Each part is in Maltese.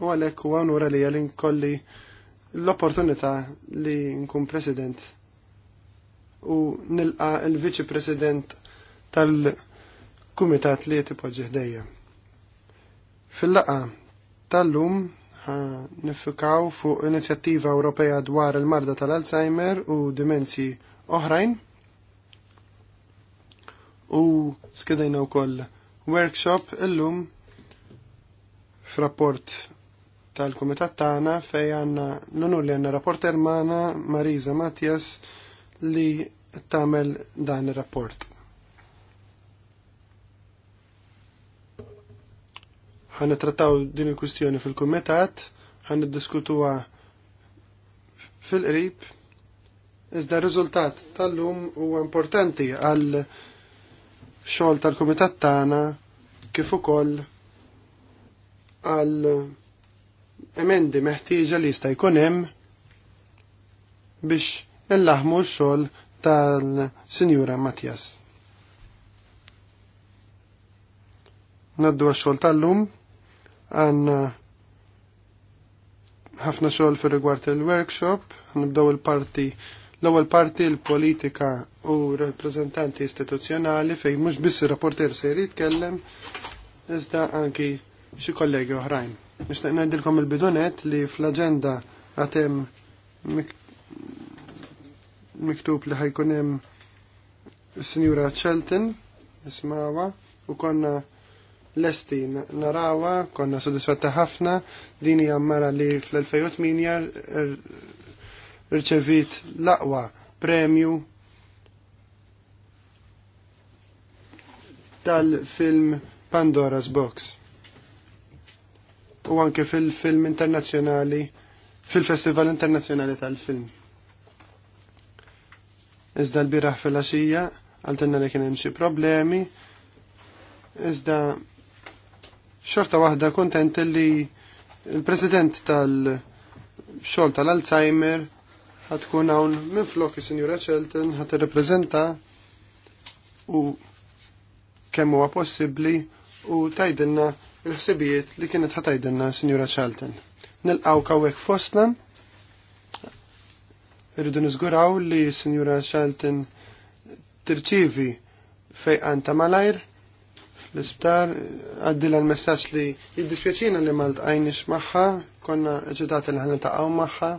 u għalhekk huwa għanura li għalin kolli l-opportunità li nkun president u nilqa il-viċi president tal-kumitat li jtipoġġi ħdejja. Fil-laqa tal-lum nifikaw fuq inizjattiva Ewropea dwar il-marda tal-Alzheimer u dimensi oħrajn u skedajna wkoll workshop illum f'rapport tal-Kumitat tagħna fej għandna nunu li għandna rapporter magħna Marisa Mattias li tagħmel dan ir-rapport. Ħanna trattaw din il-kustjoni fil-kumitat, ħanna diskutuwa fil-qrib, iżda r-riżultat tal-lum huwa importanti għal xogħol tal-kumitat tagħna kif ukoll għal emendi meħtieġa li jista' jkun hemm biex illaħmu x-xogħol tal-Sinjura Matjas. Naddu għax-xogħol tal-lum għandna ħafna xogħol fir rigward il-workshop, nibdew il-parti l-ewwel parti l-politika u rappreżentanti istituzzjonali fejn mhux biss ir-rapporter se jitkellem iżda anki xi kollegi oħrajn nishtaq ngħidilkom il-bidunet li fl-aġenda għatem miktub li ħajkun hemm Sinjura Chelton, nismawa, u konna l-esti narawa, konna sodisfatta ħafna, dini għammara li fl-2008 rċevit l-aqwa premju tal-film Pandora's Box u anke fil-film internazzjonali, fil-Festival Internazzjonali tal-Film. Iżda l-biraħ fil-axija, għaltenna li kien hemm xi problemi, iżda xorta waħda kontent li il-President tal-xogħol tal-Alzheimer ħatkun hawn minn flok is-Sinjura Shelton ħadd irrepreżenta u kemm huwa possibbli u tajdilna il-ħsibijiet li kienet ħatajdenna Sinjura Charlton. Nilqaw kawek fostna, rridu nizguraw li Sinjura Charlton tirċivi fejqan ta' malajr l-isptar, għaddila l messax li jiddispjaċina li malt l maħħa, konna ġedati li ħana ta' għaw maħħa,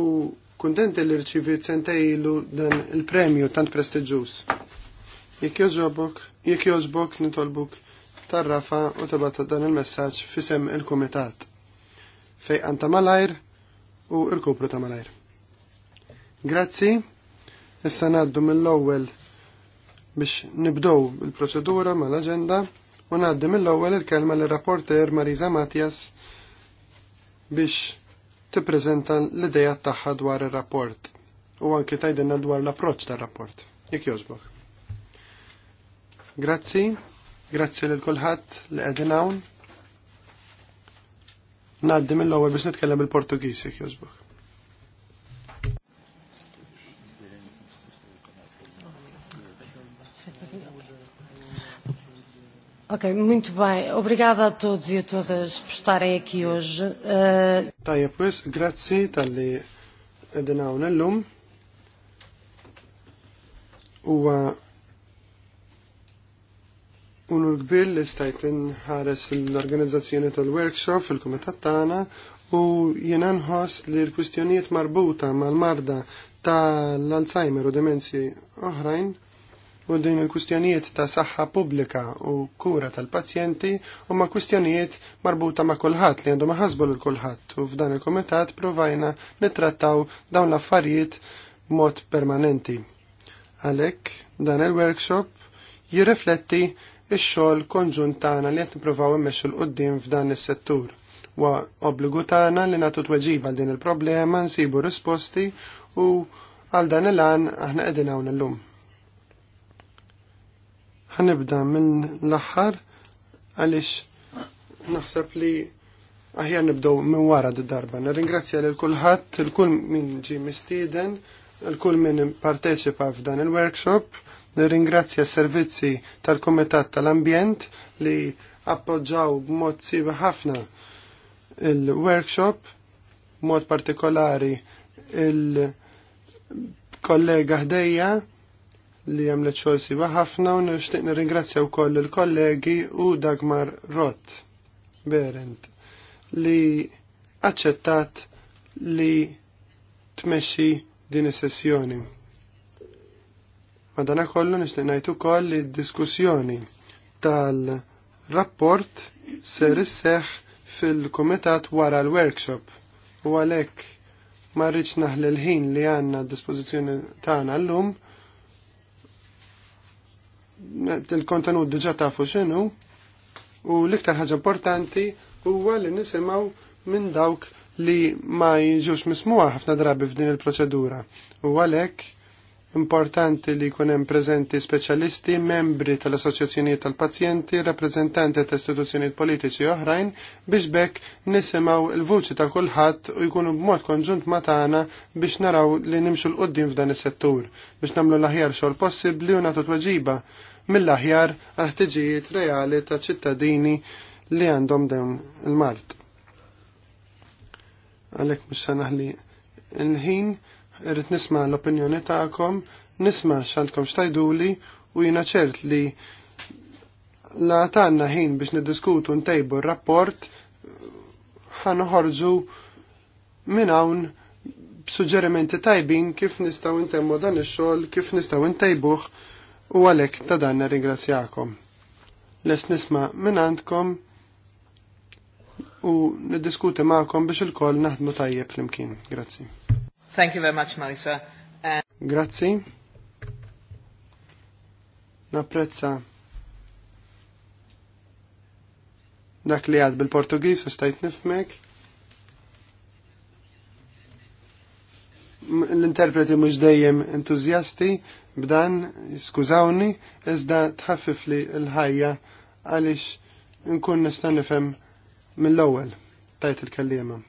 u kontenti li rċivit sentejlu dan il-premju tant prestiġjuż. Jekk joġobok, jekk joġbok nitolbuk tarrafa u tabata dan il-messaġġ fisem il-Kumitat fej anta malajr u l-kupru ta' malajr. Grazzi, issa naddu mill-ewwel biex nibdow il-proċedura mal-aġenda u naddu mill-ewwel il-kelma lir-rapporter Marisa Matjas biex tippreżenta l-idea tagħha dwar ir-rapport u anke tgħidilna dwar l-approċċ tar-rapport. Jekk jogħġbok. Grazzi, grazzi lil kulħadd li qegħdin hawn. Ngħaddi mill-ewwel biex nitkellem il portugiż jekk jogħġbok. Ok, muito bem. Obrigada a todos e a todas por estarem aqui hoje. Uh... Eh, Tajja, pues, grazzi tal-li edinaw nellum. Uwa Unu l-kbir li stajt ħares l-organizzazzjoni tal-workshop fil-kumitat tagħna u jiena nħoss li l-kwistjonijiet marbuta mal-marda tal-Alzheimer u demenzji oħrajn u din il-kwistjonijiet ta' saħħa pubblika u kura tal-pazjenti u ma' kwistjonijiet marbuta ma' kulħadd li għandhom ħasbu l kulħadd u f'dan il-komitat provajna nittrattaw dawn l-affarijiet b'mod permanenti. Għalhekk dan il-workshop jirrifletti ix-xogħol konġunt tagħna li qed nippruvaw immexxu l qudiem f'dan is-settur. Wa obbligu tagħna li nagħtu tweġiba għal din il-problema, nsibu risposti u għal dan il-għan aħna qegħdin hawn illum. Ħanibda minn l-aħħar għaliex naħseb li aħjar nibdew minn wara d-darba. Nirringrazzja lil kulħadd, il-kull min ġie mistieden, il-kull min parteċipa f'dan il-workshop Nirringrazzja s-servizzi tal-Kumitat tal-Ambjent li appoġġaw b'mod siva ħafna il-workshop, mod partikolari il-kollega ħdejja li għamlet xogħol siva ħafna u nixtieq nirringrazzja wkoll il-kollegi u Dagmar Rott Berend li aċċettat li tmexxi din is-sessjoni. Madana kollu nixtieq ngħid ukoll li d-diskussjoni tal-rapport ser isseħ fil-kumitat wara l-workshop u għalhekk ma rridx naħli l-ħin li għandna d-dispożizzjoni tagħna llum il-kontenut diġà tafu x'inhu u l-iktar ħaġa importanti huwa li nisimgħu minn dawk li ma jiġux mismuha ħafna drabi f'din il-proċedura u għalhekk importanti li jkun hemm preżenti speċjalisti, membri tal-assoċjazzjonijiet tal-pazjenti, rappreżentanti ta' istituzzjonijiet politiċi oħrajn biex bekk nisimgħu l-vuċi ta' kulħadd u jkunu b'mod konġunt ma' tagħna biex naraw li nimxu l qudiem f'dan is-settur biex nagħmlu l-aħjar xogħol possibbli u nagħtu tweġiba mill-aħjar għal ħtiġijiet reali ta' ċittadini li għandhom dawn il-Mart. Għalhekk mhux naħli il-ħin. il ħin irrit nisma l-opinjoni ta'kom, nisma xandkom xtajduli u jina ċert li la tanna ħin biex niddiskutu ntejbu r-rapport ħanħorġu minn hawn b'suġġerimenti tajbin kif nistgħu intemmu dan ix-xogħol, kif nistgħu intejbuh u għalhekk ta' dan nirringrazzjakom. Les nisma' minn għandkom u niddiskuti ma'kom biex il-koll naħdmu tajjeb flimkien. Grazzi. Thank you very much, Marisa. Grazzi. Napprezza dak li għad bil-Portugis u stajt nifmek. L-interpreti mux dejjem entuzjasti b'dan, skużawni, iżda tħaffif li l-ħajja għalix nkun nista' nifhem mill ewel tajt il-kellima.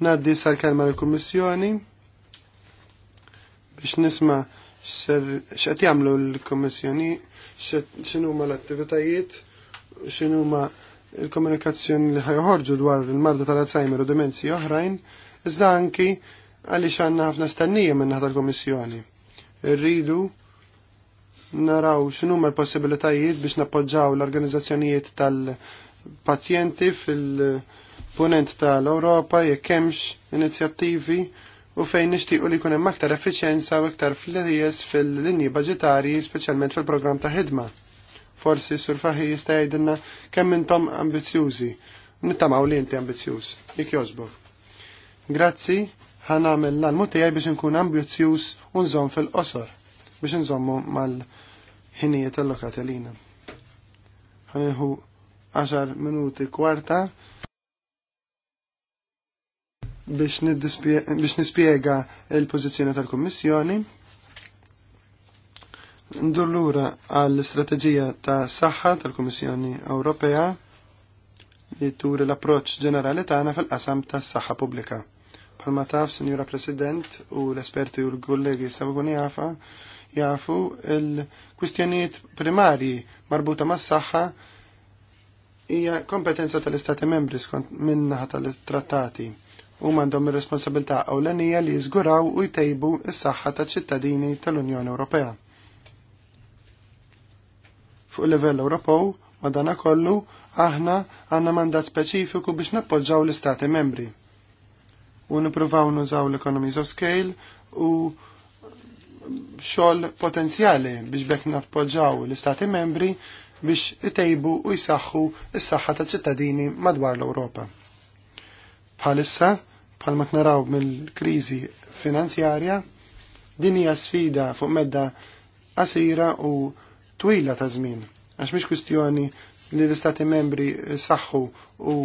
Naddi sal-kelma l-Kummissjoni biex nisma x'qed jagħmlu l-Kummissjoni, x'inhuma l-attivitajiet, x'inhuma l komunikazzjoni li ħajħorġu dwar il-marda tal-Alzheimer u demenzi oħrajn, iżda anki għaliex għandna ħafna stennija minn naħa tal-Kummissjoni. Irridu naraw huma l-possibilitajiet biex nappoġġaw l-organizzazzjonijiet tal-pazjenti fil- fil-punent tal-Europa jekk hemmx inizjattivi u fejn nixtiequ li jkun hemm aktar effiċjenza u aktar flijes fil-linji budġetarji speċjalment fil-programm ta' ħidma. Forsi sur faħi jista' jgħidilna kemm intom ambizzjużi. Nittamaw li inti ambizzjuż. Jekk jogħġbok. Grazzi, ħanamel l-almu tiegħi biex nkun ambizzjuż u nżomm fil-qosor biex nżommu mal-ħinijiet allokati lina. Għanħu 10 minuti kwarta biex nispjega il-pożizzjoni tal-Kummissjoni. Ndur lura għall-istrateġija ta' saħħa tal-Kummissjoni Ewropea li turi l-approċ ġenerali tagħna fil-qasam tas saħħa pubblika. Palma taf, Sinjura President, u l-esperti u l-kollegi sabukun jafa, jafu il-kwistjonijiet primarji marbuta mas saħħa hija kompetenza tal-Istati membri skont minnaħa tal-trattati u mandom ir-responsabilità ewlenija li jiżguraw u jtejbu s-saħħa taċ-ċittadini tal-Unjoni Ewropea. Fuq livell Ewropew, madanakollu, aħna għandna mandat speċifiku biex nappoġġaw l-Istati membri u nipruvaw nużaw l-economies of scale u xogħol potenzjali biex bekk nappoġġaw l-istati membri biex itejbu u jisaxħu s-saħħa ta' ċittadini madwar l-Ewropa. Bħalissa, bħalma naraw mill-kriżi finanzjarja, din hija sfida fuq medda qasira u twila ta' żmien. Għax mhix kwistjoni li l-istati membri saħħu u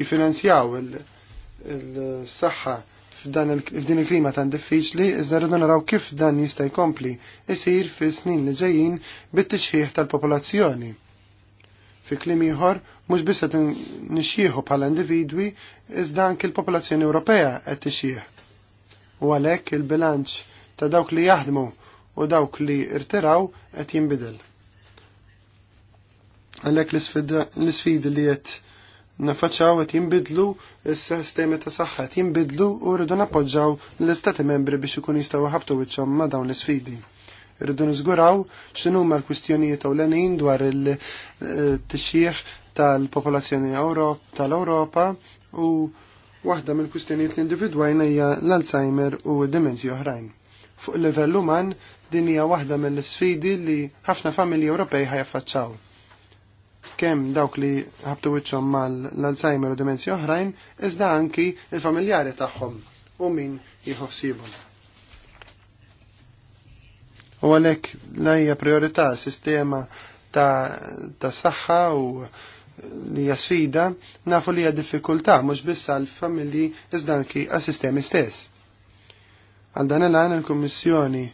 jifinanzjaw il-saħħa f'din il-klima tan diffiċli, iżda rridu naraw kif dan jista' jkompli isir fi snin li ġejjin bit-tixħiħ tal-popolazzjoni Fi klim ieħor, mhux biss qed nixjieħu bħala individwi, iżda anke l-popolazzjoni Ewropea qed tixjieħ. U għalhekk il-bilanċ ta' dawk li jaħdmu u dawk li irtiraw qed jinbidel. Għalhekk l-isfidi li qed nafaċaw qed jinbidlu s-sistemi ta' saħħa qed jinbidlu u rridu nappoġġaw l-istati membri biex ikun jistgħu ħabtu wiċċhom ma' dawn l-isfidi. Irridu niżguraw x'inhuma l-kwistjonijiet ewlenin dwar il-tixjih tal-popolazzjoni tal-Ewropa u waħda mill-kwistjonijiet li individwajna hija l-Alzheimer u d-demenzi oħrajn. Fuq livell uman din hija waħda mill-sfidi li ħafna familji Ewropej ħajaffaċċaw. Kemm dawk li ħabtu wiċċhom mal-Alzheimer u dimenzji oħrajn, iżda anki il-familjari tagħhom u min jieħu U għalek lajja priorità sistema ta', ta saħħa u li hija sfida nafu li hija diffikultà mhux biss għal familji iżda anki għas sistemi stess. Għal dan il il-Kummissjoni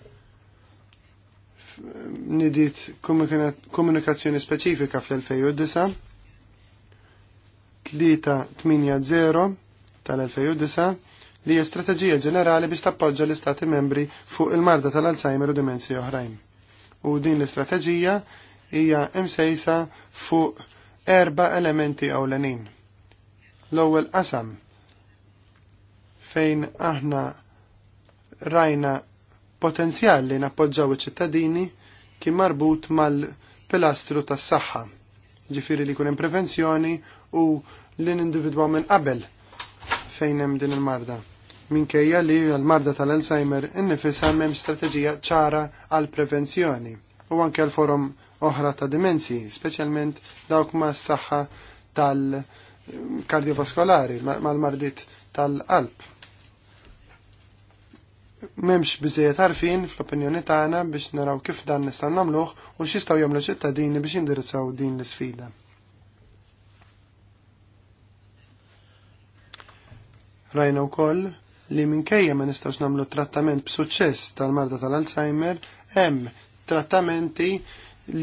nidit komunikazzjoni speċifika fl-2009 380 tal-2009 li hija strateġija ġenerali biex tappoġġa l-Istati membri fuq il-marda tal-Alzheimer u dimensji oħrajn. U din l-istrateġija hija msejsa fuq erba elementi ewlenin. L-ewwel qasam fejn aħna rajna potenzjal li nappoġġaw iċ-ċittadini kien marbut mal-pilastru tas-saħħa, ġifieri li hemm prevenzjoni u l-individwa minn qabel fejn hemm din il-marda. Minkejja li l-marda tal-Alzheimer innifisha hemm strateġija ċara għal prevenzjoni u anke l-forum oħra ta' dimensi, speċjalment dawk ma' s-saħħa tal-kardiovaskolari, mal-mardit tal-qalb. Memx biżejjed għarfin fl-opinjoni tagħna biex naraw kif dan nistgħu nagħmluh u x'jistgħu jagħmlu ċittadini biex jindirizzaw din l-isfida. Rajna wkoll li minkejja ma nistax nagħmlu trattament b'suċċess tal-marda tal-Alzheimer, hemm trattamenti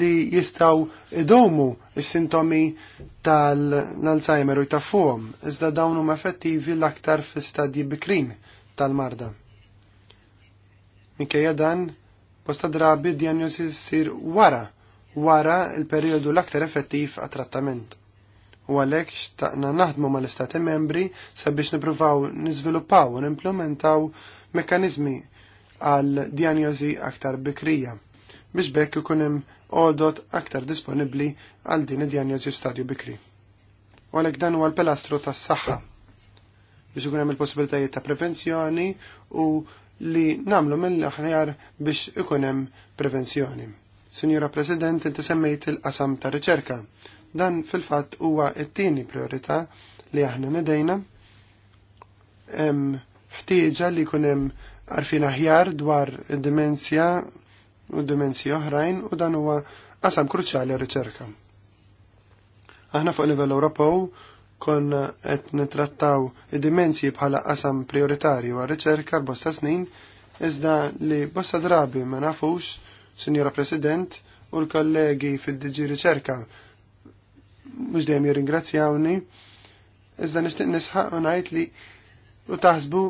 li jistaw idomu s-sintomi tal-Alzheimer u jtaffuhom, iżda dawn huma effettivi l-aktar fi stadji bikrin tal-marda. Minkejja dan, bosta drabi d-diagnosi sir wara, wara il-periodu l-aktar effettiv għat trattament u għalhekk xtaqna naħdmu mal-Istati membri sabiex nippruvaw niżviluppaw u nimplementaw mekkaniżmi għal dijanjozi aktar bikrija biex bekk ikun hemm għodot aktar disponibbli għal din id-diagnosi f'stadju bikri. U għalhekk dan huwa l-pilastru tas-saħħa biex ikun hemm il-possibilitajiet ta' prevenzjoni u li namlu mill-aħjar biex ikun hemm prevenzjoni. Sinjura President, inti semmejt il-qasam ta' riċerka. Dan fil-fatt huwa t-tieni priorità li aħna nedejna. Hemm ħtieġa li jkun hemm għarfien aħjar dwar id-dimensja u dimensji oħrajn u dan huwa qasam kruċjali għal riċerka. Aħna fuq livell Ewropew konna qed nitrattaw id-dimensji bħala qasam prioritarju għal riċerka bosta snin iżda li bosta drabi ma nafux, Sinjora President, u l-kollegi fid-DG Riċerka mhux dejjem jirringrazzjawni, iżda nixtieq nisħaq u ngħid li u taħsbu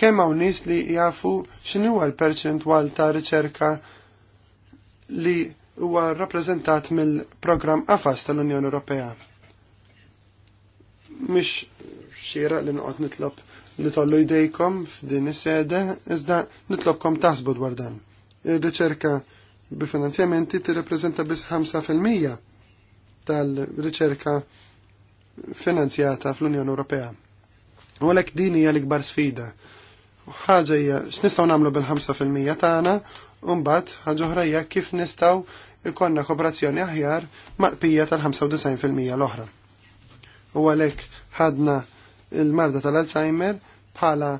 kemm hawn nies li jafu x'inhu huwa l-perċentwal ta' riċerka li huwa rappreżentat mill-programm AFAS tal-Unjoni Ewropea. Mhix xieraq li noqgħod nitlob li tollu jdejkom f'din is-sede, iżda nitlobkom taħsbu dwar dan. Ir-riċerka bi finanzjamenti tirrepreżenta biss 5% tal-riċerka finanzjata fl-Unjoni Ewropea. U għalhekk din hija l-ikbar sfida. Ħaġa hija x'nistgħu nagħmlu bil-5% tagħna u mbagħad ħaġa oħra hija kif nistgħu ikonna kooperazzjoni aħjar maqpija tal-95% l-oħra. U għalhekk ħadna il-marda tal-Alzheimer bħala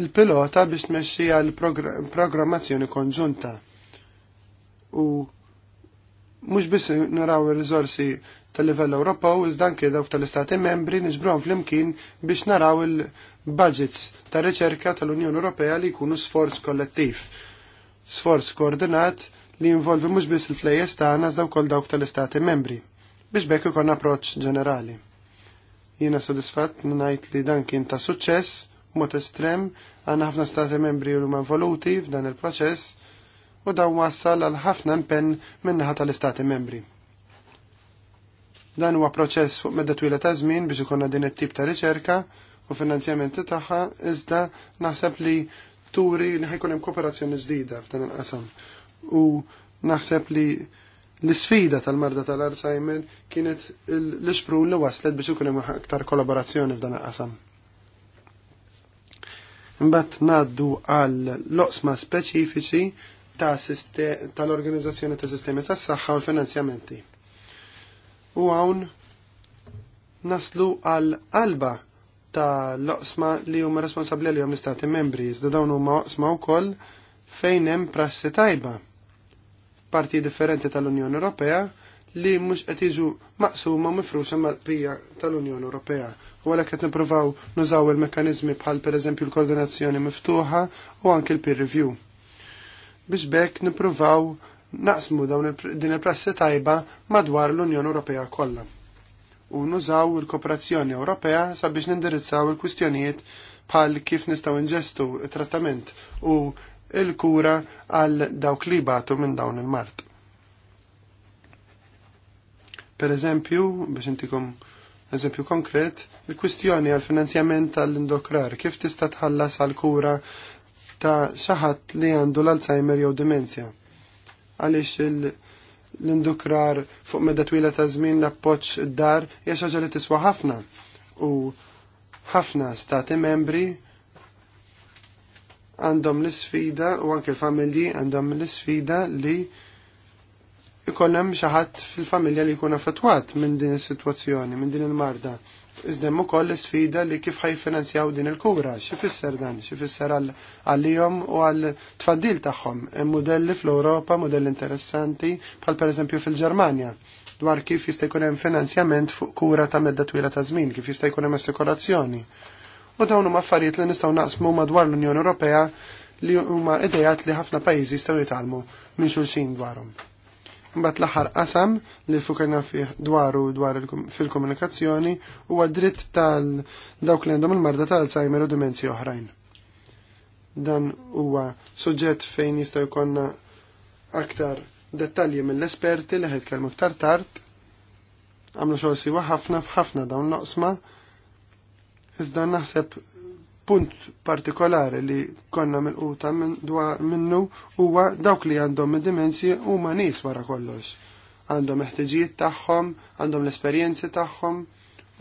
il-pilota biex tmexxija l-programmazzjoni konġunta. U mhux biss naraw ir rizorsi tal-livell Ewropew iżda anke dawk tal-Istati membri niġbruhom flimkien biex naraw il-budgets tal riċerka tal-Unjoni Ewropea li jkunu sforz kollettiv. Sforz koordinat li jinvolvi mhux biss il-flejjes tagħna iżda wkoll dawk tal-Istati membri biex bekk ikun approċċ ġenerali. Jiena sodisfatt li ngħid li dan kien ta' suċċess mod estrem għandna ħafna stati membri li huma involuti f'dan il-proċess u daw wassal għal ħafna impenn minnaħa tal-Istati membri. Dan huwa proċess fuq medda twila ta' żmien biex ikonna din it-tip ta' riċerka u finanzjamenti tagħha iżda naħseb li turi li ħajkun hemm kooperazzjoni ġdida f'dan il-qasam. U naħseb li l-sfida tal-marda tal-Alzheimer kienet l-xprun li waslet biex ikun hemm aktar kollaborazzjoni f'dan il-qasam. Imbagħad ngħaddu għal loqsma speċifiċi tal-Organizzazzjoni ta' Sistemi tas saħħa u l-Finanzjamenti. U hawn naslu għal qalba ta' loqsma li huma responsabbli li l-Istati membri, iżda dawn huma oqsma wkoll fejn hemm prassi tajba parti differenti tal-Unjoni Ewropea li mhux qed jiġu maqsuma mifruxa mal pija tal-Unjoni Ewropea. U għalhekk qed nippruvaw nużaw il-mekkaniżmi bħal pereżempju l-koordinazzjoni miftuħa u anke l-peer review biex bekk nippruvaw naqsmu dawn din il-prassi tajba madwar l-Unjoni Ewropea kollha. U nużaw il-Kooperazzjoni Ewropea sabiex nindirizzaw il-kwistjonijiet bħal kif nistgħu inġestu trattament u il-kura għal dawk li batu minn dawn il-mart. Per eżempju, biex intikom eżempju konkret, il-kwistjoni għal finanzjament tal-indokrar, kif tista' tħallas għal kura ta' xaħat li għandu l-Alzheimer jew demenzja. Għaliex l-indukrar fuq medda twila ta' żmien l-appoċ dar hija xaġa li tiswa ħafna u ħafna stati membri għandhom l-sfida u anke l-familji għandhom l-sfida li xi xaħat fil-familja li jkun affettwat minn din is-sitwazzjoni, minn din il-marda iżda hemm ukoll sfida li kif finanzjaw din il-kura, xi fisser dan, xi fisser għalihom u għal tfaddil tagħhom. modelli fl-Ewropa, modelli interessanti, bħal pereżempju fil-Ġermanja dwar kif jista' jkun hemm finanzjament fuq kura ta' medda twila ta' żmien, kif jista' jkun hemm assikurazzjoni. U dawn huma affarijiet li nistgħu naqsmu madwar l-Unjoni Ewropea li huma idejat li ħafna pajjiżi jistgħu jitgħalmu minn xulxin dwarhom. Mbagħad l-aħħar qasam li fukajna fih dwaru dwar fil-komunikazzjoni huwa dritt tal dawk li għandhom il-marda tal-Alzheimer u dimensi oħrajn. Dan huwa suġġett fejn jista' jkollna aktar dettalji mill-esperti li ħed kelmu ktar tard. Għamlu xogħol siwa ħafna f'ħafna dawn noqsma. Iżda naħseb punt partikolari li konna mill uta min dwar minnu huwa dawk li għandhom id-dimensji huma nies wara kollox. Għandhom ħtiġijiet tagħhom, għandhom l-esperjenzi tagħhom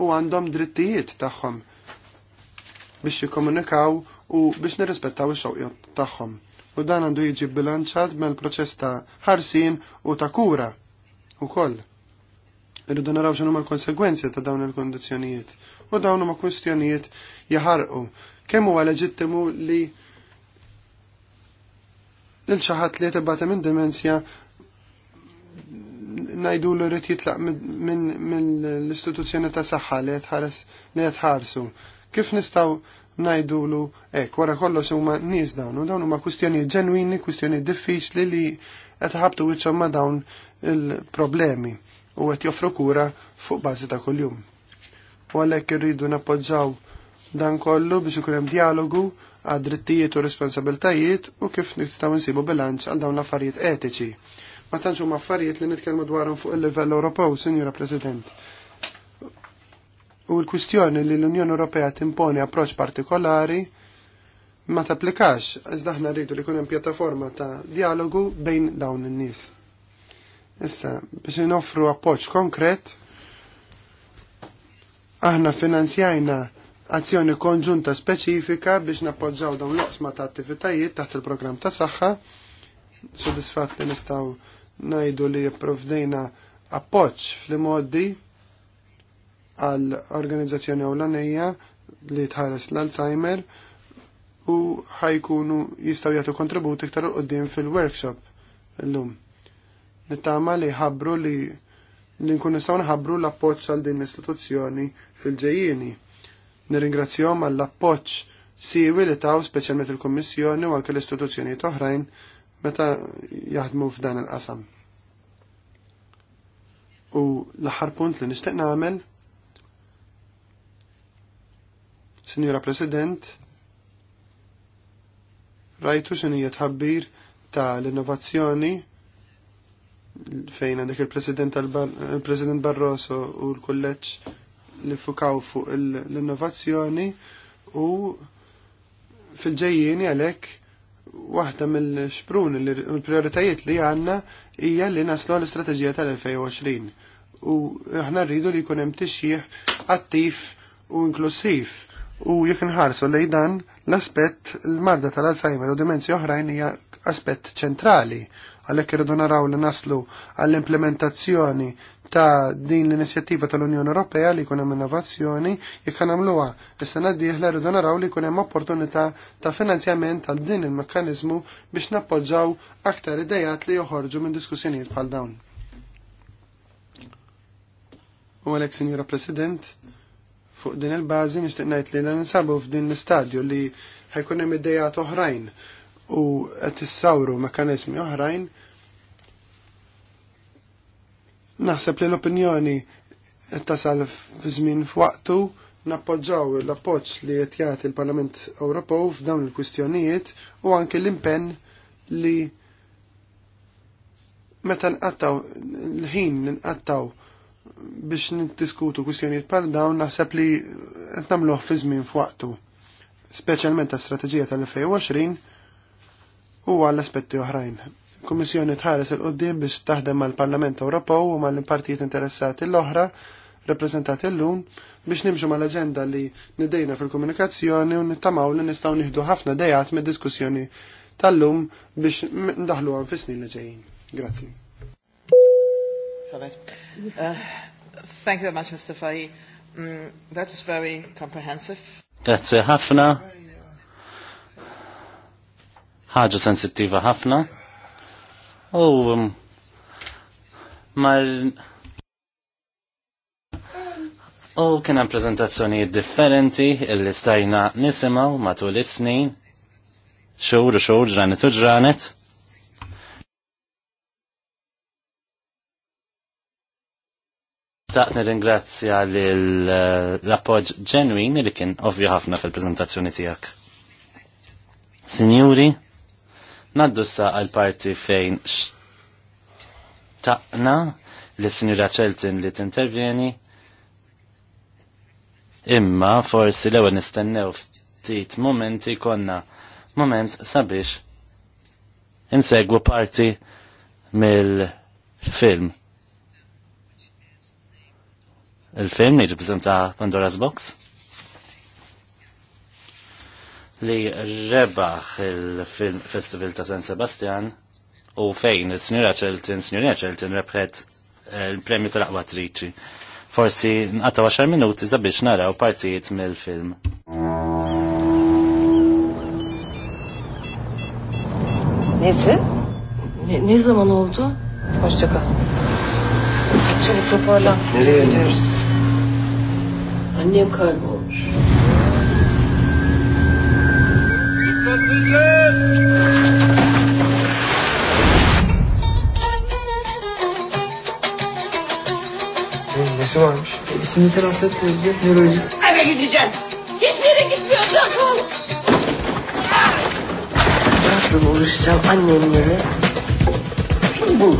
u għandhom drittijiet tagħhom biex jikkomunikaw u biex nirrispettaw ix xogħol tagħhom. U dan għandu jiġi bilanċat mill proċess ta' ħarsin u ta' kura koll. Irridu naraw x'inhuma l-konsegwenzi ta' dawn il kondizjonijiet u dawn huma kwistjonijiet jaħarqu kemm huwa leġittimu li lil xi ħadd li tibata minn dimensja najdu l rrit jitlaq minn l-istituzzjoni ta' saħħa li jtħares li jtħarsu. Kif nistgħu najdu l ek, wara kollox huma nies dawn, u dawn huma kwistjoni ġenwini, kwistjoni diffiċli li qed ħabtu wiċċhom ma' dawn il-problemi u qed joffru kura fuq bażi ta' kuljum. U għalhekk irridu nappoġġaw Dan kollu biex ikun hemm dialogu għad drittijiet u responsabiltajiet u kif nistgħu nsibu bilanċ għal dawn l-affarijiet etiċi. Ma tantx huma affarijiet li nitkellmu dwarhom fuq il-livell Ewropew, Sinjura President. U l-kwistjoni li l-Unjoni Ewropea timponi approċċ partikolari ma tapplikax, iżda aħna rridu li jkun hemm pjattaforma ta' dialogu bejn dawn in-nies. Issa, biex noffru appoġġ konkret, aħna finanzjajna azzjoni konġunta speċifika biex nappoġġaw dawn l-oqsma ta' attivitajiet taħt il-programm ta' saħħa. Sodisfat li nistaw najdu li jipprovdejna appoġġ fl-modi għal organizzazzjoni ewlenija li tħares l-Alzheimer u ħajkunu jistaw jagħtu kontributi iktar qudiem fil-workshop llum. Nittama li ħabru li li nkun nistgħu nħabbru l-appoġġ għal din l-istituzzjoni fil-ġejjieni Nirringrazzjom għall-appoġġ siwi li taw speċjalment il-Kummissjoni u anke l-istituzzjonijiet oħrajn meta jaħdmu f'dan il-qasam. U l-aħħar punt li nixtieq nagħmel Sinjura President, rajtu x'inhi tħabbir ta' l-innovazzjoni fejn għandek il-President Barroso u l kulleġġ li fukaw fuq l-innovazzjoni u fil-ġejjieni għalhekk waħda mill-xprun l-prioritajiet li għandna hija li naslu l-istrateġija tal-2020 u aħna rridu li jkun hemm tixjih attiv u inklusiv u jekk nħarsu lejn dan l-aspett l-marda tal-Alzheimer u dimensja oħrajn hija aspett ċentrali għalhekk irridu naraw li naslu għall-implementazzjoni ta' din l-inizjattiva tal-Unjoni Ewropea li jkun hemm innovazzjoni jekk nagħmluha is-sena dieħla rridu naraw li jkun hemm opportunità ta' finanzjament għal din il-mekkaniżmu biex nappoġġaw aktar idejat li joħorġu minn diskussjonijiet bħal dawn. U għalhekk, Sinjura President, fuq din il-bażi nixtieq ngħid li ninsabu f'din l-istadju li ħajkun hemm idejat oħrajn u qed issawru mekkaniżmi oħrajn Naħseb li l-opinjoni tasal f f'waqtu nappoġġaw l-appoġġ li qed jagħti parlament Ewropew f'dawn il-kwistjonijiet u anke l-impenn li meta nqattaw l-ħin nqattaw biex niddiskutu kwistjonijiet bħal dawn naħseb li qed nagħmluh fi żmien f'waqtu. Speċjalment għas strateġija tal-2020 u għall aspetti oħrajn. Kummissjoni tħares il-qoddim biex taħdem mal-Parlament Ewropew u mal-partijiet interessati l-oħra rappresentati l-lum biex nimxu mal-agenda li nidejna fil-komunikazzjoni u nittamaw li nistaw nieħdu ħafna dejat mid diskussjoni tal-lum biex ndaħlu għan fissni li ġejjin. Grazzi. Uh, thank you very much, Mr. Fahy. Mm, that is very comprehensive. Grazie ħafna. Ħaġa sensittiva ħafna. U mar U kien hemm preżentazzjonijiet differenti illi stajna nisimgħu matul is-snin Xur u xhur ġranet u ġranet. Staqni nirringrazzja eh, l-appoġġ ġenwin li kien ovvju ħafna fil-preżentazzjoni tiegħek. Sinjuri, Naddu sa għal-parti fejn taqna li sinjura ċeltin li t-intervjeni imma forsi l ewwel nistennew ftit momenti konna moment sabiex insegwu parti mill-film. Il-film li ġibżenta Pandora's Box? li rebaħ il-film festival ta' San Sebastian u fejn il-Sinjura Ċeltin, Sinjura Ċeltin rebħet eh, il-premju tal-aqwa triċi. Forsi nqata 10 minuti sabiex naraw partijiet mill-film. Nesrin? Ne, ma nultu! oldu? Hoşça kal. Çabuk toparlan. Nereye Nesi varmış? İsmini sen hasret verdi. Nöroloji. Eve gideceğim. Hiçbir yere gitmiyorsun. Bıraktım uğraşacağım annemlere. Bu.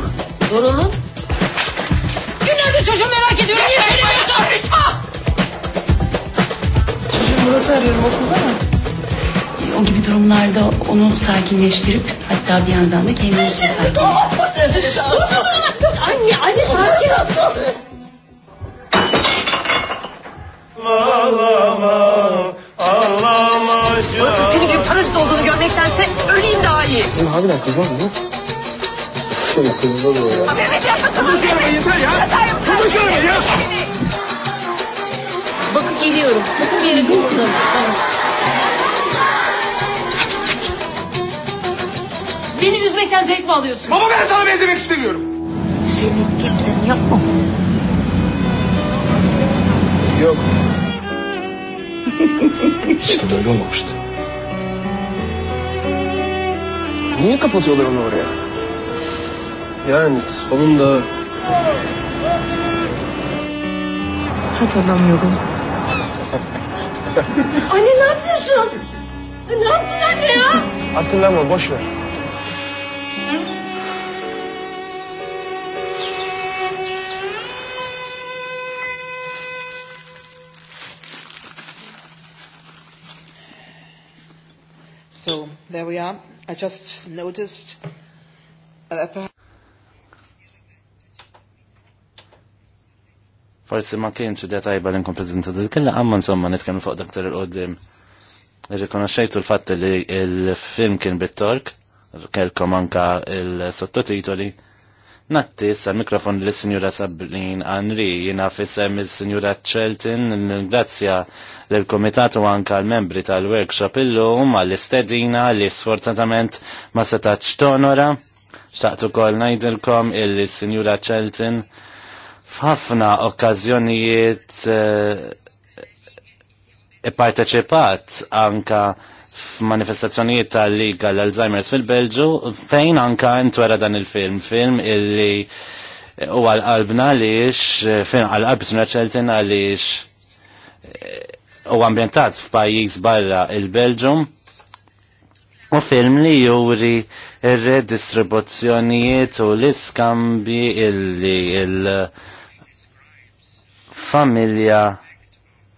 Sorunun? Günlerdir çocuğu merak ediyorum. Niye beni böyle karışma? Çocuğu Murat'ı arıyorum okulda mı? o gibi durumlarda onu sakinleştirip hatta bir yandan da kendimizi sakinleştirip. anne anne sakin ol. Ağlama, ağlama Bakın senin gibi parazit olduğunu görmektense öleyim daha iyi. Ama harbiden kızmaz değil mi? kızmaz o ya. yapma tamam. Kızmaz ya yeter ya. Kızmaz ya ya. Bakıp geliyorum. Sakın bir yere kızmaz. Tamam. Beni üzmekten zevk mi alıyorsun? Baba ben sana benzemek istemiyorum. Senin kimsenin yok mu? Yok. i̇şte böyle olmamıştı. Niye kapatıyorlar onu oraya? Yani sonunda... Hatırlamıyorum. anne ne yapıyorsun? Ne yaptın anne ya? Hatırlama boş ver. So there we are. I just noticed. Uh, Forsi ma kienx idea tajba li nkun preżentat il-kella għamma insomma nitkellmu fuq daktar il qudiem Irrikonoxxejtu l-fatt li il-film kien bit-tork, kelkom anka il-sottotitoli. il sottotitoli Nattis għal mikrofon l sinjura Sablin Anri jina fissem il-Sinjura Ċeltin n-grazzja l-Komitat u anka l-membri tal-workshop illum għall-istedina li sfortatament ma setax tonora. Xtaqtu kol najdilkom il-Sinjura Ċeltin f'ħafna okkażjonijiet e, eh, parteċipat anka f'manifestazzjonijiet tal-Liga l-Alzheimer's fil-Belġu fejn anka ntwera dan il-film, film illi u għal-qalbna għaliex, film għal-qalb sunaċeltin għaliex eh, u ambientat f'pajjiż barra il-Belġum u film li juri il-redistribuzzjonijiet u l-iskambi illi il-familja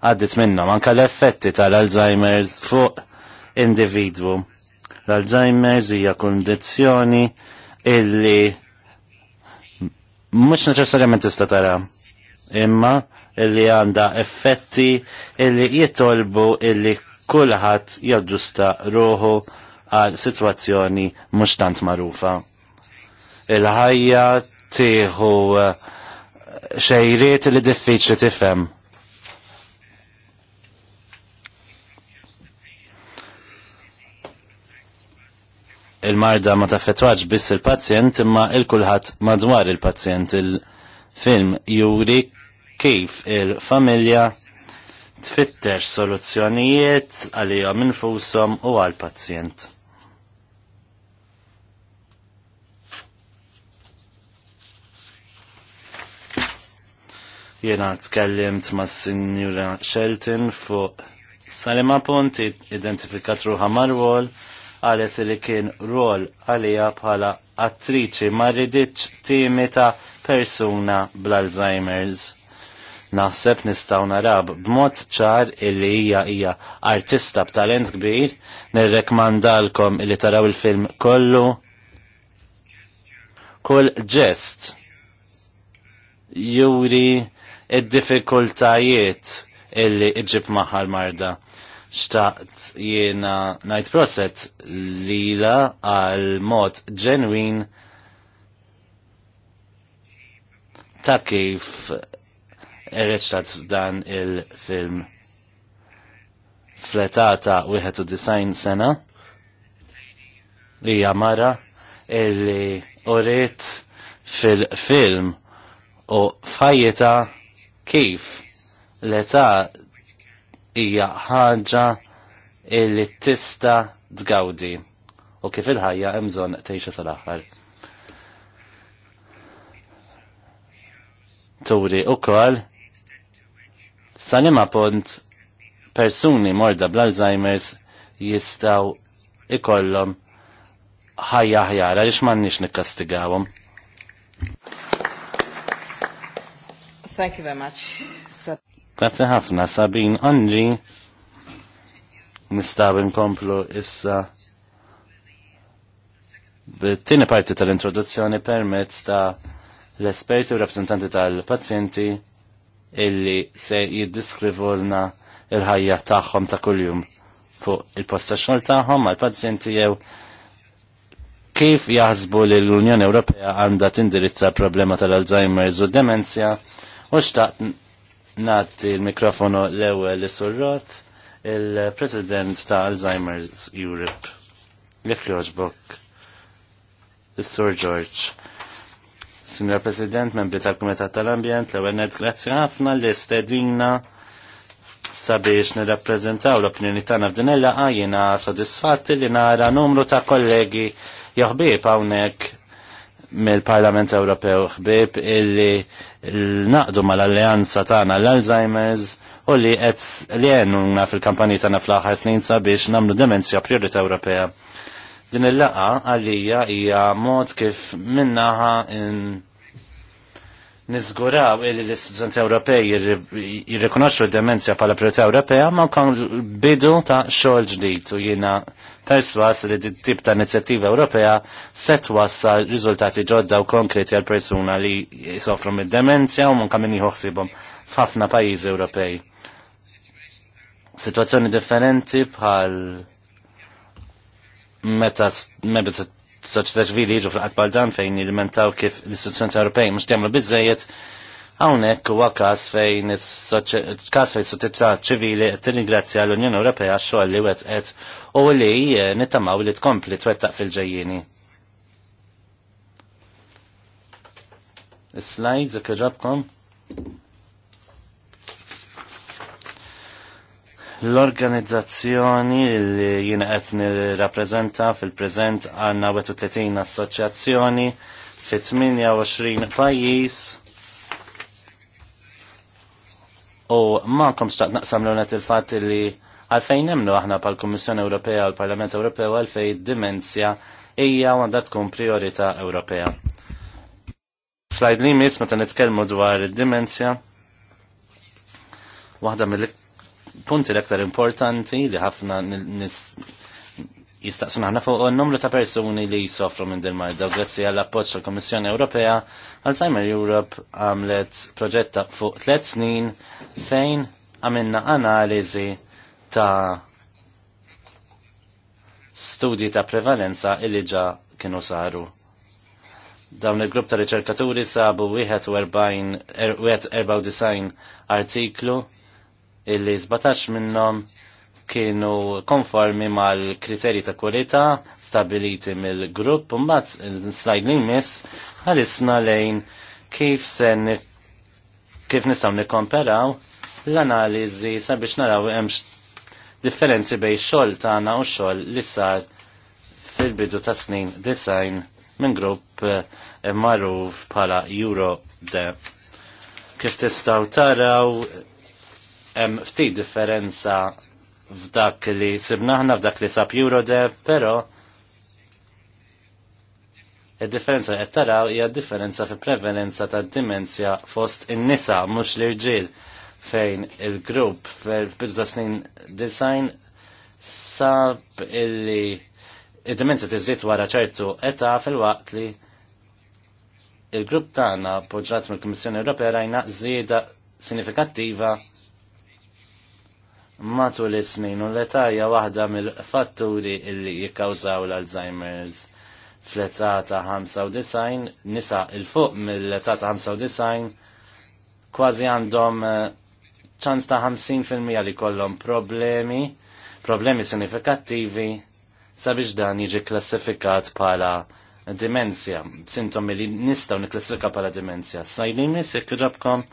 għaddit minnom, anka l-effetti tal-Alzheimer's fuq individwu. L-Alzheimer's hija kondizzjoni illi mhux neċessarjament tista' tara, imma illi għandha effetti illi jitolbu illi kulħadd jaġġusta ruħu għal sitwazzjoni mhux tant magħrufa. Il-ħajja tieħu eh, xejriet li diffiċli tifhem il-marda ma taffetwax biss il-pazjent imma il-kulħat madwar il-pazjent il-film juri kif il-familja tfitter soluzzjonijiet għalihom infushom u għal-pazjent. Jena tkellimt ma' Signora Shelton fuq salima punti identifikat ruħa marwol għalet li kien rol għalija bħala attriċi ma rriditx timi ta' persuna bl-Alzheimer's. Naħseb nistaw narab b'mod ċar illi hija hija artista b'talent kbir, nirrekmandalkom illi taraw il-film kollu. Kull ġest juri id-diffikultajiet illi iġib maħal marda xtaqt jiena najt proset lila għal mod ġenwin ta' kif erreċtat dan il-film fletata wieħed u design sena li jamara illi uriet fil-film u fajjeta kif l-età hija ħaġa li tista tgawdi u kif il-ħajja hemm bżonn tgħixha sal-aħħar. Turi ukoll sanima pont persuni morda bl-Alzheimer's jistaw ikollhom ħajja ħjar għaliex m'għandniex nikkastigawhom. Thank you very much. So Grazzi ħafna Sabin Onġi nistaw nkomplu issa bit parti tal-introduzzjoni permezz ta' l-esperti u rappresentanti tal-pazjenti illi se jiddiskrivulna il-ħajja tagħhom ta' kuljum fuq il-post xol xogħol tagħhom għall-pazjenti jew kif jaħsbu li l-Unjoni Ewropea għandha tindirizza problema tal-Alzheimer's u demenzja u xtaqt Nat il-mikrofonu l-ewel l-surrat, il-President ta' Alzheimer's Europe, li oġbok, il-Sur George. Signor President, membri tal-Kumitat tal-Ambjent, l-ewel net grazzi ħafna li stedina sabiex nirrappreżentaw l-opinjoni tagħna f'din il sodisfatti li nara numru ta' kollegi jaħbib hawnhekk mill-Parlament Ewropew ħbib illi naqdu mal-alleanza tagħna l-Alzheimer's u li qed li għenuna fil-kampanji tagħna fl-aħħar snin sabiex nagħmlu demenzja priorità Ewropea. Din il-laqa għalija hija mod kif minnaħa in nizguraw illi l-istituzjoni Ewropej jirrikonoxxu d-demenzja bħala priorità Ewropea ma kon bidu ta' xogħol ġdid u jiena perswas li dit tip ta' inizjattiva Ewropea se twassal riżultati ġodda u konkreti għal persuna li jisofru mid-demenzja u manka min jħossibhom f'ħafna pajjiżi Ewropej. Situazzjoni differenti bħal meta soċjetà ċivili jiġu fil-qatt bħal dan fejn jilimentaw kif l-istituzzjoni Ewropej mhux jagħmlu biżejjed hawnhekk huwa każ fejn każ fejn soċjetà ċivili qed tirringrazzja l-Unjoni Ewropea għax-xogħol li wetqet u li eh, nittamaw li tkompli twettaq fil-ġejjieni. Is-slides ikkeġabkom. ġabkom. L-organizzazzjoni li jina qed nirrappreżenta fil-preżent għandna 30 assoċjazzjoni fi 28 pajjiż. U ma'kom xtaqt naqsam l-unet il-fatt li għalfejn hemm aħna pal kummissjoni Ewropea u l-Parlament Ewropew għalfejn dimensja hija għandha tkun priorità Ewropea. Slide limits meta nitkellmu dwar id-dimensja. Waħda mill punti l ektar importanti li ħafna jistaqsuna ħafna fuq n-numru ta' persuni li jisofru minn din marda grazzi għall appoġġ tal-Kommissjoni Ewropea Alzheimer Europe għamlet proġetta fuq tliet snin fejn għamilna analiżi ta' studji ta' prevalenza illi ġa kienu saru dawn il-grupp ta' riċerkaturi sabu 41 er, artiklu illi 17 minnhom kienu konformi mal-kriterji ta' kwalità stabiliti mill-grupp u mbagħad slide li miss ħarisna lejn kif se kif nistgħu nikkomperaw l-analiżi sabiex naraw hemm differenzi bejn xogħol tagħna u xogħol li sar fil-bidu ta' snin design minn grupp eh, marruf bħala Euro de. Kif tistgħu taraw hemm ftit differenza f'dak li sibnaħna f'dak li sab Eurodeb, però id-differenza qed taraw hija differenza fil prevalenza tad-dimensja fost in-nisa mhux l-irġiel fejn il-grupp fil-bidu ta' snin design sab illi id-dimensja tiżid wara ċertu età fil-waqt li il-grupp tagħna poġġat mill-Kummissjoni Ewropea rajna żieda sinifikattiva matul is-snin u l etajja waħda mill-fatturi illi jikkawżaw l-Alzheimer's fl-età ta' 95 nisa il fuq mill-età ta' 95 kważi għandhom eh, ċans ta' 50% li kollhom problemi, problemi sinifikattivi sabiex dan jiġi klassifikat bħala dimensja, sintomi li nistgħu nikklassifika bħala dimensja. Sajlim nisek ġabkom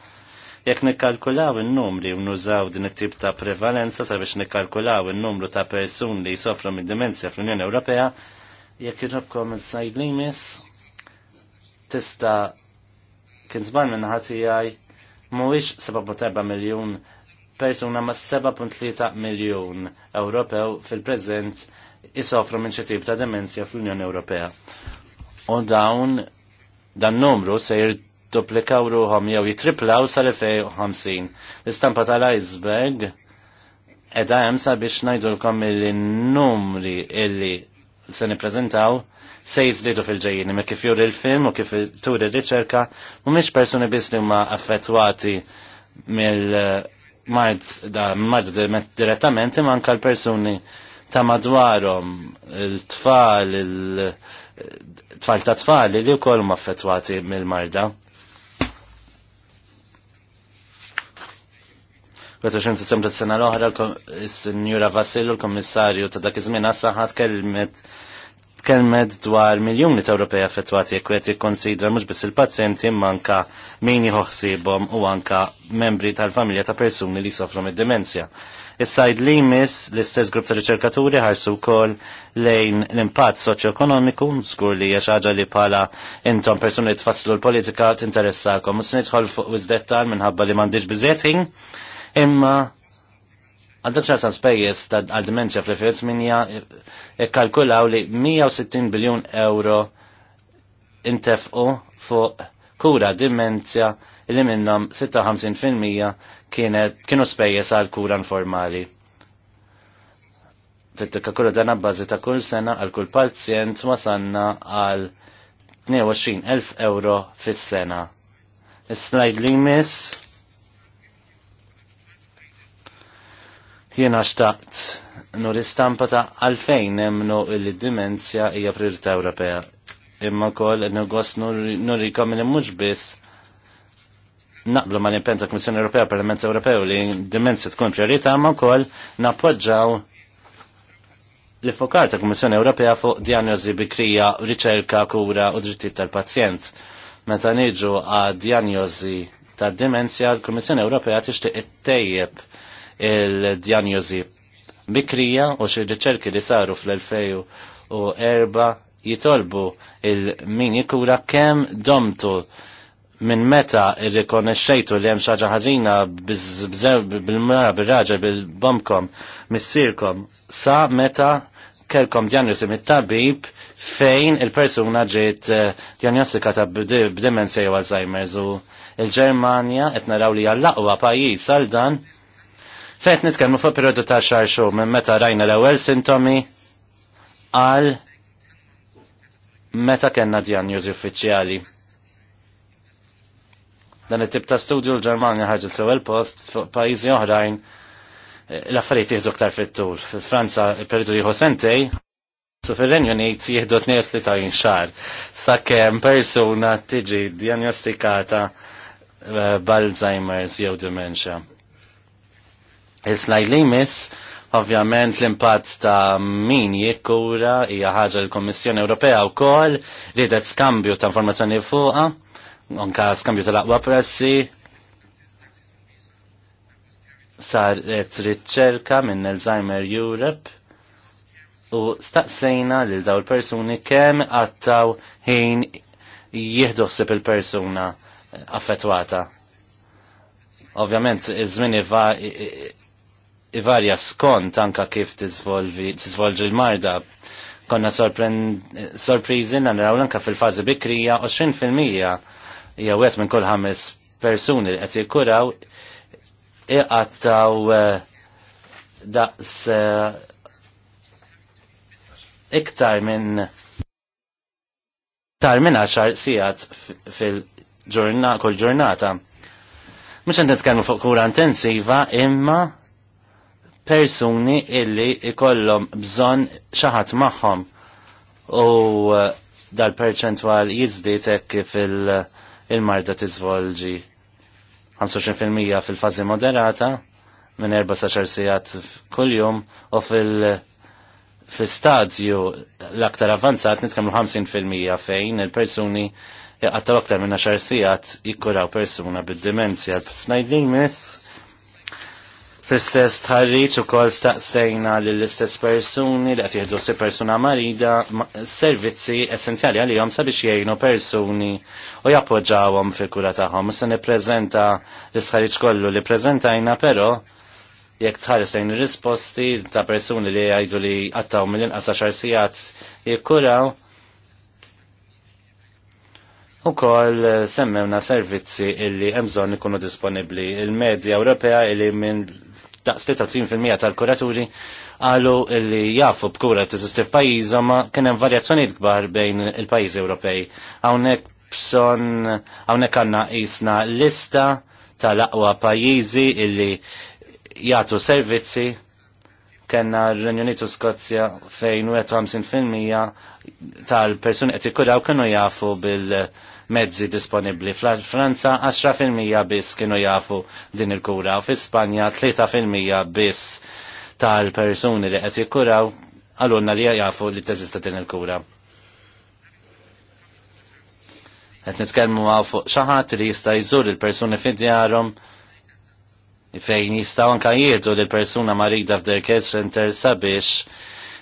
Jekk nikkalkulaw in-numri u nużaw din it-tip ta' prevalenza sabiex nikkalkulaw in-numru ta' persuni li jsofru minn dimensja fl-Unjoni Ewropea, jekk irrobkom il-sajd limis, tista' kien żbar minn ħatijaj mhuwiex 7.4 miljun persuna ma' 7.3 miljun Ewropew fil-preżent jisofru minn xi tip ta' demenzja fl-Unjoni Ewropea. U dawn dan numru se jir jidduplikaw ruhom jew jitriplaw sal-2050. L-istampa tal-iceberg edha hemm sabiex ngħidulkom il-numri illi se nippreżentaw se jizdidu fil-ġejjini me kif juri l-film u kif turi r-riċerka mhumiex persuni biss li huma affettwati mill mart da mart direttament imma anke l-persuni ta' madwarhom il-tfal il-tfal ta' tfal li wkoll huma affettwati mill-marda. 27 sena l-oħra, s-Njura Vassilu, l-Kommissarju ta' dak iż-żmien għas tkellmet dwar miljoni ta' Ewropej affettwati jekk qed jikkonsidra mhux biss il-pazjenti manka min jħossibhom u anka membri tal-familja ta' persuni li sofru mid-demenzja. Is-sajd li jmiss l-istess grupp ta' riċerkaturi ħarsu wkoll lejn l-impatt soċjoekonomiku, skur li hija ħaġa li bħala intom persuni tfasslu l-politika tinteressakom u nidħol fuq dettal minħabba li m'għandix biżejjed ħin imma għandak ċasan spejjes ta' għal dimenzja fl-2008 ikkalkulaw e, e, li 160 biljon euro intefqu fuq kura dimenzja li minnom 56% kienet kienu spejjes għal kura informali. Tittika kura dana bazi ta' kull sena għal kull pazjent wasanna għal 22.000 euro fis-sena. Is-slajd li miss Jien xtaqt nur istampa ta' għalfejn nemnu il-dimensja hija priorità Ewropea. Imma wkoll negos nur jkomin mhux biss naqblu ma l-impenza Komissjoni Ewropea, Parlament Ewropew li dimensja tkun priorità ma wkoll nappoġġaw l-fokar ta' Komissjoni Ewropea fuq diagnosi bikrija, riċerka, kura u drittijiet tal-pazjent. Meta niġu għad diagnosi tad-dimensja, l-Komissjoni Ewropea tixtieq it-tejjeb il-djanjozi bikrija u xi riċerki li saru fl-2004 jitolbu il-min jikura kemm domtu minn meta irrikonexxejtu li hemm xi ħaġa ħażina bil-mara bir-raġel bil-bomkom missierkom sa meta kelkom djanjosi mit-tabib fejn il-persuna ġiet eh, djanjostika ta' b'demenzja jew Alzheimer's u il-Ġermanja qed naraw li għall-aqwa pajjiż għal dan Fejt nitkellmu fuq periodu ta' xar xhur minn meta rajna l-ewwel sintomi għal meta kellna djanjużi uffiċjali. Dan it-tip ta' studju l-Ġermanja ħarġet l-ewwel post fuq pajjiżi oħrajn eh, l-affarijiet jieħdu aktar fit-tul. Fil-Franza il-periodu jieħu sentej, su fil-Renju Unit jieħdu tnejn li ta' xar. Sakemm persuna tiġi djanjostikata eh, b'Alzheimer's jew dementia. Is-slaj li jmiss, ovvjament l-impatt ta' min jikkura hija ħaġa l-Kommissjoni Ewropea wkoll ridet skambju ta' informazzjoni fuqha, anka skambju tal-aqwa pressi, saret riċerka minn Alzheimer Europe u staqsejna lil daw il-persuni kemm għattaw ħin jihdossib il-persuna affettwata. Ovvjament, iż-żmien iva- ivarja skont anka kif tiżvolġi l-marda. Konna sorprizi naraw l-anka fil-fazi bikrija 20% jew wieħed minn kull ħames persuni li qed jikkuraw iqattaw eh, daqs eh, iktar minn tar minn għaxar sigħat fil-ġurnata kull ġurnata. Mhux qed nitkellmu fuq kura intensiva imma persuni illi ikollhom bżonn xaħat magħhom u uh, dal-perċentwal jizdit hekk fil il-marda tiżvolġi 25% fil-fażi moderata minn 14 sigħat kuljum u fil- fil-stadju l-aktar avanzat nitkellmu 50% fejn il-persuni jaqattaw aktar minn 10 jikkuraw persuna bid l Snajdin miss Fl-istess tħarriċ u kol staqsejna l-istess persuni li għatiħdu si persuna marida servizzi essenzjali għalijom sabiex jgħinu persuni u jappoġawom fil-kura taħom. Se niprezenta l-istħarriċ kollu li prezentajna pero jekk tħarsejn risposti ta' persuni li jgħidu li għattaw mill-inqas 10 sigħat jikkuraw U kol eh, semmewna servizzi illi emżon ikunu disponibli. Il-medja Ewropea illi minn daqs 33% tal-kuraturi għalu illi jafu b'kura t sistif pajiz, ma kienem varjazzjoniet kbar bejn il pajiz Ewropej. Għawnek bson, għawnek għanna jisna lista tal-aqwa pajizi illi jagħtu servizzi kena r-Renjonitu Skozja fejn 50% tal-persuni għetikura u kienu jafu bil- uh, mezzi disponibbli. Fl-Franza 10% biss kienu jafu din il-kura u fl-Ispanja 3% biss tal-persuni li qed jikkuraw għalunna li jafu li teżista din il-kura. Qed nitkellmu għaw fuq xi ħadd li jista' jżur il-persuni fid fejn jistaw anka jiedu li persuna marida f'der care center sabiex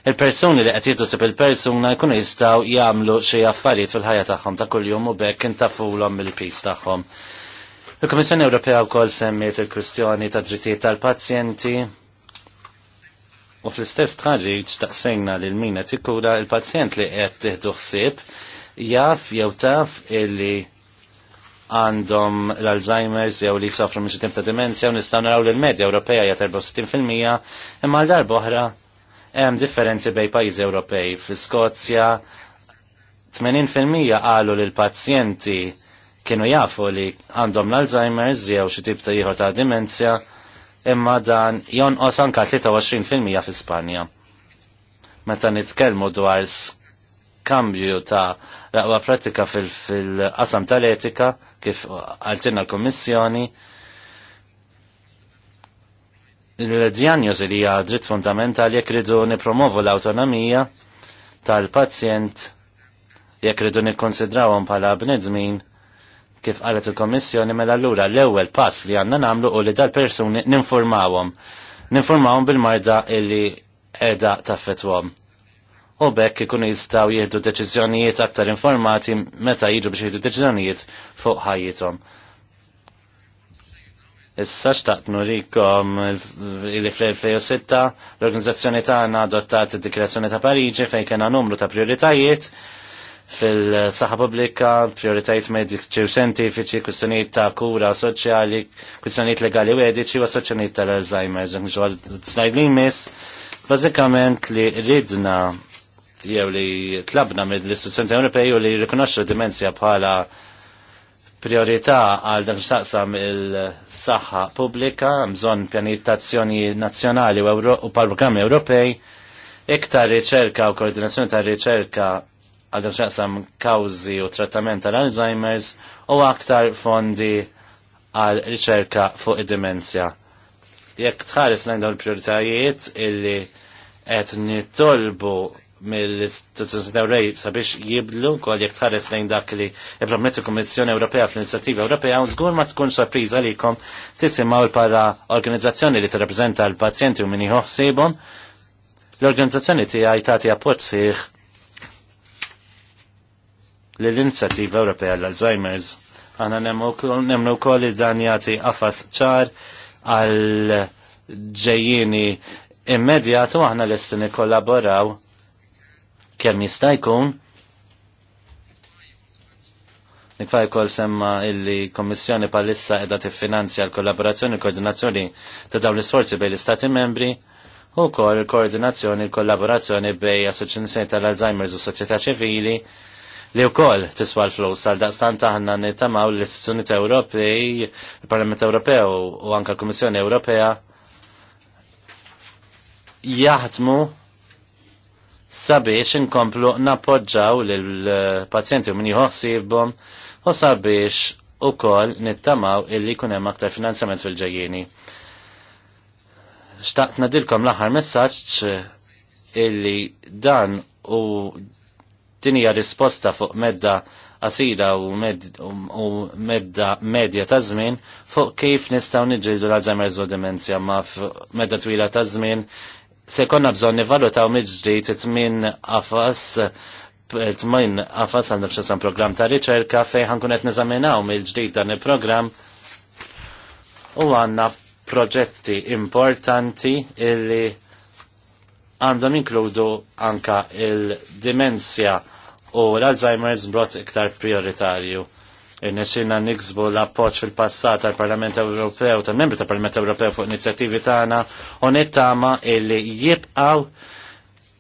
il-persuni li qed sepp il-persuna jkunu jistgħu jagħmlu xi affarijiet fil-ħajja tagħhom ta' kuljum u bekk intafulhom mill-pis tagħhom. Il-Komissjoni Ewropea wkoll semmiet il-kwistjoni ta' drittijiet tal-pazjenti u fl-istess tħarriġ taqsejna lil min qed ikkura il-pazjent li qed tieħdu ħsieb jaf jew taf illi għandhom l-Alzheimer's jew li sofru minn xi ta' demenzja u nistgħu naraw lill medja Ewropea hija 64 fil-mija imma l-darba oħra Hemm differenzi bej pajjiżi Ewropej. Fl-Skozja 80% qalu li l-pazjenti kienu jafu li għandhom l-Alzheimer's jew xi tip ta' ieħor ta' dimenzja, imma dan jonqos anka 23% fi Spanja. Meta nitkellmu dwar skambju ta' raqwa pratika fil-qasam tal-etika kif għaltinna l-Kommissjoni, l djanjosi li hija dritt fundamentali jekk ridu nipromovu l-autonomija tal-pazjent jekk ridu nikkonsidrawhom bħala bnedmin kif qalet il-Kommissjoni mela allura l-ewwel pass li għandna nagħmlu u li dal-persuni ninformawhom. Ninformawhom bil-marda illi qiegħda taffetwhom. U bekk ikunu jistgħu jieħdu deċiżjonijiet aktar informati meta jiġu biex jieħdu deċiżjonijiet fuq ħajjithom. Issa xtaqt nurikom li fl-2006 l-organizzazzjoni tagħna adottat id-Dikrazzjoni ta' Pariġi fejn kena numru ta' prioritajiet fil-saħħa pubblika, prioritajiet mediċi u xentifiċi, kwistjonijiet ta' kura soċjali, kwistjonijiet legali u edici u soċjonijiet tal-Alzheimer's. Ġwal snajd li jmiss, bażikament li ridna jew li tlabna mill-istituzzjoni Ewropej u li rikonoxxu dimensja bħala priorità għal dan saqsam il-saħħa pubblika, mżon pjanitazzjoni nazzjonali u programmi Ewropej, iktar riċerka u koordinazzjoni ta' riċerka għal dan saqsam kawzi u trattament tal-Alzheimer's u aktar fondi għal riċerka fuq id-demenzja. Jekk tħares l il-prioritajiet illi qed nitolbu mill-istituzzjoni Ewropej sabiex jiblu wkoll jekk tħares lejn dak li ippromet il-Kummissjoni Ewropea fl-Inizjattiva Ewropea u żgur ma tkun sorpriża likom tisimaw il para organizzazzjoni li t-reprezenta l-pazjenti u min sebon, L-organizzazzjoni tiegħi tagħti appoġġ sieħ lill-Inizjattiva Ewropea l-Alzheimer's. Għana nemmu wkoll li dan jati għafas ċar għal ġejjini immedjat u aħna l-istini kollaboraw kemm jista' jkun. Nikfaj kol semma illi kommissjoni palissa edha tiffinanzja l-kollaborazzjoni l koordinazzjoni ta' dawn l-isforzi bej l-Istati membri u kol l-koordinazzjoni l-kollaborazzjoni bej assoċjazzjoni tal-Alzheimer's u soċjetà ċivili li u kol tiswa l-flus għal daqstan taħna nittamaw l istituzjoni ta' Ewropej, il-Parlament Ewropew u anka l komissjoni Ewropea jaħdmu sabiex inkomplu nappoġġaw lill-pazjenti u min jħossibhom u sabiex ukoll nittamaw illi jkun hemm aktar finanzjament fil ġajjini Xtaqt nadilkom l-aħħar messaġġ illi dan u dinija risposta fuq medda qasira u, med, u medda medja ta' żmien fuq kif nistgħu niġġieldu l-Alzheimer's u demenzja ma' medda twila ta' żmien se konna bżon nivalutaw mid-ġdijt it tmin għafas t tmin għafas għandu ċesan program ta' riċerka fej ħankun qed niżaminaw mill-ġdid dan il-program u għanna proġetti importanti illi għandhom inkludu anka il-dimensja u l-Alzheimer's brot iktar prioritarju Nesina niksbu l-appoċ fil-passat tal-Parlament Ewropew, tal-membri tal-Parlament Ewropew fuq inizjattivi tagħna onet tama illi jibqaw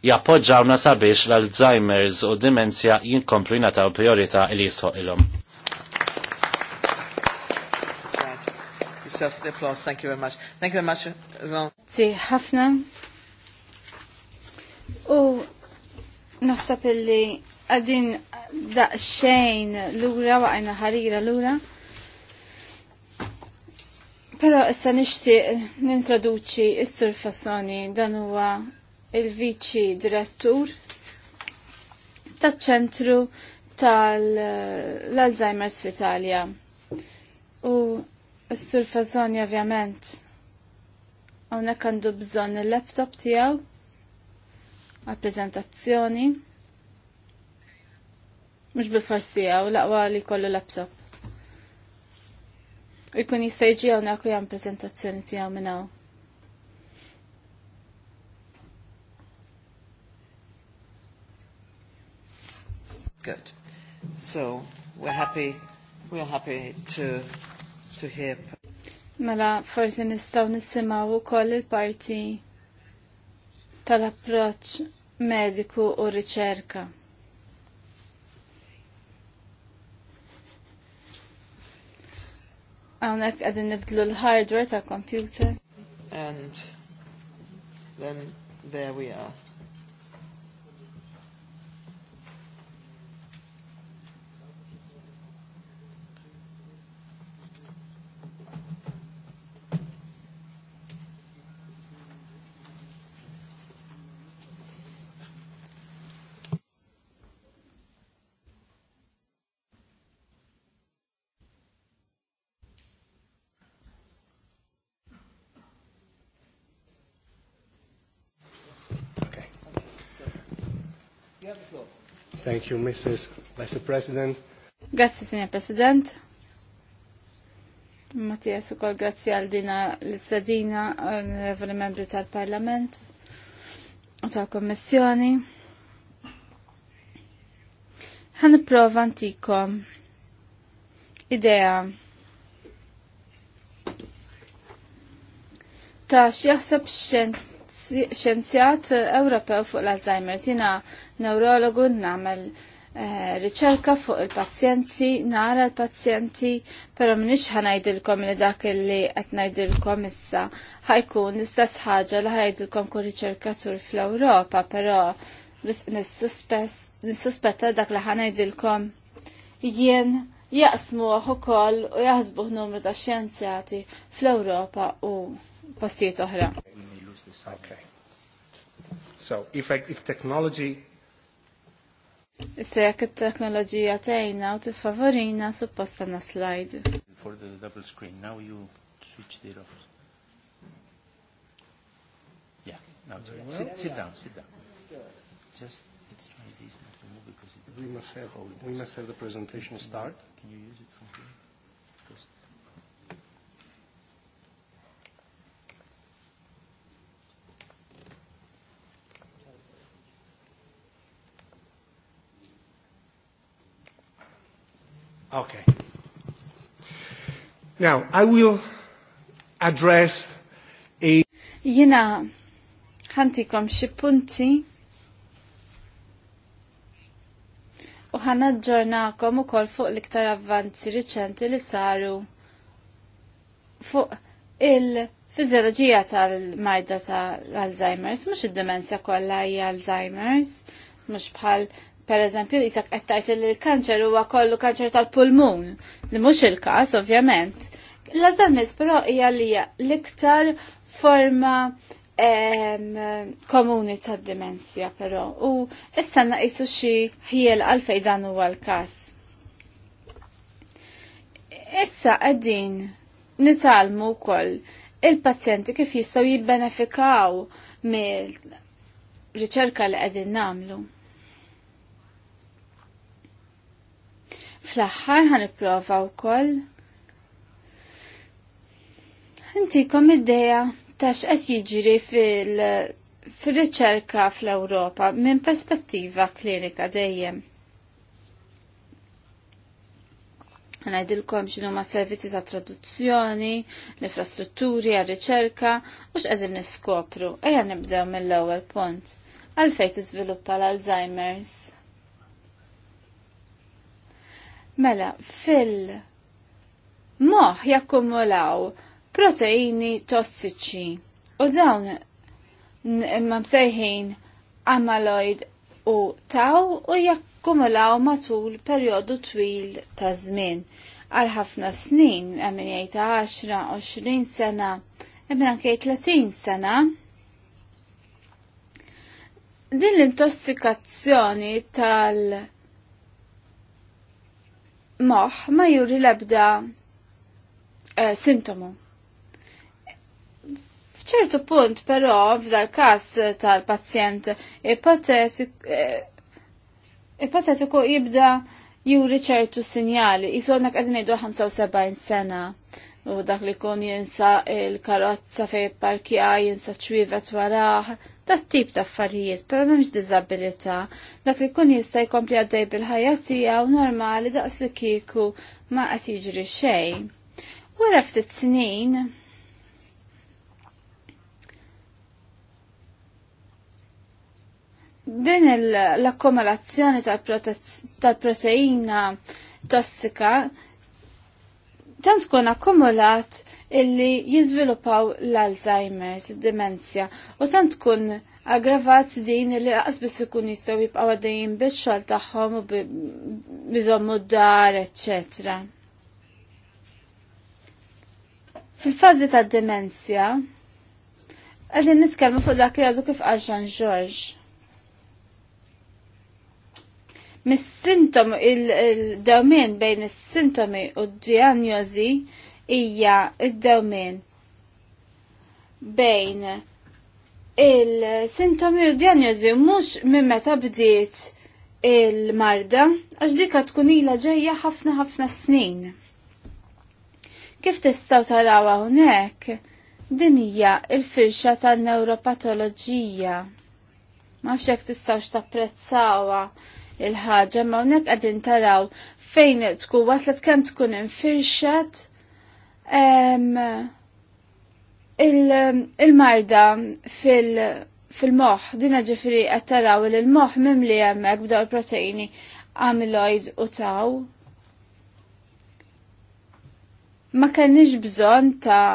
jappoġġawna sabiex l-Alzheimer's u dimensja jinkomplu jingħataw priorità li jistħoq ilhom. Deserves the applause. Thank you very much. Thank you very much, Ron. ħafna. U naħseb illi għadin daqxejn lura waqajna ħarira lura. Pero issa nixtieq nintroduċi s-sur Fassoni dan huwa il-viċi direttur taċ-ċentru tal-Alzheimer's fl-Italja. U s-sur Fassoni ovvjament hawnhekk għandu bżonn il-laptop tiegħu għal-preżentazzjoni mux bil farsi għaw, laqwa li kollu laptop. U jkun jistajġi għaw naku jgħam prezentazzjoni għaw minnaw. Good. So, we're happy, we're happy to, to hear. Mela, forsi nistaw nissimaw u koll il-parti tal-approċ mediku u riċerka. Għawnek għadin nibdlu l-hardware ta' computer. And then there we are. Thank you, Mrs. Vice President. Grazie, Signor President. Mattias, ukoll kol grazzi għal dina l-istadina, onorevoli membri tal-Parlament u tal-Kommissjoni. Għan prova antikom idea ta' x'jaħseb xent xenzjat Ewropew fuq l-Alzheimer's. Jina neurologu namel eh, riċerka fuq il-pazjenti, nara l-pazjenti, pero minix ħanajdilkom li dak li qed ngħidilkom issa ħajkun istess ħaġa li ħajdilkom kull riċerkatur fl-Ewropa, però nissuspetta dak li ħanajdilkom jien jaqsmu għu ukoll u jaħsbuh numru ta' xjenzjati fl-Ewropa u postijiet oħra. Okay. So, if, I, if technology Issa jekk it-teknoloġija tgħinna u tiffavorina supposta na slide. For the double screen, now you switch it off. Yeah, now well, sit, sit down, sit down. Just let's try this now to move because it. We must have we must have the presentation start. Can you use it? Okay. Now, I will address a... Jina, ħantikom xi punti u ħanaġġornakom ukoll fuq l-iktar avvanzi riċenti li saru fuq il-fizjoloġija tal-marda tal-Alzheimer's, mhux id-demenzja kollha hija Alzheimer's, mhux bħal Per eżempju, jisak għettajt li l-kanċer huwa kollu kanċer tal-pulmun, li mux il-kas, ovvjament. L-azamis però hija li l-iktar forma komuni ta' dimensja però u issa naqisu xi ħiel għalfej dan huwa l-każ. Issa qegħdin nitalmu wkoll il-pazjenti kif jistgħu jibbenefikaw mill-riċerka li qegħdin nagħmlu. Fl-aħħar ħan ipprova wkoll. Intikom id-deja tax qed jiġri fil fil-riċerka fl-Ewropa minn perspettiva klinika dejjem. Għanajdilkom xinu ma' servizzi ta' traduzzjoni, l-infrastrutturi, għal-riċerka, u x'qegħdin niskopru. Ejja nibdew mill-ewwel punt. Għalfejn tiżviluppa l-Alzheimer's. Mela, fil moħ jakkumulaw proteini tossiċi u dawn mamsejħin amaloid u taw u jakkumulaw matul perjodu twil ta' żmien għal ħafna snin, għamin jgħajta 10, 20 sena, imma anke 30 sena din l-intossikazzjoni tal- moħ ma juri lebda uh, sintomu. F'ċertu punt, però, f'dal kas tal-pazjent ipotetiku eh, jibda juri ċertu sinjali, jiswolnak għadin 75 sena u dak li kun jinsa il-karozza fej parkija jinsa ċwivet waraħ, dat tip ta' affarijiet, pero memx dizabilita, Dak li kun jista' jkompli għaddej bil-ħajja tiegħu normali daqs li kiku ma qed jiġri xejn. Wara ftit snin, din l-akkumulazzjoni tal-proteina tossika tant kun akkumulat illi jizvilupaw l-Alzheimer's, id-demenzja, u tant kun aggravat din illi qasbis ikun jistgħu jibqgħu għaddejjin bix-xogħol tagħhom u bizommu d-dar, etc. Fil-fażi tad-demenzja, qegħdin nitkellmu fuq dak li għadu kif għalxan Jean George. mis sintomi il-dawmin bejn is-sintomi u d-diagnosi hija id-dawmin bejn il-sintomi u d-diagnosi mhux minn meta bdiet il-marda għax dikha tkun ilha ġejja ħafna ħafna snin. Kif tistgħu tarawha hawnhekk? Din hija il-firxa tan-neuropatoloġija. Ma fxek tistawx tapprezzawha il-ħaġa ma unek qegħdin taraw fejn tkun waslet kemm tkun infirxet il-marda fil- fil-moħ, dina ġifiri għattaraw il l-moħ mimli jemmek b'daw il-proteini amyloid u taw. Ma kenniġ bżon ta'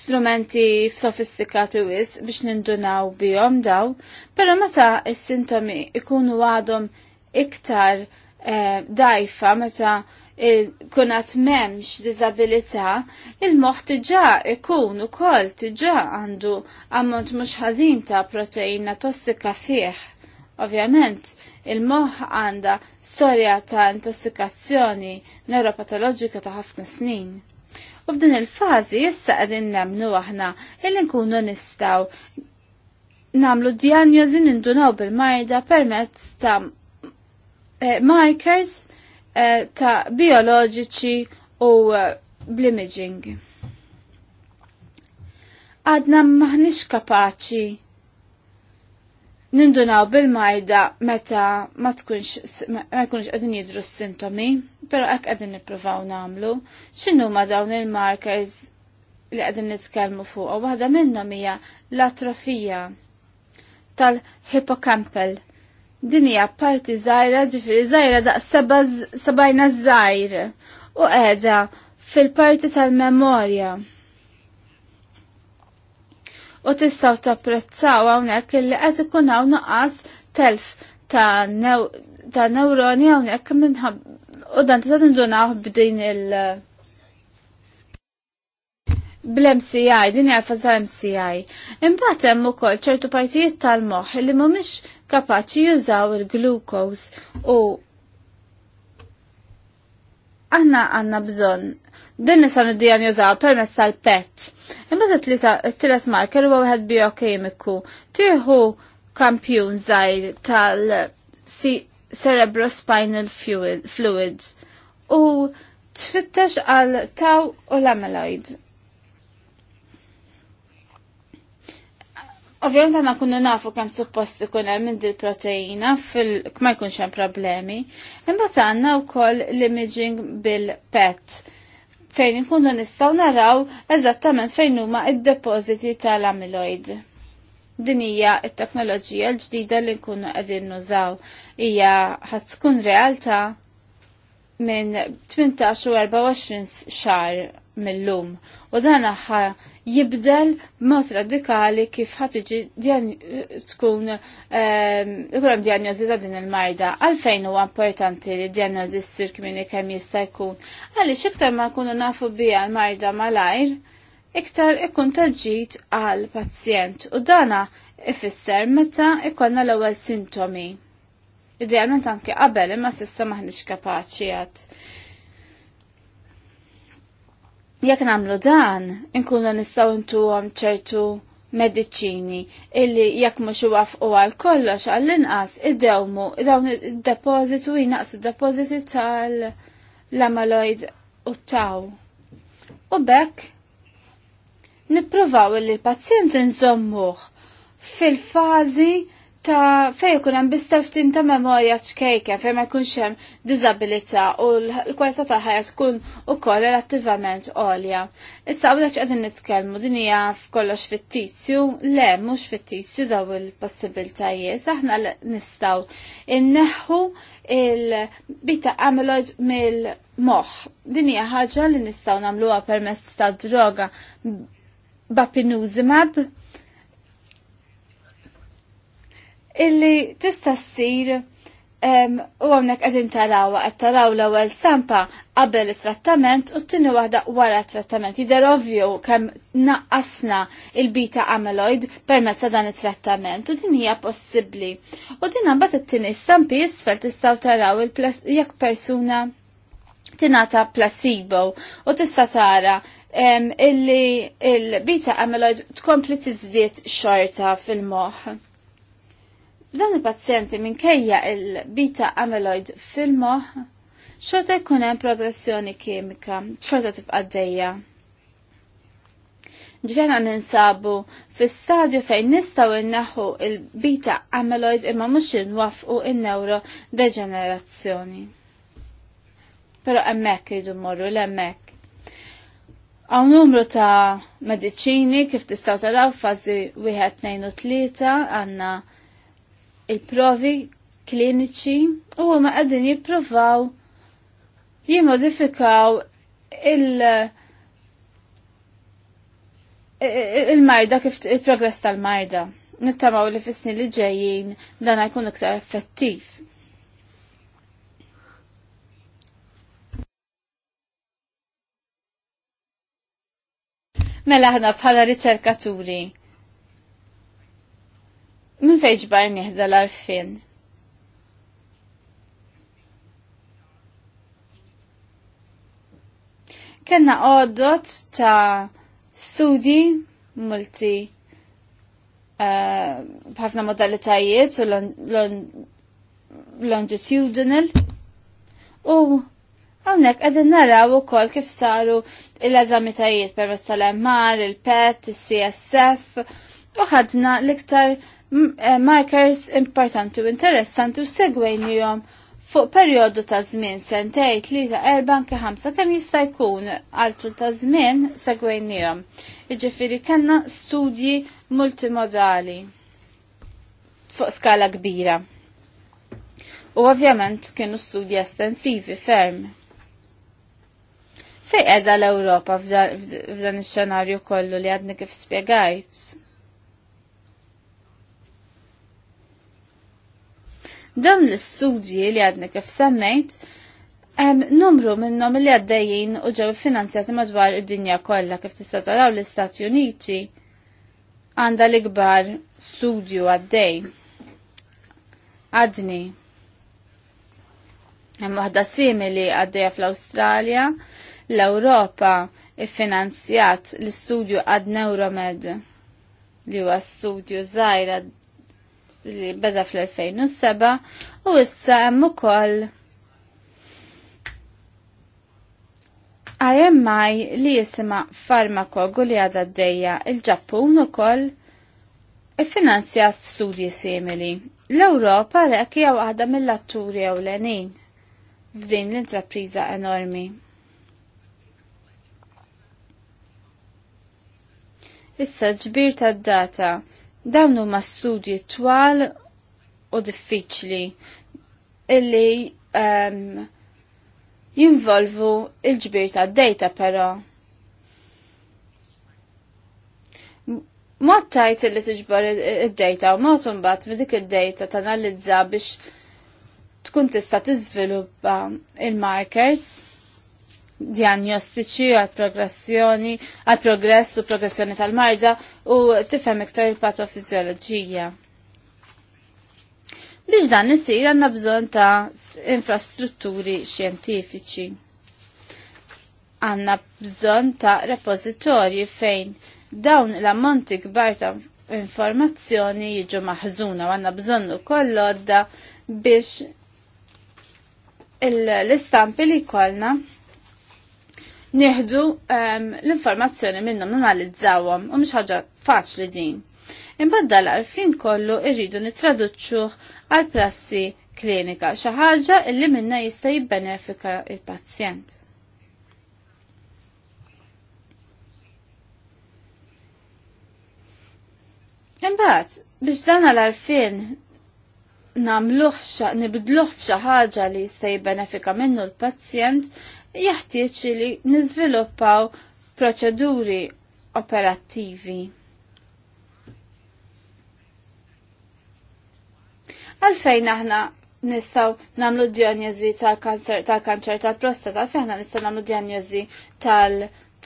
strumenti sofistikati wis biex nindunaw bihom daw, pero meta il sintomi ikunu għadhom iktar eh, dajfa meta kunat memx disabilità, il-moħ tiġa ikun u kol tiġa għandu ammont mux ħazin ta' proteina tossika fieħ. Ovvjament, il-moħ għanda storja ta' intossikazzjoni neuropatologika ta' ħafna snin. U f'din il-fazi issa qegħdin nemnu aħna li nkunu nistgħu namlu djanjozi nindunaw bil-marda permezz ta' eh, markers eh, ta' bioloġiċi u eh, blimaging. Għadna maħnix kapaċi nindunaw bil-marda meta ma tkunx ma jkunx qegħdin jidru s-sintomi pero hekk qegħdin nippruvaw nagħmlu. X'inhu ma dawn il-markers li qegħdin nitkellmu fuq u waħda minnhom hija l-atrofija tal-hippocampal. Din hija parti żgħira ġifiri żgħira da' sabajna zaħir, u qiegħda fil-parti tal-memorja. U tistaw tapprezzaw hawnhekk illi qed ikun hawn nuqqas telf ta' neuroni hawnhekk minħabba U dan tista' tindunaw b'din il- bl-MCI, din jgħalfa tal-MCI. Imbagħad hemm ukoll ċertu partijiet tal-moħħ li mhumiex kapaċi jużaw il glucose u aħna għandna bżonn din nisa niddijan jużaw permess tal-PET. Imbagħad it-tielet marker huwa wieħed biokemiku tieħu kampjun żgħir tal- cerebrospinal fluids u tfittex għal taw u l-amyloid. Ovvijament għanna kunnu nafu kem suppost ikun hemm minn il proteina fil ma jkunx hemm problemi. Imbagħad għandna wkoll l-imaging bil-PET fejn nkunu nistgħu naraw eżattament fejn huma id-depożiti tal-amyloid din hija t-teknoloġija l-ġdida li nkunu għedin nużaw. Hija ħadd tkun realtà minn 18 u 24 xar mill-lum. U dan aħħa jibdel mod radikali kif ħadd iġi tkun ehm, ikun diagnozi ta' din il-marda. Għalfejn huwa importanti li diagnozi ssir minn kemm jista' jkun. Għaliex iktar ma nkunu nafu bija l-marda malajr, iktar ikun tarġit għal pazjent u dana ifisser meta ikonna l-ewwel sintomi. Idealment anke qabel imma s'issa maħniex kapaċi għad. Jekk nagħmlu dan, inkunu nistgħu ntuhom ċertu mediċini illi jekk mhux iwafqu għal kollox għall-inqas iddewmu dawn id-depożitu jinaqsu d-depożiti tal-amaloid u taw. U bekk nippruvaw li l-pazjent nżommuħ fil-fazi ta' fej kun hemm bistaftin ta' memorja ċkejke fejn ma jkunx hemm diżabilità u l-kwalità tal ħajja tkun ukoll relattivament għolja. Issa hawnhekk qegħdin nitkellmu din hija f'kollox fittizju, le mhux fittizju daw il-possibiltajiet aħna nistgħu inneħħu il-bita amyloid mill-moħħ. Din hija ħaġa li nistgħu nagħmluha permezz tad droga bapinuzimab illi tista' ssir u għamnek għedin tarawa, għed taraw l-ewel stampa qabel il-trattament u t-tini wahda wara trattament. Jider ovvju kem naqqasna il-bita amyloid permezz ta' dan it trattament u din hija possibbli. U din għambat it-tini stampi jisfel tistaw taraw jekk persuna tinata placebo u tista' tara illi il-beta amyloid tkompli tizdiet xorta fil-moħ. Dan il-pazzjenti minkejja il-beta amyloid fil-moħ xorta jkun hemm progressjoni kimika, xorta tibqa' dejja ġvena ninsabu fi stadju fejn nistaw inneħu il-bita amyloid imma mux nwafqu il-neuro deġenerazzjoni. Pero emmek jidu morru l-emmek. Għaw numru ta' mediċini kif tistaw taraw fazi 1, 2 3 għanna il-provi kliniċi u ma għadin jiprovaw jimodifikaw il- il-marda kif il-progress tal-marda. Nittamaw li fissni li ġejjin dan għajkun iktar effettiv. Mela aħna bħala riċerkaturi. Min fejn ġbar nieħda l-arfin? Kenna għoddot ta' studji multi eh, bħafna uh, modalitajiet u longitudinal u Għawnek għedin naraw u kol kif saru il-eżamitajiet per tal-MR, il-PET, il-CSF u ħadna l-iktar eh, markers importanti u interessanti u jom fuq periodu ta' żmien sentej tlita, erba' anke ħamsa kemm jista' jkun għaltul ta' żmien segwejnijom. Jiġifieri kellna studji multimodali fuq skala kbira. U ovvjament kienu studji estensivi ferm. Fej edha l-Europa f'dan il-xenarju kollu li għadni kif spiegajt? Dan l-istudji li għadni kif semmejt, numru minnom li għaddejjin u ġew finanzjati madwar id-dinja kollha kif tista' taraw l-Istati Uniti għandha l-ikbar studju għaddej. Għadni. Hemm waħda simili għaddejja fl-Awstralja, l-Ewropa iffinanzjat l-istudju ad Neuromed li huwa studju żgħira li beda fl-2007 u issa hemm ukoll IMI li jisima farmakogu li għadha d-dejja il-Ġappun ukoll iffinanzjat studji simili. L-Ewropa għalhekk hija waħda mill-atturi ewlenin f'din l-intrapriża enormi. Issa ġbir ta' data dawn huma studji twal u diffiċli illi um, jinvolvu il-ġbir ta' data però. Mod tajt li tiġbor id-data u mod unbat me dik id-data tanalizza biex tkun tista' tiżviluppa il-markers diagnostiċi għal progressjoni għal progress u progressjoni tal-marda u tifhem iktar il-patofizjoloġija. Biex dan isir għandna bżonn ta' infrastrutturi xjentifiċi. Għandna bżonn ta' repożitorji fejn dawn l-ammonti kbar ta' informazzjoni jiġu maħżuna għanna u kollodda biex l-istampi li kollna nieħdu ehm, l-informazzjoni minnhom nanalizzawhom u mhux ħaġa faċli din. Imbagħad dal-għarfien kollu irridu nitraduċċuh għal prassi klinika xi ħaġa li minna jista' jibbenefika il-pazjent. Imbagħad, biex dan għal-arfin namluħ nibdluħ f'xi ħaġa li jista' jibbenefika minnu l-pazjent, jaħtieġ li niżviluppaw proċeduri operattivi. Għalfejn aħna nistaw namlu djanjozi tal-kanċer tal-kanċer tal-prostata, għalfejn aħna nistaw namlu djanjozi tal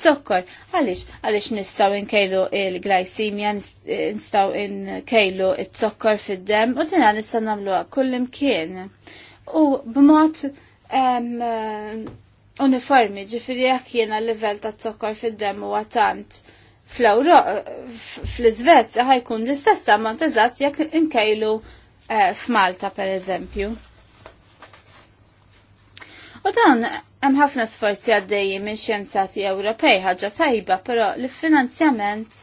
zokkor Għalix, għalix nistaw inkejlu il-glajsimja, eh, nistaw inkejlu il-zokkor fid-dem, u dina nistaw namlu kullim kien. U b'mod uniformi ġifiri jekk jiena l-livell ta' zokkor fid-dem huwa tant fl-Ewro fl-Iżvezja ħajkun l-istess ammont eżatt jekk inkejlu eh, f'Malta pereżempju. U dan hemm ħafna sforzi għaddejji minn xjenzati Ewropej ħaġa tajba, però l-finanzjament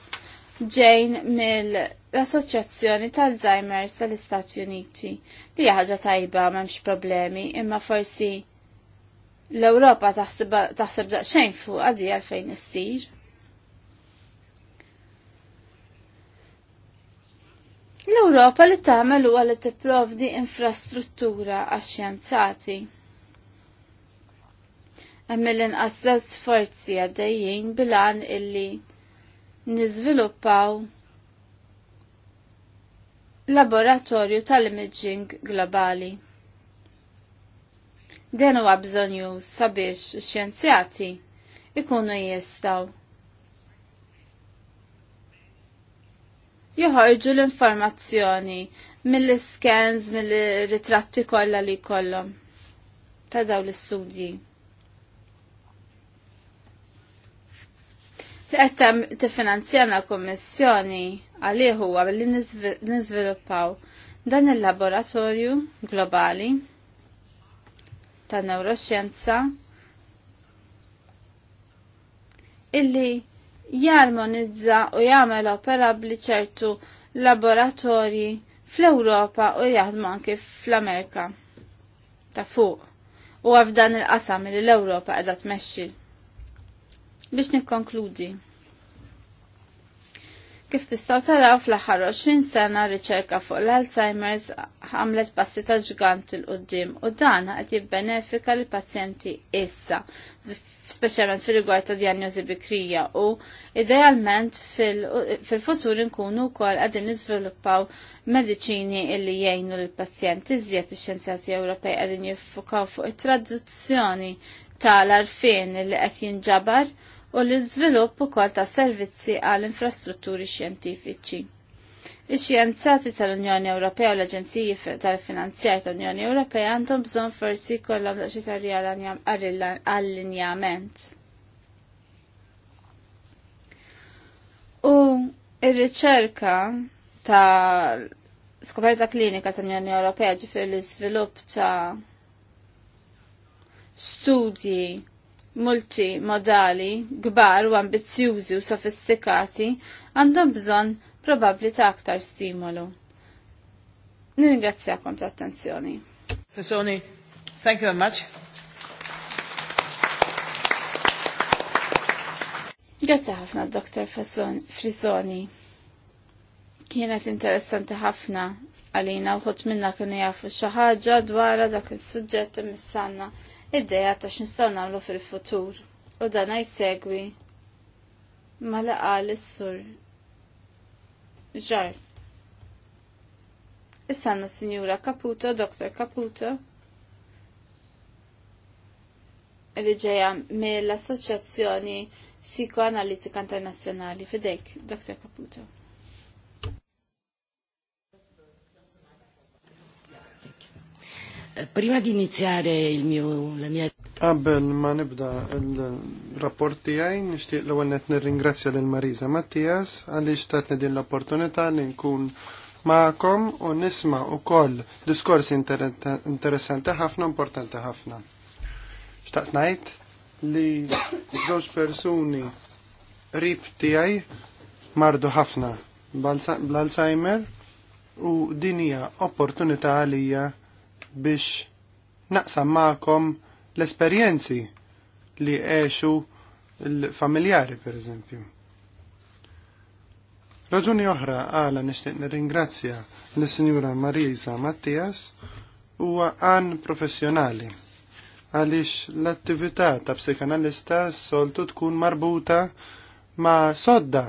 ġejn mill-Assoċjazzjoni tal zajmers tal-Istati Uniti li ħaġa tajba m'hemmx problemi, imma forsi l-Ewropa taħseb daqsxejn fuq għadi għalfejn issir. L-Ewropa li tagħmel huwa li tipprovdi infrastruttura għax-xjenzati. Hemm l-inqas żewġ sforzi għaddejjin bilan illi niżviluppaw laboratorju tal-imaging globali. Den huwa bżonju sabiex xjenzjati ikunu jistaw. Joħorġu l-informazzjoni mill-scans, mill-ritratti kollha li kollhom ta' dawn l-istudji. Li qed tiffinanzjana kummissjoni għalih huwa billi niżviluppaw dan il-laboratorju globali ta' neuroscienza illi jarmonizza u jagħmel opera bli ċertu laboratorji fl-Ewropa u jaħdmu anke fl-Amerika ta' fuq u għafdan il-qasam li l-Ewropa qiegħda tmexxi. Biex nikkonkludi. Kif tistaw taraw fl-aħħar 20 sena riċerka fuq l-Alzheimer's għamlet passi ta' ġgant il-qoddim u dan qed jibbenefika l pazjenti issa, speċjalment fil-rigward ta' diagnosi bikrija u idealment fil-futur nkunu wkoll qegħdin niżviluppaw mediċini illi jgħinu l-pazjenti iżjed ix-xjenzjati Ewropej qegħdin jiffukaw fuq it-tradizzjoni tal-arfin li qed jinġabar u l-iżvilupp ukoll ta' servizzi għal infrastrutturi xjentifiċi. Ix-xjenzati tal-Unjoni Ewropea u l-Aġenziji tal-Finanzjar tal-Unjoni Ewropea għandhom bżonn forsi kollha għall allinjament. U ir-riċerka ta' skoperta klinika tal-Unjoni Ewropea ġifir l-iżvilupp ta' studji multi modali gbar u ambizzjużi u sofistikati għandhom bżonn probabbli ta' aktar stimolu. Ningrazzjakom ta' attenzjoni. Fesoni, thank you very much. Grazie ħafna, Dr. Frisoni. Kienet interessanti ħafna għalina u minna kunu jafu xaħġa dwar dak il u missanna id-deja ta' xinstaw nagħmlu fil-futur u dan jsegwi ma mela laqal is-sur ġar. Issa għandna Sinjura Caputo, Dr. Caputo, li ġeja mill-Assoċjazzjoni Psikoanalitika Internazzjonali fidejk, Dr. Caputo. Prima di iniziare il mio, la mia... Qabel ma nibda il-rapport tiegħi nixtieq l-ewwel qed nirringrazzja lil Marisa Mattias għaliex tatni din l-opportunità li nkun magħkom u nisma' ukoll diskorsi interessanti ħafna importanti ħafna. Xtaqt ngħid li żewġ persuni rib tiegħi mardu ħafna bl-Alzheimer u din hija opportunità għalija biex naqsam ma'kom l-esperjenzi li għexu l-familjari, per eżempju. Raġuni oħra għala nishtiq nirringrazzja l signora Marisa Mattias huwa għan professjonali għaliex l-attività ta' psikanalista soltu tkun marbuta ma' sodda,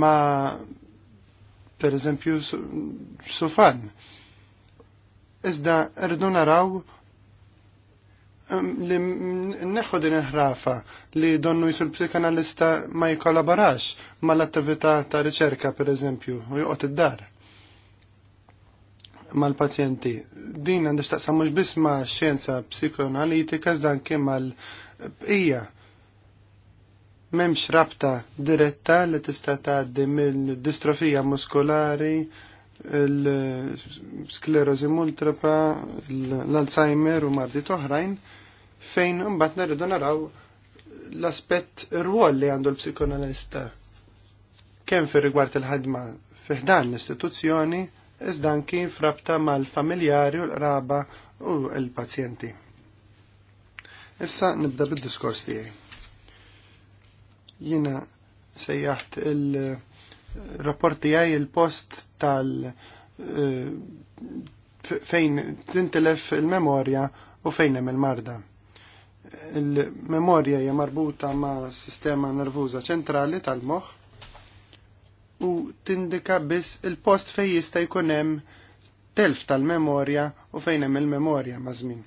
ma' per eżempju sufan. So iżda rridu naraw li neħu din ħrafa li donnu jisul psikanalista ma jikollaborax ma l-attività ta' riċerka per eżempju u joqgħod id-dar mal-pazjenti. Din għandix taqsam mhux biss ma' xjenza psikoanalitika iżda anke mal-bqija memx rabta diretta li tista' tgħaddi mill-distrofija muskolari l-sklerozi multipla, l-Alzheimer u mardi toħrajn fejn mbagħad nerridu naraw l-aspett rwol li għandu l-psikoanalista kemm fir rigward il-ħadma fiħdan l-istituzzjoni iżda anki frabta mal-familjari u l-qraba u l-pazjenti. Issa nibda bid-diskors tiegħi. Jiena sejjaħt il- rapporti għaj il-post tal eh, fejn tintelef il-memorja u fejn hemm il-marda. Il-memorja hija marbuta ma' sistema nervuża ċentrali tal-moħħ u tindika biss il-post fejn jista' jkun hemm telf tal-memorja u fejn hemm il-memorja ma' żmien.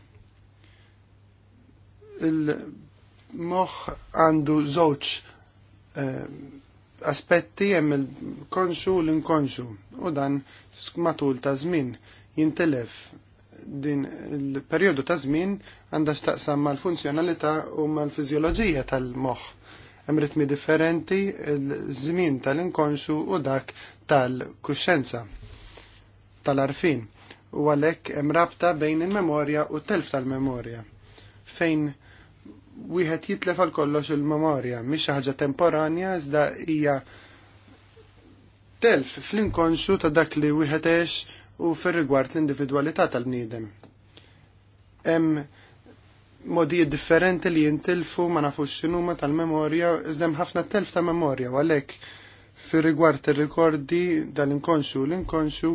Il-moħħ għandu żewġ eh, aspetti hemm il-konxu l-inkonxu u dan matul ta' żmien jintelef din il-perjodu ta' żmien għandha x'taqsam mal-funzjonalità u mal-fiżjoloġija tal-moħħ. Hemm ritmi differenti l-żmien tal-inkonxu u dak tal kuxenza tal-arfin u għalhekk hemm rabta bejn il-memorja u t-telf tal-memorja fejn wieħed jitlef għal kollox il-memorja, mhix xi ħaġa temporanja iżda hija telf fl-inkonxu ta' dak li wieħed u fir-rigward l-individwalità tal-bniedem. Hemm modijiet differenti li jintilfu ma nafux x'inhuma tal-memorja, iżda hemm ħafna telf ta' memorja u għalhekk fir-rigward ir-rikordi dal-inkonxu l-inkonxu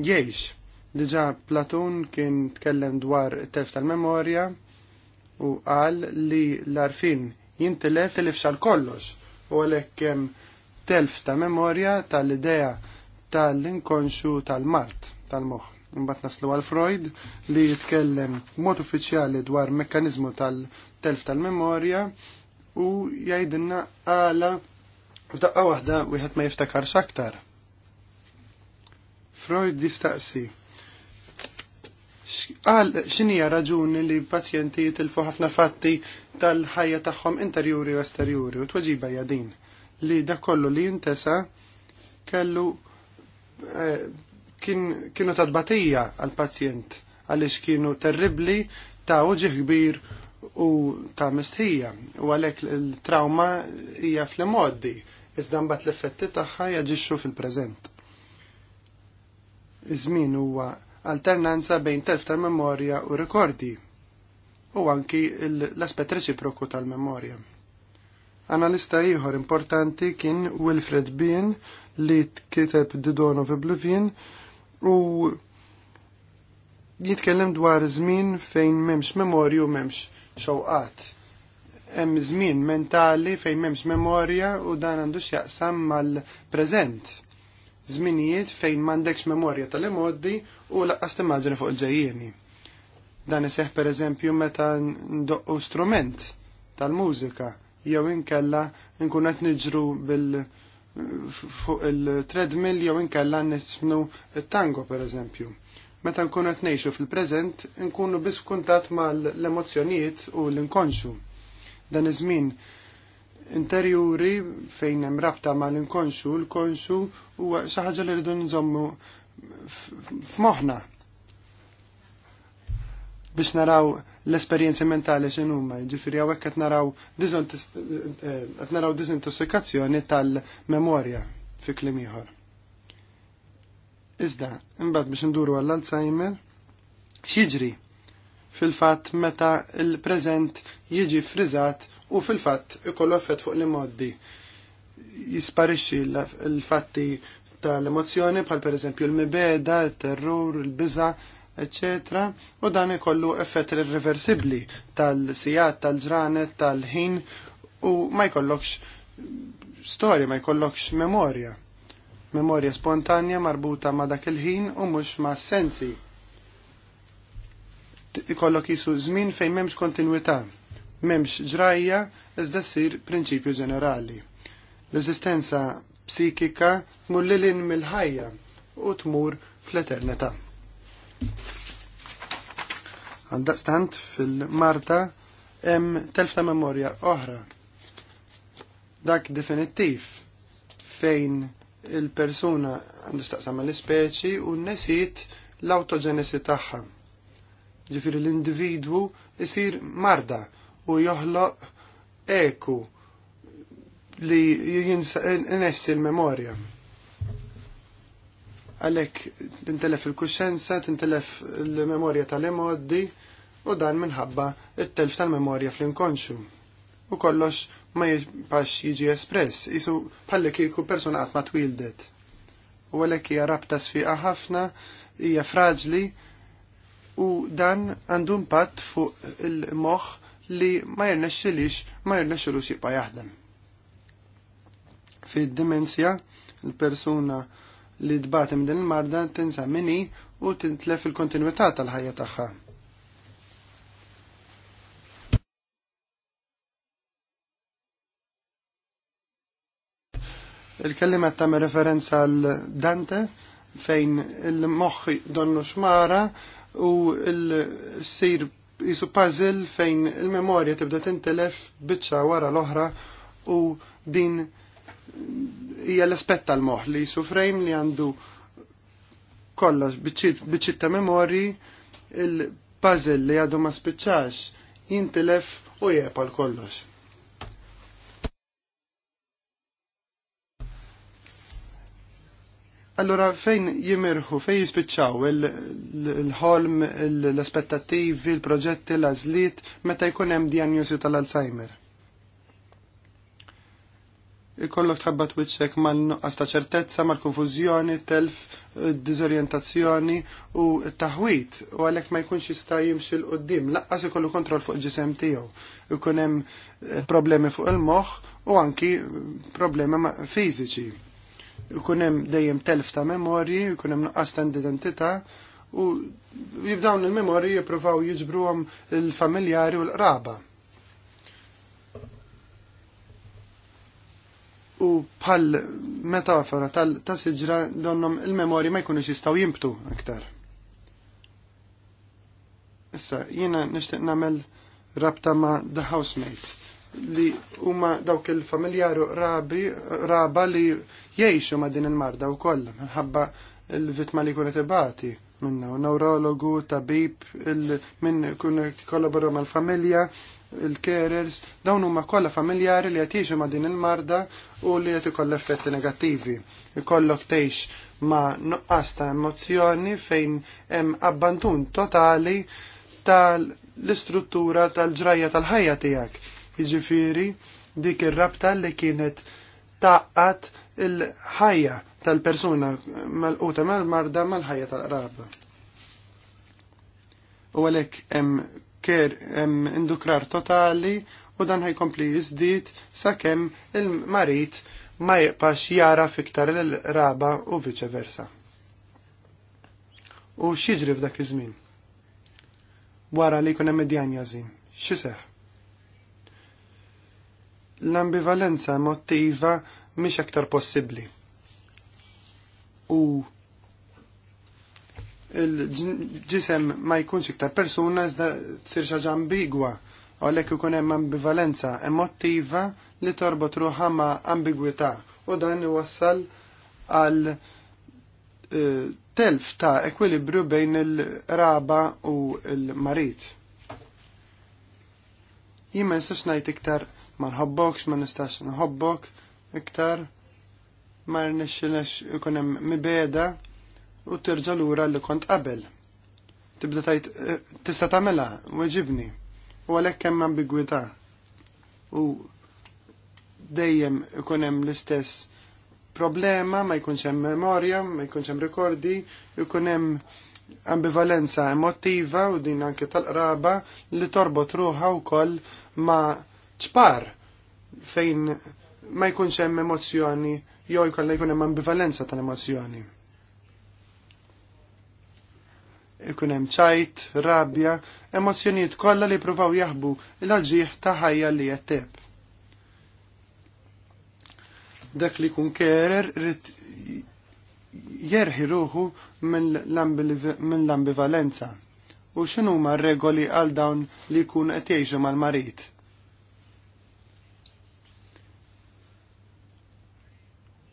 jgħix. Diġà Platun kien tkellem dwar telf tal-memorja, u qal li l-arfin jintilef tilifxal kollox u għalhekk hemm telf ta' memorja tal-idea tal-inkonxu tal-mart tal-moħħ. Imbagħad naslu għal Freud li jitkellem mod uffiċjali dwar mekkaniżmu tal-telf tal-memorja u jgħidilna għala f'daqqa waħda wieħed ma jiftakarx aktar. Freud jistaqsi Għal xinija raġuni li pazjenti jitilfu ħafna fatti tal-ħajja tagħhom interjuri u esterjuri u tweġiba hija din li da kollu li jintesa kellu eh, kienu tadbatija għal pazjent għaliex kienu terribli ta' uġi kbir u ta' mistħija u għalhekk il-trauma hija fl moddi iżda mbagħad l-effetti tagħha jaġixxu fil-preżent. Iż-żmien huwa alternanza bejn telf tal-memorja u rikordi u anki l-aspet reċiproku tal-memorja. Analista ieħor importanti kien Wilfred Bean li tkiteb Didon of Oblivion u jitkellem dwar żmien fejn memx memorju memx xoqat. Hemm żmien mentali fejn memx memorja u dan għandu x'jaqsam mal-preżent Zminijiet fejn m'għandekx memorja tal-imoddi u laqqas timmaġina fuq il-ġejjieni. Dan iseħ pereżempju meta ndoqqu strument tal-mużika jew inkella nkun qed niġru bil fuq il-treadmill jew inkella nisfnu it-tango pereżempju. Meta nkun qed ngħixu fil-preżent nkunu biss kuntat mal-emozzjonijiet u l-inkonxu. Dan iż-żmien interjuri fejn hemm rabta mal-inkonxu, l-konxu huwa xi ħaġa li rridu nżommu f'moħħna biex naraw l esperjenzi mentali x'inhuma, jiġifieri hawnhekk qed naraw qed naraw disintossikazzjoni tal-memorja fi kliem ieħor. Iżda, imbagħad biex nduru għall-Alzheimer, x'jiġri fil-fatt meta l-preżent jiġi friżat u fil-fatt ikollu effett fuq l-immoddi. Jisparixxi l-fatti tal-emozjoni bħal pereżempju l-mibeda, il-terrur, il-biża, ecc. U dan ikollu effett irreversibbli tal-sijat, tal-ġranet, tal-ħin u ma jkollokx storja, ma jkollokx memorja. Memorja spontanja marbuta ma dak il-ħin u mhux ma' sensi ikollok jisu żmien fejn m'hemmx kontinwità memx ġrajja iżda ssir prinċipju ġenerali. L-eżistenza psikika tmur lilin mill-ħajja u tmur fl-eternità. Għandaqstant fil-Marta hemm telfta memorja oħra. Dak definittiv fejn il-persuna għandu staqsam l-ispeċi u nesit l autogenesi tagħha. ġifieri l-individwu isir marda u joħloq eku li jinsa inessi l-memorja. Għalek tintelef il-kuxenza, tintelef il memorja tal-emoddi u dan minħabba il telf tal-memorja fl-inkonxu. U kollox ma jibax jiġi espress, jisu palli kieku persona għatma twildet. U għalek hija rabta sfiqa ħafna, hija fraġli u dan għandu impatt fuq il-moħħ li ma jirnexxilix ma jirnexxilux jibqa' jaħdem. Fid-dimensja, il-persuna li tbatem din il-marda tinsa minni u tintlef il-kontinuità tal-ħajja tagħha. Il-kellima tagħmel referenza għal Dante fejn il-moħħ donnu xmara u l-sir jisu puzzle fejn il-memorja tibda tintelef biċċa wara l-oħra u din hija l-aspett tal-moħ li jisu frame li għandu kollox biċċit ta' memorji il-puzzle li għadu ma spiċċax jintilef u jepal kollox. Allora fejn jimirħu, fejn jispiċċaw il-ħolm, l-aspettativi, il-proġetti, l-azliet, meta jkun hemm diagnosi tal-Alzheimer? Ikollok tħabba twitchek mal-nuqqas ta' ċertezza, mal-konfużjoni, telf, eh, dizorientazzjoni u taħwit u għalhekk ma jkunx jista' jimxi l qoddim laqqas ikollu kontroll fuq ġisem tiegħu. Ikun hemm eh, problemi fuq il-moħħ u anki eh, problemi fiżiċi ikun hemm dejjem telf ta' memorji, ikun hemm nuqqas ta' identità u jibdawn il-memorji jippruvaw jiġbruhom il-familjari u l-qraba. u bħal metafora ta' siġra donnom il memorji ma jkunux jistaw jimbtu aktar. Issa, jiena nishtiq namel rabta ma' The housemates li huma dawk il-familjaru rabi raba li jgħixu ma' din il-marda u koll, minħabba l-vitma li kunet ibati minna u neurologu, tabib, minn kun kollaboru mal-familja, il-carers, dawn huma kollha familjari li qed jiġu ma' din il-marda u li qed ikoll effetti negattivi. Ikollok tgħix ma' nuqqasta ta' emozzjoni fejn hemm abbandun totali tal-istruttura tal-ġrajja tal-ħajja tiegħek Jiġifieri dik ir-rabta li kienet taqqat il-ħajja tal-persuna mal-quta mal-marda mal-ħajja tal-qraba. U għalhekk hemm ker hemm indukrar totali u dan ħajkompli jiżdied sakemm il-marit ma jibqax jara fiktar il raba u versa. U x'jiġri f'dak iż-żmien? Wara li jkun hemm medjan jażin, x'i seħħ? l-ambivalenza emotiva mhix aktar possibbli. U il-ġisem ma jkunx iktar persuna iżda tsir xaġa ambigwa u għalhekk ikun hemm ambivalenza emotiva li torbot ruħha ma' ambigwità u dan iwassal għal eh, telf ta' ekwilibru bejn il-raba u l-marit. Jien ma nistax ngħid iktar ma nħobbokx, ma nistax nħobbok iktar, ma rnexxilex ikun hemm mibeda u terġa' lura li kont qabel. Tibda tajt eh, tista' tagħmilha weġibni u għalhekk hemm ambigwità. U dejjem ikun hemm l-istess problema, ma jkunx hemm memorja, ma jkunx hemm rikordi, ikun hemm ambivalenza emotiva u din anke tal-qraba li torbot ruħa wkoll ma' ċpar fejn ma jkunx hemm emozzjoni jew jkollha jkun hemm ambivalenza tal-emozzjoni. Ikun hemm ċajt, rabja, emozzjonijiet kollha li jippruvaw jaħbu l aġieħ ta' ħajja li qed Dak li jkun kerer rrit jerħi ruħu minn l-ambivalenza. U x'inhuma r regoli għal dawn li kun qed jgħixu mal-marit?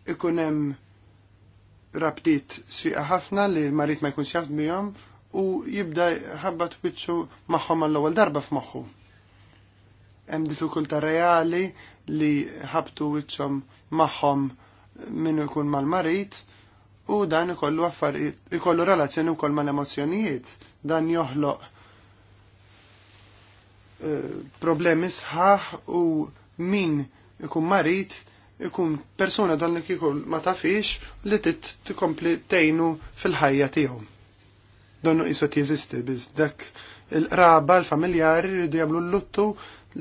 ikun hemm rabtit sfiqa ħafna li l-marit ma jkunx jaft bihom u jibda ħabba twiċċu magħhom għall-ewwel darba f'moħħu. Hemm diffikultà reali li ħabtu wiċċhom magħhom minn ikun mal-marit u dan ikollu affarijiet ikollu relazzjoni wkoll mal-emozzjonijiet. Dan joħloq eh, problemi sħaħ u min ikun marit ikun persuna dan li kikun ma tafix li tit tikompli tejnu fil-ħajja tiegħu. Donnu isot jeżisti biss dak il raba l-familjari li jagħmlu l-luttu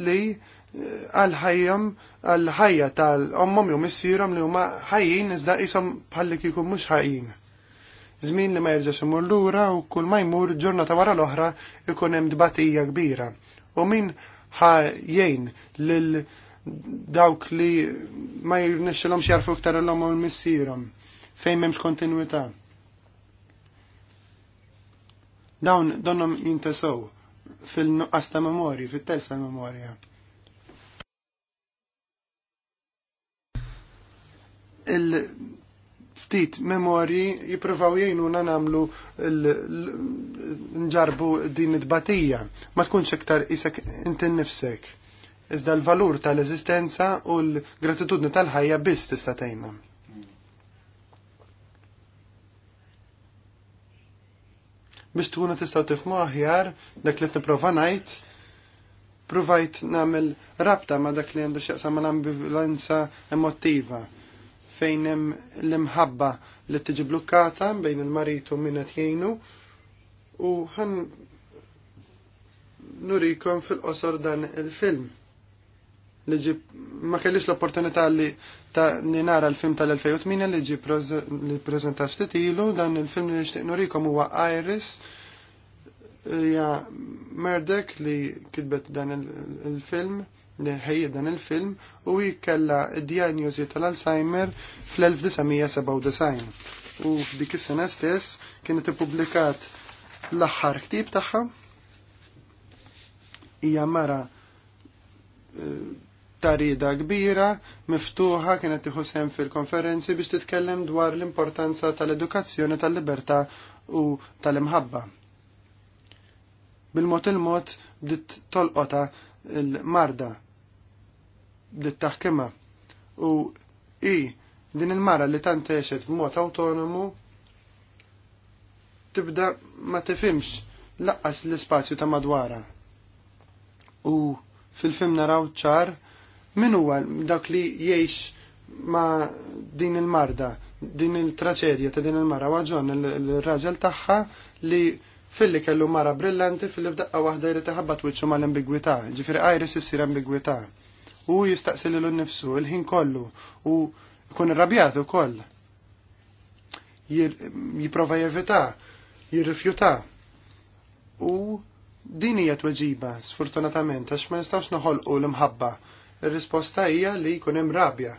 li eh, għal-ħajjam għal-ħajja tal-ommom jew missierhom li huma ħajjin iżda qishom bħalli kikun mhux ħajjin. Żmien li ma jerġax imur lura u kull ma jmur ġurnata wara l-oħra ikun hemm dbatija kbira. U min ħajjin lil dawk li ma jirnexxilhom jarfu iktar l-om u l-missierhom fejn m'hemmx kontinwità. Dawn donhom jintesow fil-nuqqas ta' memorji, fit-telf ta' memorja. il-ftit memorji jiprofaw jgħinuna namlu nġarbu din id-batija. Ma tkunx iktar isek inti nifsek iżda l-valur tal-eżistenza u l-gratitudni tal-ħajja biss tista' tgħinna. Biex tkunu tistgħu tifhmu aħjar dak li tipprova ngħid, provajt nagħmel rabta ma' dak li għandu x'jaqsam mal-ambivalenza emottiva fejn hemm l-imħabba li tiġi blukkata bejn il-maritu minn qed jgħinu u ħan nurikom fil-qosor dan il-film liġi ma kellix l-opportunità li ta' li nara l-film tal-2008 li ġi li prezenta ftit ilu dan il-film li nixtieq nurikom huwa Iris ja Merdek li kitbet dan il-film li ħejjed dan il-film u jikella id-diagnosi tal-Alzheimer fl-1997. U f'dik is-sena stess kienet ippubblikat l-aħħar ktib tagħha hija mara eh, tarida kbira miftuħa kienet tieħu fil-konferenzi biex titkellem dwar l-importanza tal-edukazzjoni tal-libertà u tal-imħabba. Bil-mod il-mod bdiet tolqota l-marda bdiet taħkima u i din il-mara li tant b'mod autonomu tibda ma tifimx laqqas l-ispazju ta' madwara. U fil-film naraw ċar Min huwa dak li jgħix ma din il-marda, din il-traċedja ta' din il-mara waġon il-raġel tagħha li filli kellu mara brillanti filli f'daqqa waħda jrid iħabbat wiċċu mal-ambigwità, ġifieri Iris issir ambigwità. U jistaqsil lilu nnifsu il-ħin kollu u jkun irrabjat ukoll. Jipprova jevita, jirrifjuta. U din hija tweġiba, sfortunatament, għax ma nistgħux noħolqu l-imħabba Ir-risposta hija li jkun hemm rabja.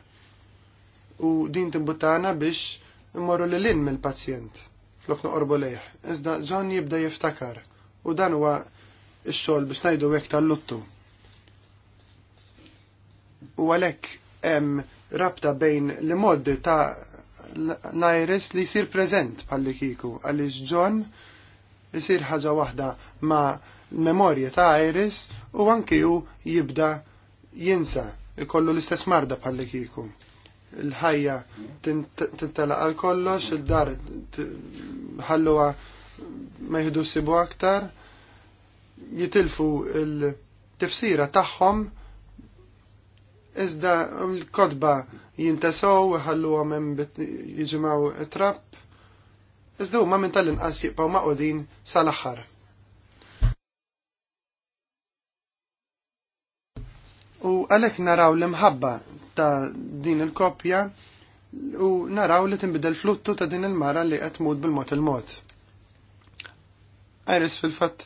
U din timbuttana biex mmorru lil lin mill-pazjent flok noqorbu lejh. Iżda John jibda jiftakar u dan huwa x-xogħol biex ngħidu hekk tal-luttu. U għalhekk hemm rabta bejn li moddi ta' l-iris li jisir preżent palli kiku, għaliex John jisir ħaġa waħda ma' memorja ta' iris u anki ju jibda jinsa, ikollu l-istess marda bħalli kiku. Il-ħajja tintala għal kollox, il-dar ħalluwa ma jihdu sibu aktar, jitilfu il-tifsira tagħhom iżda l-kodba jintasow, ħallu men jġimaw trapp, iżda huma minn tal-inqas jibqaw maqodin sal-axħar. U għalhekk naraw l-imħabba ta' din il-koppja u naraw li tinbidel fluttu ta' din il-mara li qed bil-mod il-mod. Iris fil-fatt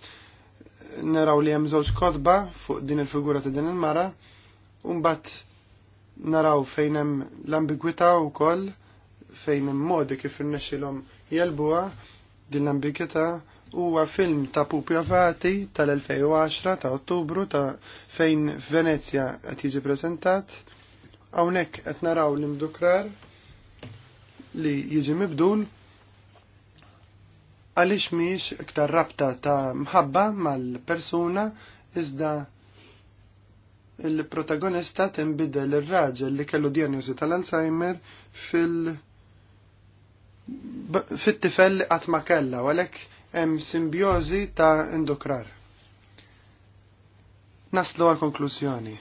naraw li hemm żewġ kotba fuq din il-figura ta' din il-mara u mbagħad naraw fejn hemm l-ambigwità wkoll fejn hemm modi kif irnexxilhom jelbuha din l-ambigwità huwa film ta' Pupi Avati tal-2010 ta' Ottubru ta' fejn Venezia qed jiġi preżentat. Hawnhekk qed naraw l-imdukrar li jiġi mibdul għaliex miex iktar rabta ta' mħabba mal-persuna iżda il-protagonista tinbidel ir-raġel li kellu diagnosi tal-Alzheimer fil- fit-tifel li qatt ma kellha għalhekk hemm simbjożi ta' indukrar. Naslu għal konklużjoni.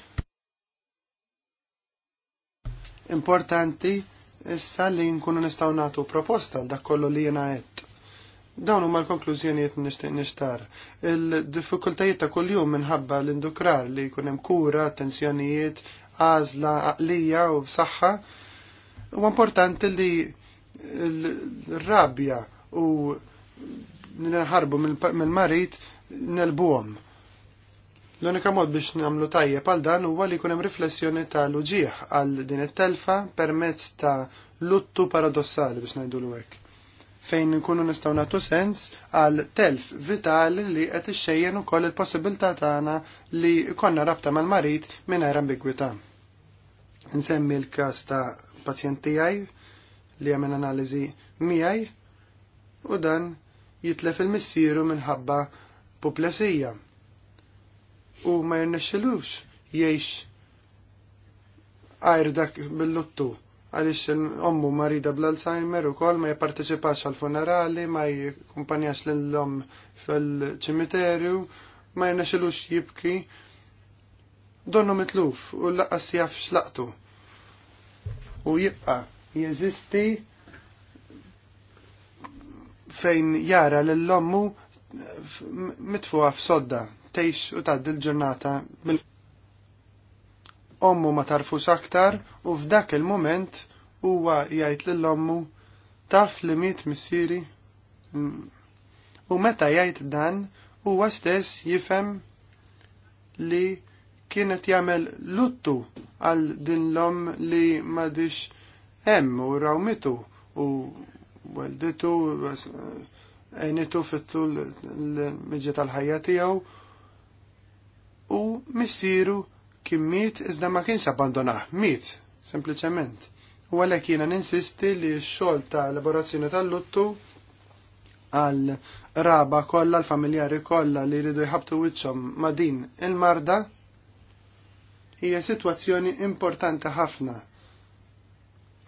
Importanti issa li nkunu nistgħu nagħtu proposta għal dak kollu li jiena qed. Dawn huma l-konklużjonijiet nixtieq nixtar. Il-diffikultajiet ta' kuljum minħabba l-indukrar li jkun hemm kura, tensjonijiet, għażla, għaqlija u b'saħħa. Huwa importanti li l-rabja u nħarbu mill-marit nelbuhom. L-unika mod biex nagħmlu tajjeb għal dan huwa li jkun hemm riflessjoni ta' luġieħ għal din it-telfa permezz ta' luttu paradossali biex ngħidulu hekk. Fejn nkunu nistgħu nagħtu sens għal telf vitali li qed ixxejjen ukoll il-possibilità tagħna li konna rabta mal-marit mingħajr ambigwità. Nsemmi l-każ ta' pazjent tiegħi li għamel analiżi miegħi u dan jitlef il-missieru minħabba poplasija. u ma jirnexxilux jiex għajr dak bil-luttu għalix ommu marida bl-Alzheimer u kol ma jipparteċipax għal-funerali, ma jikkumpanjax l lom fil-ċimiterju, ma jirnexilux jibki. Donnu mitluf u laqqas jaf xlaqtu. U jibqa jeżisti fejn jara l-lommu mitfuqa f'sodda, tejx u tgħaddi il ġurnata ommu ma tarfu aktar u f'dak il-moment huwa jgħid l-lommu taf li mit missieri. U meta jgħid dan huwa stess jifhem li kienet jagħmel luttu għal din l-om li madix hemm u rawmitu u welditu, għenitu eh, fittu l-mġġa tal-ħajja tiegħu u missieru kien miet iżda ma kienx abbandonah. miet, sempliċement. U għalhekk jiena ninsisti li x-xogħol ta' elaborazzjoni tal-luttu għal raba kollha l-familjari kollha li jridu jħabtu wiċċhom ma' din il-marda hija sitwazzjoni importanti ħafna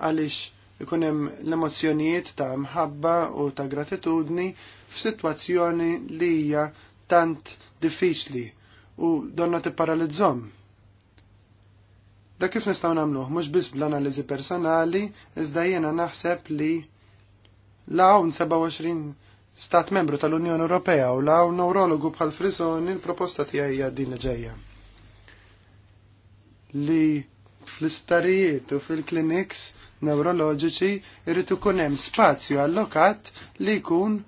għaliex ikun hemm l-emozzjonijiet ta' mħabba u ta' gratitudni f'sitwazzjoni li hija tant diffiċli u donna paralizzom. Da kif nistgħu nagħmluh mhux biss bl-analiżi personali, iżda jiena naħseb li l-hawn 27 stat membru tal-Unjoni Ewropea u law neurologu bħal frisoni l-proposta tiegħi hija din li ġejja. Li fl-istarijiet u fil-kliniks neuroloġiċi irrit ikun hemm spazju allokat li jkun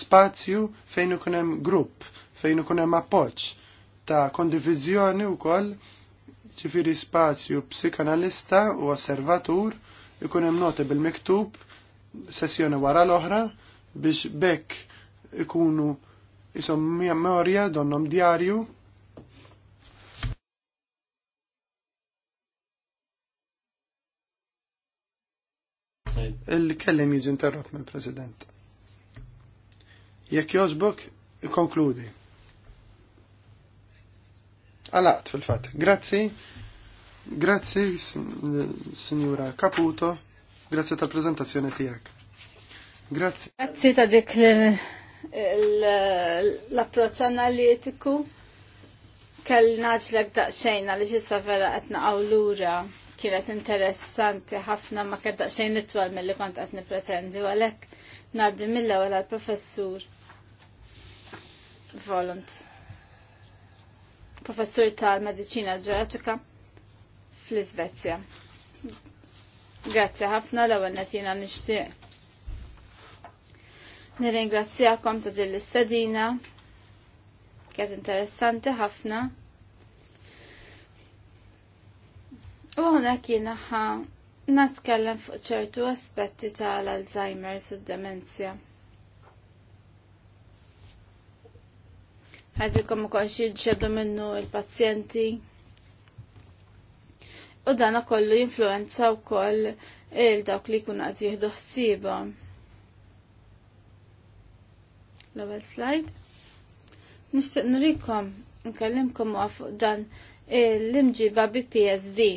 spazju fejn ikun hemm grupp, fejn ikun hemm appoġġ ta' kondivizjoni wkoll ċifiri spazju psikanalista u osservatur ikun hemm noti bil-miktub sessjoni wara l-oħra biex bekk ikunu isom memorja donnom djarju Il-kellim jiġi interrot mill president Jekk joġbok, konkludi. Għalaqt fil-fat. Grazzi, grazzi, signora Caputo, grazzi tal-prezentazzjoni tijak. Grazzi. Grazzi ta' dik l-approċ analitiku. Kell naġlek daqxejna li ġissa vera għetna għawlura. lura kienet interessanti ħafna ma kedda xejn itwal mill-li kont qed nippretendi u għalhekk ngħaddi mill-ewwel għall-professur Volunt. Professur tal-Mediċina Ġeotika fl-Iżvezja. Grazzi ħafna l-ewwel qed jiena nixtieq. Nirringrazzjakom ta' din l-istadina. Kienet interessanti ħafna. U għonek jinaħa natkellem fuq ċertu aspetti tal-Alzheimer's u d-demenzja. Għadilkom u kolxie ġeddu minnu il-pazjenti. U dana kollu jinfluenza u koll il-dawk li kuna għad jihdu xsiba. L-ewel slide. Nishtiq nrikom, nkellimkom u għafu dan l-imġiba bi PSD.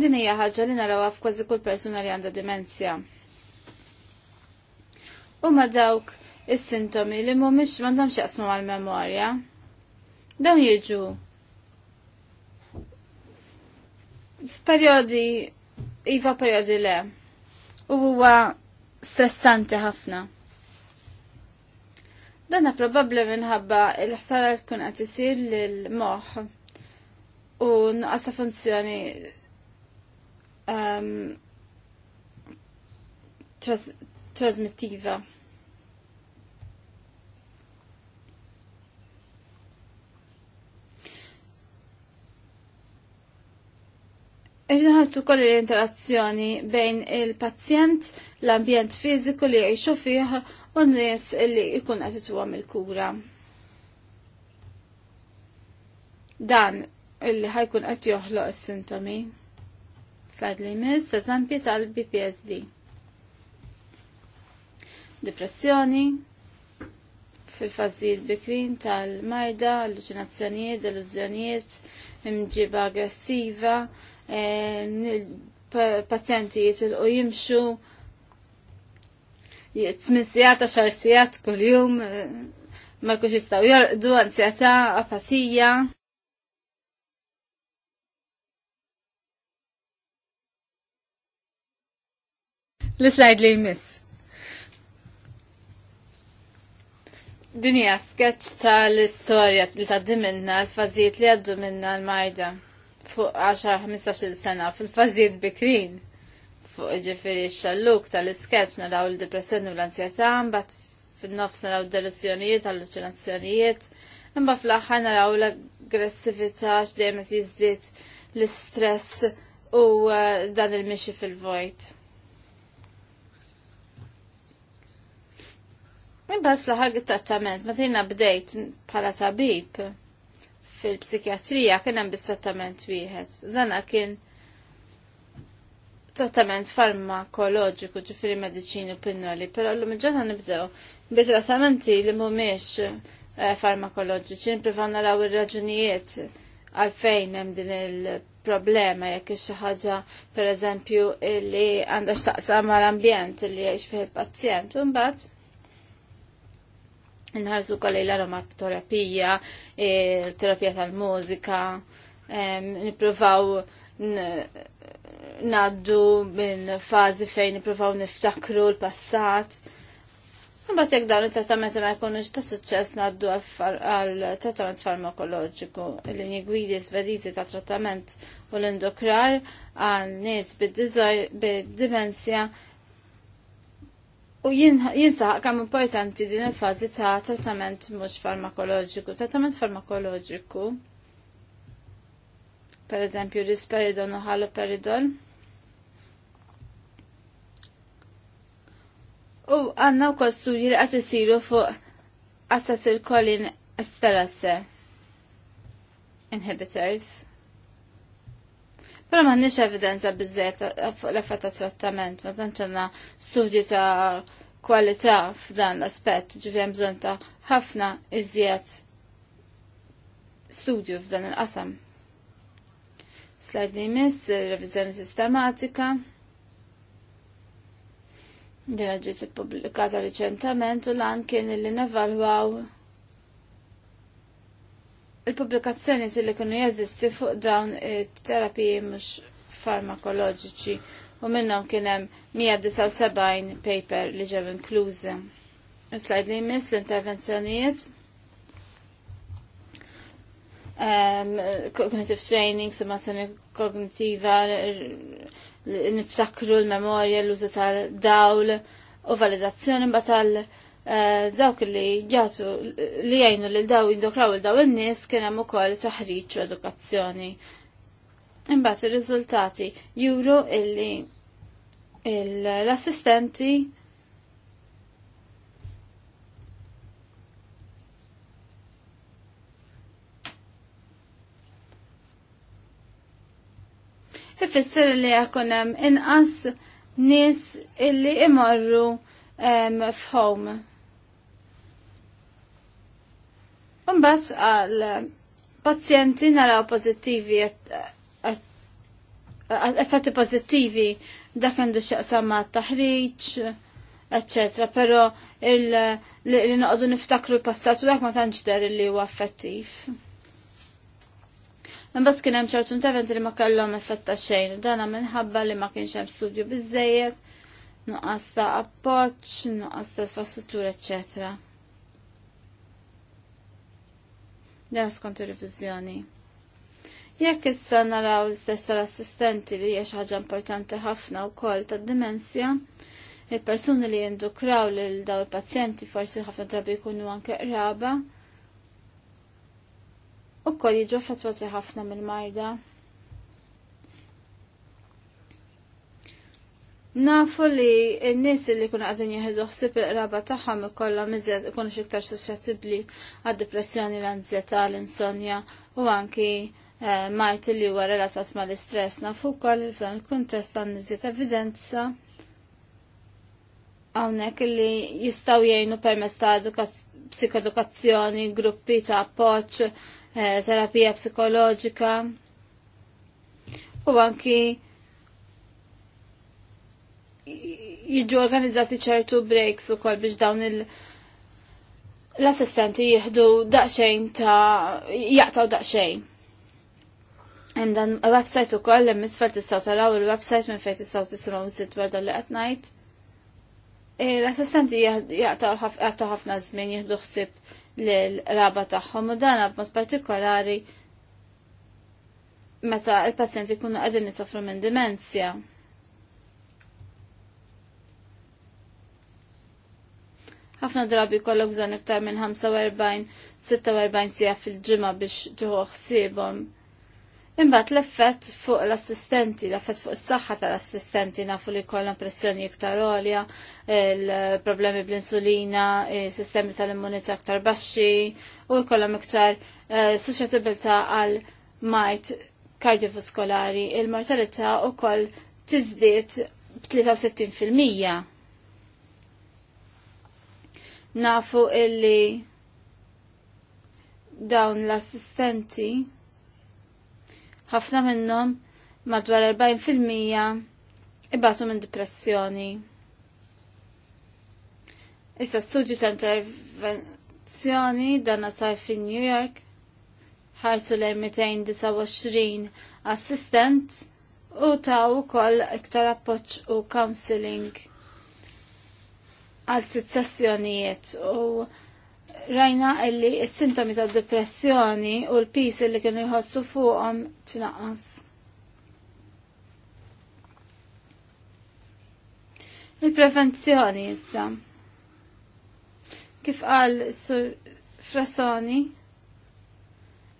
Din hija ħaġa li narawha f'kważi kull persuna li għandha dimenzja. U ma dawk is-sintomi li mhumiex m'għandhomx jaqsmu mal-memorja. Dawn jiġu f'perjodi iva perjodi le. U huwa stressanti ħafna. Danna probabli minħabba il-ħsara tkun qed isir lil moħħ u nqas funzjoni Um, trasmettiva. Irridu ħarsu koll l-interazzjoni bejn il-pazjent, l-ambjent fiżiku li jgħixu fih u n-nies li jkun qed ituhom il-kura. Dan illi ħajkun qed joħloq is-sintomi. Slide li jmiss, eżempji tal-BPSD. Depressjoni, fil-fazzijiet bikrin tal-marda, alluċinazzjonijiet, delużjonijiet, imġiba aggressiva, eh, jitil u jimxu, jitzmissijata xarsijat kol jum eh, ma kux jistaw jorqdu, ansjata, apatija. L-slajd li jmiss. Dinja sketch l istorja li taddi minna l-fazijiet li għaddu minna l-marda fuq 10-15 sena fil-fazijiet bikrin fuq ġifiri xalluk tal-sketch naraw l-depressjoni u l-ansjetà mbagħad fin-nofs naraw d-delusjonijiet, alluċinazzjonijiet, imma fl-aħħar naraw l-aggressività x'dejjem qed jiżdied l-istress u eh, dan il-mixi fil-vojt. Imbagħad fl-aħħar it-trattament ma jiena bdejt bħala tabib fil-psikjatrija kien hemm biss trattament wieħed. Dana kien trattament farmakoloġiku ġifieri mediċini pinnoli, però l il-ġodda nibdew bi trattamenti li mhumiex eh, farmakoloġiċi, nippruvaw naraw ir-raġunijiet għalfejn hemm din il-problema jekk xi ħaġa pereżempju li għandha x'taqsam mal-ambjent li jgħix fih il-pazjent u mbagħad nħarsu kolli l-aromaterapija, terapija tal-mużika, niprofaw naddu minn fazi fejn niprofaw niftakru l-passat. Mbagħad jekk dawn it-trattamenti ma jkunux ta' suċċess naddu għal trattament farmakoloġiku. l linji gwidi vedizi ta' trattament u l-indokrar għal nies bid-dimensja U jinsaħ kam importanti din il-fazi ta' trattament mux farmakoloġiku. Trattament farmakoloġiku, per eżempju, risperidon u haloperidon. U għanna u kosturi li għat isiru fuq il kolin esterase inhibitors. Pero ma nix evidenza bizzet fuq l-effett ta' trattament, ma tanċanna studju ta' kwalità f'dan l-aspett, ġivjem bżon bżonn ta' ħafna iżjed studju f'dan il-qasam. Slajd li jmiss, revizjoni sistematika, Dina ġiet ippubblikata riċentament u lan kien illi nevalwaw il publikazzjoni li kienu jeżisti fuq dawn terapiji mhux farmakoloġiċi u minnhom kien hemm 179 paper li ġew inklużi. Slajd li jmiss l-intervenzjonijiet ehm, cognitive training, simulazzjoni kognitiva, nifsakru l-memorja, l-użu tal-dawl u validazzjoni mbagħad tal- Eh, dawk li jgħatu li jgħinu li daw jindokraw il-daw il-nis kien hemm ukoll u edukazzjoni. Imbagħad ir-riżultati juru illi l-assistenti ifisser li jakunem inqas nis illi imorru um, f'home. Umbat għal pazjenti naraw pozittivi effetti pozittivi dak għandu xaqsam ma' taħriċ, eccetera, pero li noqdu niftakru l-passat u għak ma tanġder li huwa effettiv. Mbagħad kien hemm ċertu interventi li ma kellhom effetta xejn, dana minħabba li ma kienx hemm studju biżejjed, nuqqas ta' appoġġ, nuqqas ta' infrastruttura, eċetera. dan skont ir-reviżjoni. Jekk issa naraw l-istess tal-assistenti li hija xi ħaġa importanti ħafna wkoll tad-dimensja, il-persuni li jindukraw lil daw il-pazjenti forsi ħafna drabi jkunu anke qraba, u koll jiġu fatwati ħafna mill-marda. Nafu li n-nis li kuna għadin jihdu xsib il-qraba mi kolla mizzet kuna xiktar suscettibli għad depressjoni l-anzjeta, l-insonja u anki eh, mart li huwa relatat ma l-istress. Nafu koll f'dan il-kuntest għan nizjet evidenza għawnek li jistaw jgħinu permess ta' psikodukazzjoni, gruppi ta' appoċ, eh, terapija psikoloġika u anki jiġu organizzati ċertu breaks u kol biex dawn il- l-assistenti jihdu daqxejn ta' jaqtaw daqxejn. Għem dan website ukoll hemm isfel tistaw taraw il-website minn fejn tistgħu tisimgħu żid dwar li għatnajt. ngħid. E, l-assistenti jaqtaw ħafna żmien jieħdu ħsieb l-raba tagħhom u dan b'mod partikolari meta l-pazjenti jkunu qegħdin nisofru minn dimensja. ħafna drabi kollok bżonn iktar minn 45-46 sija fil-ġimgħa biex tieħu ħsiebhom. Imbagħad l-effett fuq l-assistenti, l-effett fuq is-saħħa tal-assistenti nafu li kollha pressjoni iktar għolja, il-problemi bl-insulina, sistemi tal-immunità aktar baxxi u jkollhom iktar eh, suscettibilità għal mart kardiovaskolari, il-mortalità u koll tizdiet b-63% nafu illi dawn l-assistenti ħafna minnhom madwar 40% ibatu minn depressjoni. Issa studju ta' intervenzjoni dan sar fi New York ħarsu l 229 assistent u ta' u koll iktar appoċ u counseling għal sitt u rajna illi s-sintomi ta' depressjoni u l-pis illi kienu jħossu fuqhom tnaqqas. Il-prevenzjoni issa. Kif qal Sur Frasoni,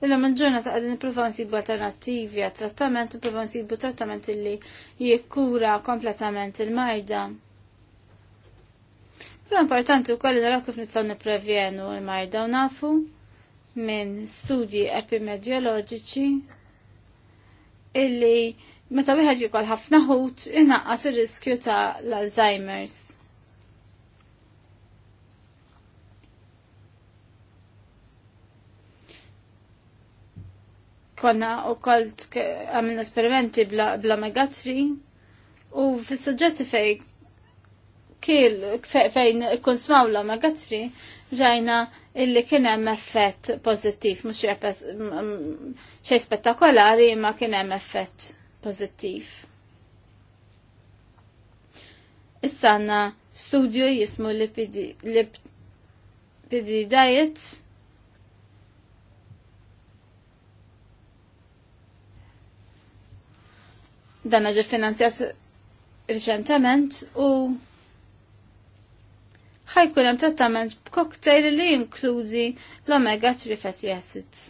illa il ta' għadin niprofaw nsibu alternativi għat trattament, niprofaw nsibu trattament illi jikkura kompletament il-marda. il marda il Però importanti wkoll naraw kif nistgħu nipprevjenu l-marda u nafu minn studji epimedjoloġiċi illi meta wieħed jikol ħafna ħut inaqqas ir-riskju ta' l-Alzheimer's. konna u kolt għamilna esperimenti bla, bla megatri u fil-sujġetti fej kiel fejn kun smawla ma' Gatri rajna illi kien hemm effett pożittiv mhux xejn spettakolari ma kien hemm effett pożittiv. Issa għandna studju jismu lipid Diet. dan ġi finanzjat riċentement u ħajkun hemm trattament b'cocktail li jinkludi l-omega 3 fatty acids.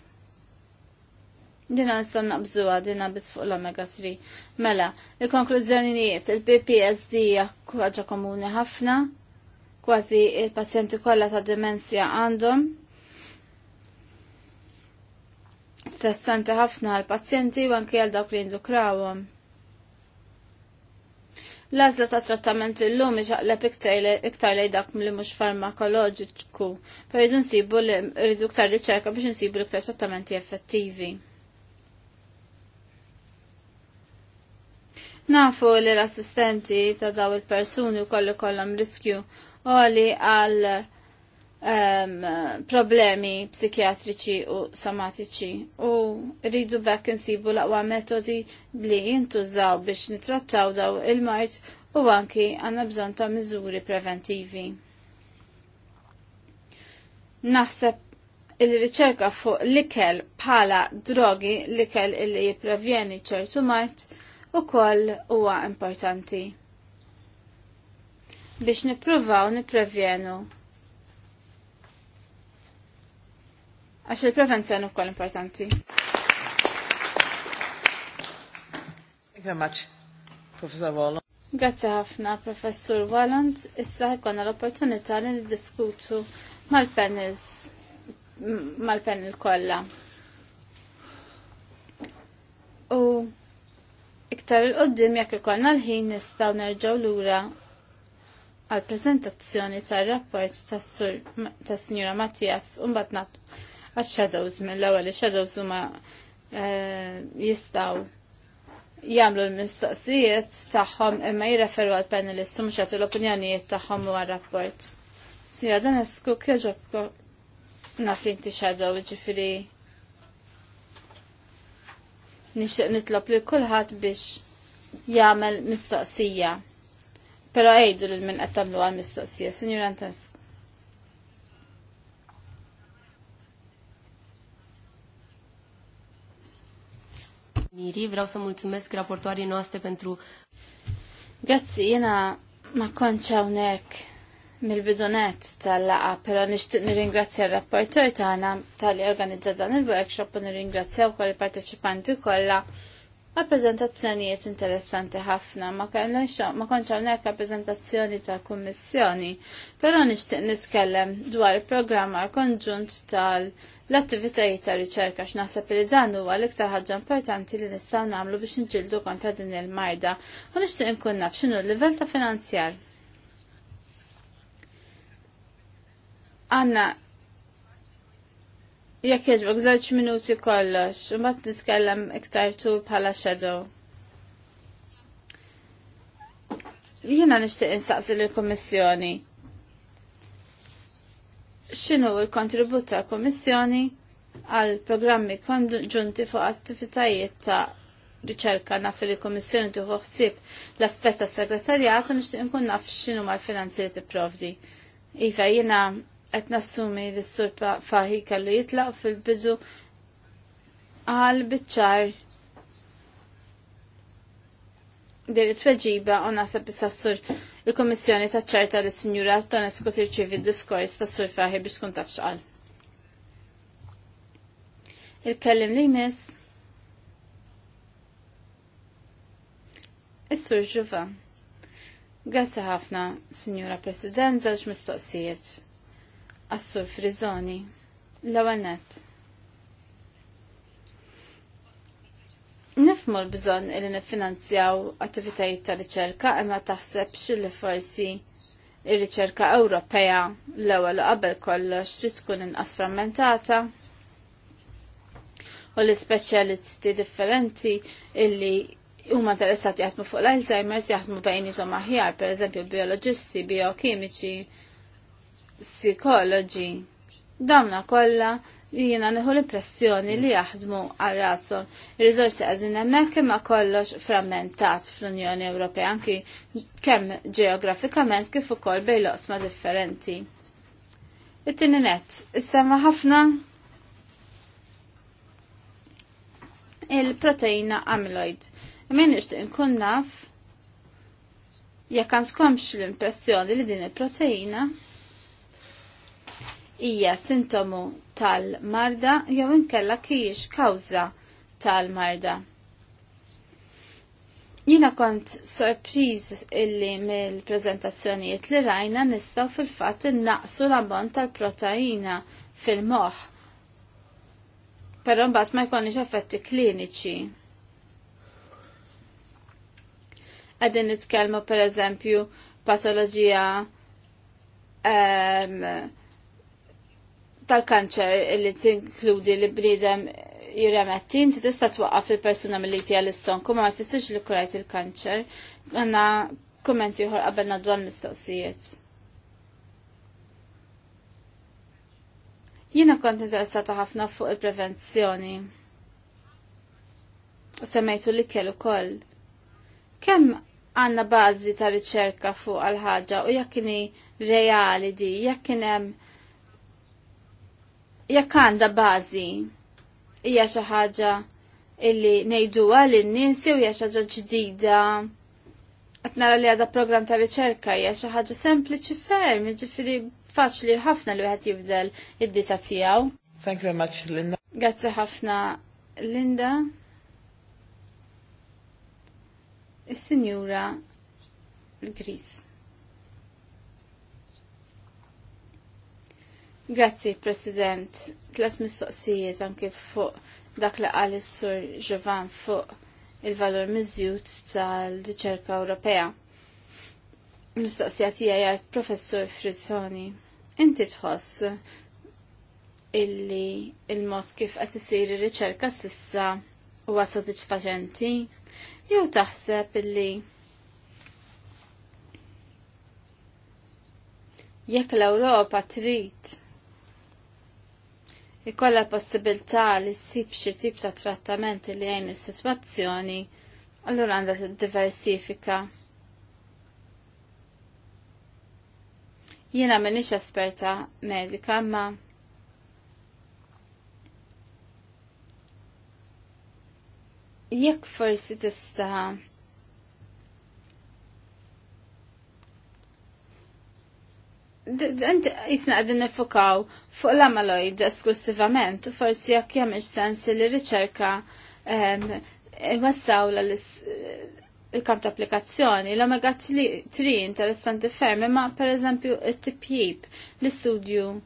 Dina nistan naqbżuha dina biss fuq l-omega 3. Mela, il-konklużjonijiet il-PPSD hija komuni ħafna, kważi il-pazjenti kollha ta' demenzja għandhom, stressanti ħafna għal pazjenti u anke għal dawk li indukrawhom. L-għażla ta' trattament il-lum iġaqleb iktar li dak li mhux farmakoloġiku, per idu nsibu li rridu iktar riċerka biex nsibu li iktar trattamenti effettivi. Nafu li l-assistenti ta' daw il-persuni u kollu kollam riskju u għali għal um, problemi psikjatriċi u somatiċi u rridu bekk insibu laqwa metodi li jintużaw biex nitrattaw daw il-mart u anki għanna bżon ta' miżuri preventivi. Naħseb il-riċerka fuq l-ikel bħala drogi l-ikel illi jipravjeni ċertu mart u koll huwa importanti biex nipruvaw niprevjenu għax il-prevenzjoni wkoll importanti. Thank you very much, Professor Walland. Grazzi ħafna, Professor Walland. Issa ħekonna l-opportunità li niddiskutu mal-panels mal-panel kollha. U iktar il-qoddim jekk ikollna l-ħin nistgħu nerġgħu lura għal prezentazzjoni tar rapport tas-Sinjura Mattias u mbagħad għal shadows mill-ewwel shadows huma eh, jistgħu jagħmlu l-mistoqsijiet tagħhom imma jirreferu għal panelist u mhux l-opinjonijiet tagħhom u għal rapport Si għadan esku kjoġobko naf inti shadow ġifiri nixtieq nitlob lil kulħadd biex jagħmel mistoqsija. Pero ejdu l-min għattamlu għal mistoqsija, Signor Antesku. Iri, vreau să mulțumesc raportoarii noastre pentru... Grazie, jena ma konċ hawnhekk mil-bidonet tal-laqa, però nixtieq nirringrazzja r-rapportor tagħna tal-li organizza dan il-workshop u nirringrazzja wkoll il-parteċipanti kollha għal interessanti ħafna, ma konċ hawnhekk għal prezentazzjoni tal-Kummissjoni, però nixtieq nitkellem dwar il-programm konġunt tal-attivitajiet ta' riċerka x'naħseb li dan huwa l-iktar ħaġa importanti li nistgħu nagħmlu biex nġildu kontra din il majda u nixtieq inkun naf x'inhu l-livell ta' finanzjar. Għanna Jekk jogħġbok żewġ minuti kollox, u mbagħad nitkellem iktar tul bħala shadow. Jiena nixtieq insaqsi lill-Kummissjoni. X'inhu l-kontribut ta' Kummissjoni għal programmi konġunti fuq attivitajiet ta' riċerka naf li l-Kummissjoni tieħu ħsieb l-aspett tas-segretarjat u nixtieq nkun naf x'inhuma ma' finanzi li tipprovdi. Iva jiena qed nassumi li s-sur faħi kellu jitlaq fil-bidu għal biċċar diri it-tweġiba u nasab issa s-sur il ta' taċċarta li s-Sinjura Tonesku tirċivi d-diskors ta' sur faħi biex tkun taf xqal. Il-kellim li jmiss. Is-sur ġuva. Grazzi ħafna, Signora President, żewġ mistoqsijiet. Assur Frizzoni. L-għanet. Nifmu l-bżon li nifinanzjaw attivitajiet ta' riċerka imma taħsebx li forsi il riċerka Ewropea l-ewwel qabel kollox trid tkun inqas frammentata u l ispeċjalisti differenti illi huma interessati jaħdmu fuq l-Alzheimer's jaħdmu bejn isom aħjar, pereżempju bioloġisti, biokimiċi, psikoloġi. Damna kollha jiena neħu l-impressjoni li jaħdmu għal rasom. Ir-riżorsi għażin hemmhekk imma kollox frammentat fl-Unjoni Ewropea anki kemm ġeografikament kif ukoll bejn loqsma differenti. It-tieni nett, issemma ħafna il-proteina amyloid. Min nixtieq inkun naf jekk għandkomx l-impressjoni li din il-proteina hija sintomu tal-marda jew inkella kiex kawża tal-marda. Jina kont sorpriż illi mill-prezentazzjonijiet li rajna nistaw fil-fatt innaqsu l-ammont tal-proteina fil-moħħ. Però mbagħad ma jkunx effetti kliniċi. Qegħdin nitkellmu pereżempju patoloġija um, tal-kanċer li tinkludi li bniedem jiremettin, ti tista twaqqaf il-persuna mill-li tija l kumma ma jfissirx li kurajt il-kanċer. Għanna kommenti uħor qabel naddu għal-mistoqsijiet. Jina kont interessata ħafna fuq il-prevenzjoni. U semmejtu li kellu koll. Kemm għanna bazi ta' riċerka fuq għal-ħagġa u jakkini reali di, jakkin hemm jekk għandha bażi hija xi ħaġa illi ngħiduha lin-nies jew hija xi ħaġa ġdida qed nara li għadha programm ta' riċerka hija xi ħaġa sempliċi ferm, jiġifieri faċli ħafna li wieħed jibdel id-dita tiegħu. Thank you very much, Linda. Grazzi ħafna, Linda. Is-Sinjura Gris. Grazzi, President. tlas mistoqsijiet anke fuq dak li qal is-Sur Jovan fuq il-valur miżjud tal-riċerka Ewropea. Mistoqsija tiegħi għal Professur Frizzoni. Inti tħoss illi il-mod kif qed isir ir-riċerka s'issa huwa sodisfaċenti jew taħseb illi jekk l-Ewropa trid ikolla possibilità li ssib xi tip ta' trattament li jgħin is-sitwazzjoni, allura għandha tiddiversifika. Jiena m'iniex esperta medika, ma jekk forsi tista' jisna għadin nifukaw fuq l-amaloid esklusivament u forsi jekk jagħmel sens li riċerka jwassaw il-kamp ta' applikazzjoni l-omega 3 interessanti ferm imma per eżempju it-tipjib l-istudju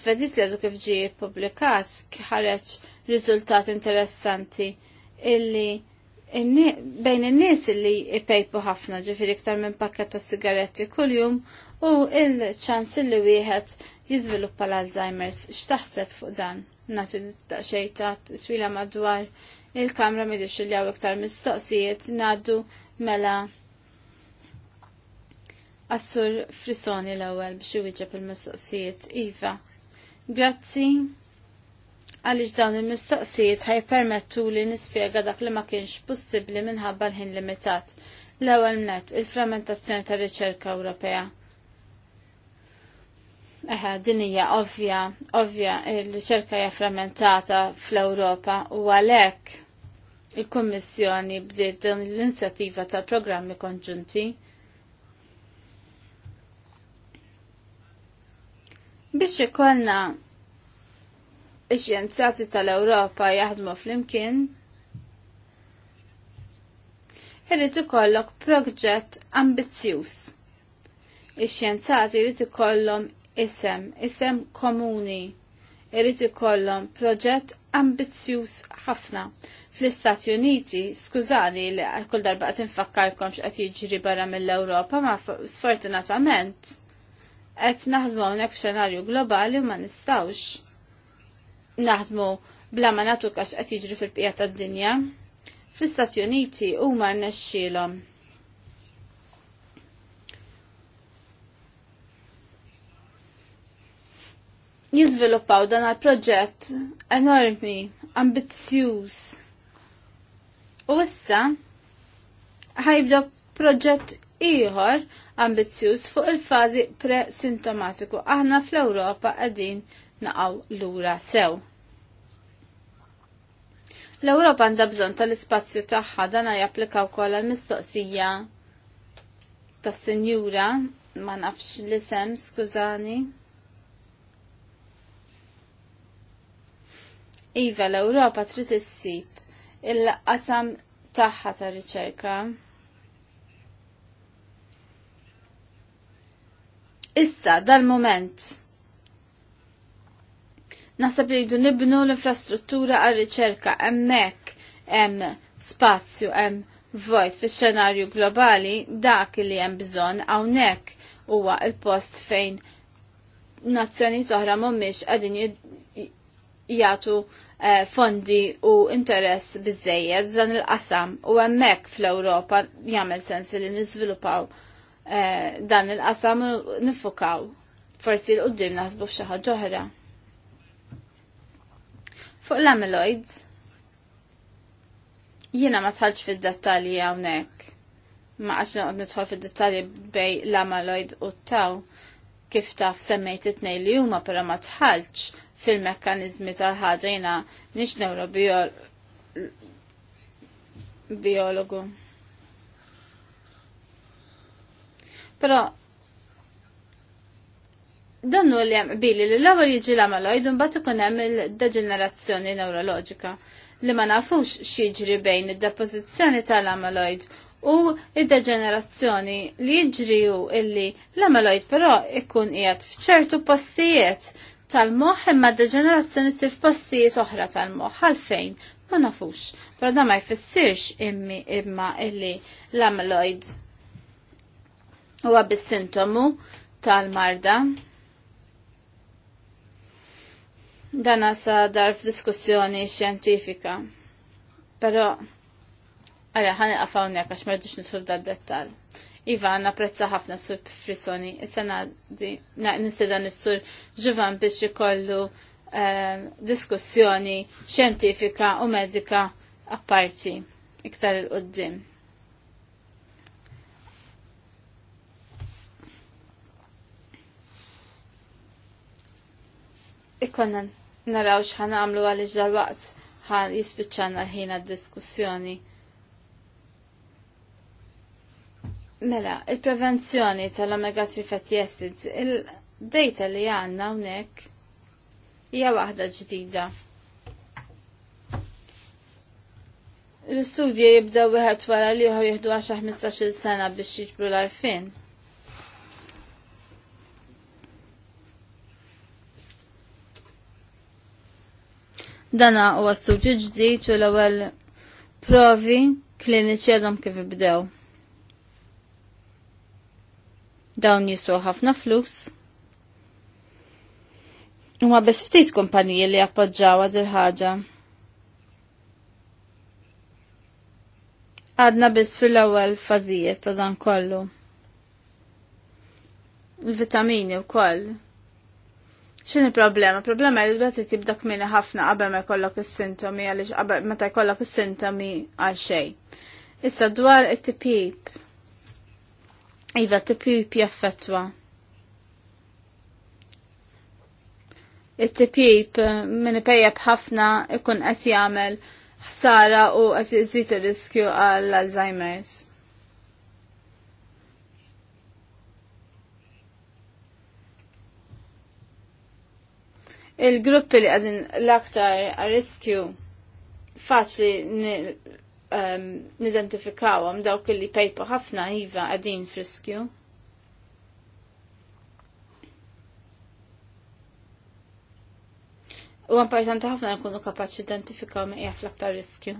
Svedis li għadu kif ġi publikas ħareġ riżultat interessanti illi bejn in-nies illi pejpu ħafna ġifieri iktar minn pakket ta' sigaretti kuljum u il-ċans li wieħed jiżviluppa l-Alzheimer's x'taħseb fuq dan. Nagħti daqsxejn ta' swila madwar il-kamra m'idux li hawn iktar mistoqsijiet ngħaddu mela Assur Frisoni l-ewwel biex iwieġeb il-mistoqsijiet Iva. Grazzi għaliex dawn il-mistoqsijiet ħajpermettu li nispjega dak li ma kienx possibbli minħabba l-ħin limitat. L-ewwel nett, il-frammentazzjoni tar-riċerka Ewropea Eħe, dinija ovvja, ovvja, il-riċerka hija frammentata fl-Ewropa u għalhekk il-Kummissjoni bdiet din l-inizjattiva tal-programmi konġunti biex ikollna ix xjenzati tal-Ewropa jaħdmu fl-imkien irrid ikollok proġett ambizzjuż. Ix-xjenzati jrid ikollhom isem, isem komuni. Irrid ikollhom proġett ambizzjuż ħafna. Fl-Istati Uniti, skużani li kull darba qed infakkarkom x'qed jiġri barra mill-Ewropa, ma sfortunatament qed naħdmu hawnhekk f'xenarju globali u ma nistgħux naħdmu bla ma nagħtuk għax qed jiġri fil-bqija tad-dinja. Fl-Istati Uniti huma rnexxielhom jizviluppaw dan għal proġett enormi, ambizzjuż. U issa ħajbda proġett ieħor ambizzjuż fuq il-fażi pre-sintomatiku. Aħna fl-Ewropa qegħdin naqgħu lura sew. L-Ewropa għandha bżonn tal-ispazju tagħha dan japplika wkoll għall-mistoqsija tas-Sinjura ma nafx l-isem skużani. Iva l-Ewropa trid issib il-qasam tagħha ta' riċerka. Issa dal-moment naħseb li jdu nibnu l-infrastruttura għal-riċerka hemmhekk hemm spazju, hemm vojt fix xenarju globali, dak li hemm bżonn hawnhekk huwa l-post fejn nazzjoni oħra mhumiex qegħdin jagħtu eh, fondi u interess bizzejed f'dan il-qasam u hemmhekk fl-Ewropa jagħmel sens li niżviluppaw eh, dan il-qasam u nifukaw. Forsi l-qudiem naħsbu f'xi ħaġa Fuq l-amyloids, jiena ma tħallx fid-dettalji hawnhekk. Ma għax noqgħod nidħol fid-dettalji bej l-amyloid u taw kif taf semmejt it-tnejn li huma però ma tħallx fil-mekkanizmi tal-ħaġa jina nix neurobiologu. Pero dannu li jem, bili li l-ewwel jiġi l-amaloid un mbagħad ikun hemm il-deġenerazzjoni neuroloġika li ma nafux x'jiġri bejn id-depożizzjoni tal-amaloid u il deġenerazzjoni li jiġri u illi l-amaloid però ikun qiegħed f'ċertu postijiet tal-moħ imma deġenerazzjoni sif postijiet oħra tal-moħ għalfejn ma nafux. Però da ma jfissirx immi imma illi l amloid huwa bis-sintomu tal-marda. Dana sa darf f'diskussjoni xjentifika. Però ara għani għafawni għax merdux nitfil d dettal Iva, napprezza ħafna sur Frisoni. is-sena di, is-sur ġivan biex ikollu eh, diskussjoni xjentifika u medika apparti iktar il-qoddim. Ikonna naraw xħan għamlu għalix dal-waqt ħan jispiċċanna ħina diskussjoni. diskussjoni Mela, il-prevenzjoni tal-omega 3 fatty acids, il-data li għanna unek hija waħda ġdida. L-istudji jibdew wieħed wara li jieħdu jieħdu 10-15 sena biex jiġbru l-arfin. Dana huwa studju ġdid u l-ewwel provi kliniċi għadhom kif ibdew dawn jiswa ħafna flus. Huma biss ftit kumpaniji li appoġġaw għad il-ħaġa. Għadna biss fil-ewwel fażijiet ta' dan kollu. Il-vitamini wkoll. X'inhi problema? Problema li l għati tibda kmini ħafna qabel ma jkollok is-sintomi għaliex qabel meta jkollok is-sintomi għal xejn. Issa dwar it-tipip Iva TPP jaffetwa. It-TPP minn pejja bħafna ikun qed jagħmel ħsara u qed iżid ir-riskju għall Alzheimer's. Il-gruppi li għadin l-aktar għal-riskju faċli Um, nidentifikawhom dawk li pejpa ħafna iva għadin friskju. U importanti ħafna nkunu kapaċi identifikaw me jgħaf l aktar riskju.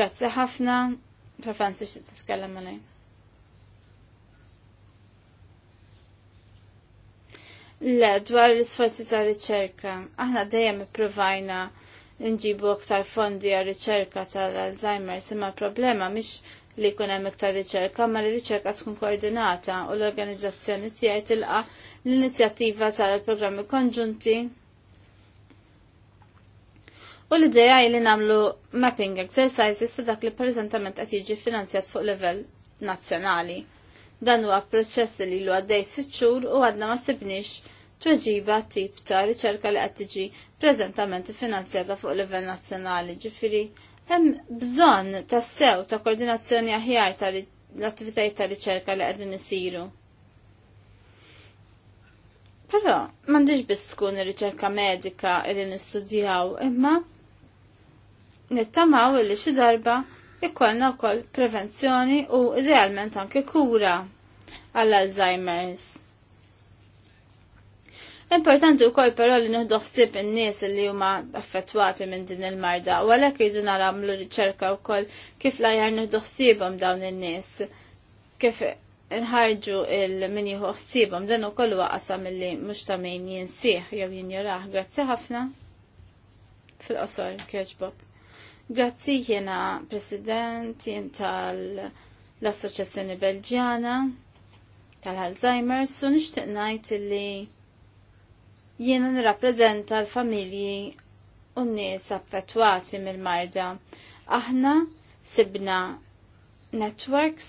Grazzi ħafna, preferenzi t titkellem għalaj. Le, dwar l-isforzi ta' riċerka, aħna dejjem provajna nġibu aktar fondi għal riċerka tal-Alzheimer imma problema mhix li jkun hemm iktar riċerka ma li riċerka tkun koordinata u l-organizzazzjoni tiegħi tilqa l-inizjattiva tal-programmi konġunti U l-ideja li namlu mapping exercises ta' dak li preżentament qed jiġi finanzjat fuq level nazzjonali. Dan huwa proċess li lu għaddej sitt xhur u għadna ma sibniex tweġiba tip ta' riċerka li qed tiġi preżentament finanzjata fuq livell nazzjonali ġifieri hemm bżonn ta' sew ta' koordinazzjoni aħjar ta' l-attivitajiet ta' riċerka li qegħdin isiru. Però m'għandix biss tkun ir-riċerka medika li nistudjaw imma nittamaw li xi darba jkollna wkoll prevenzjoni u idealment anke kura għall-Alzheimer's. Importanti wkoll però li nieħdu ħsieb in-nies li huma affettwati minn din il-marda u għalhekk jiġu nagħmlu riċerka wkoll kif l-ajar nieħdu ħsiebhom dawn in-nies kif nħarġu il-min jieħu ħsiebhom dan ukoll huwa qasam li mhux ta' min jinsih jew jinjorah. Grazzi ħafna fil-qosor kieġbok. Grazzi jena president jien tal-Assoċjazzjoni Belġjana tal-Alzheimer's u nixtieq ngħid li Jiena nirrappreżenta l-familji u n-nies affettwati mill-marda. Aħna sibna networks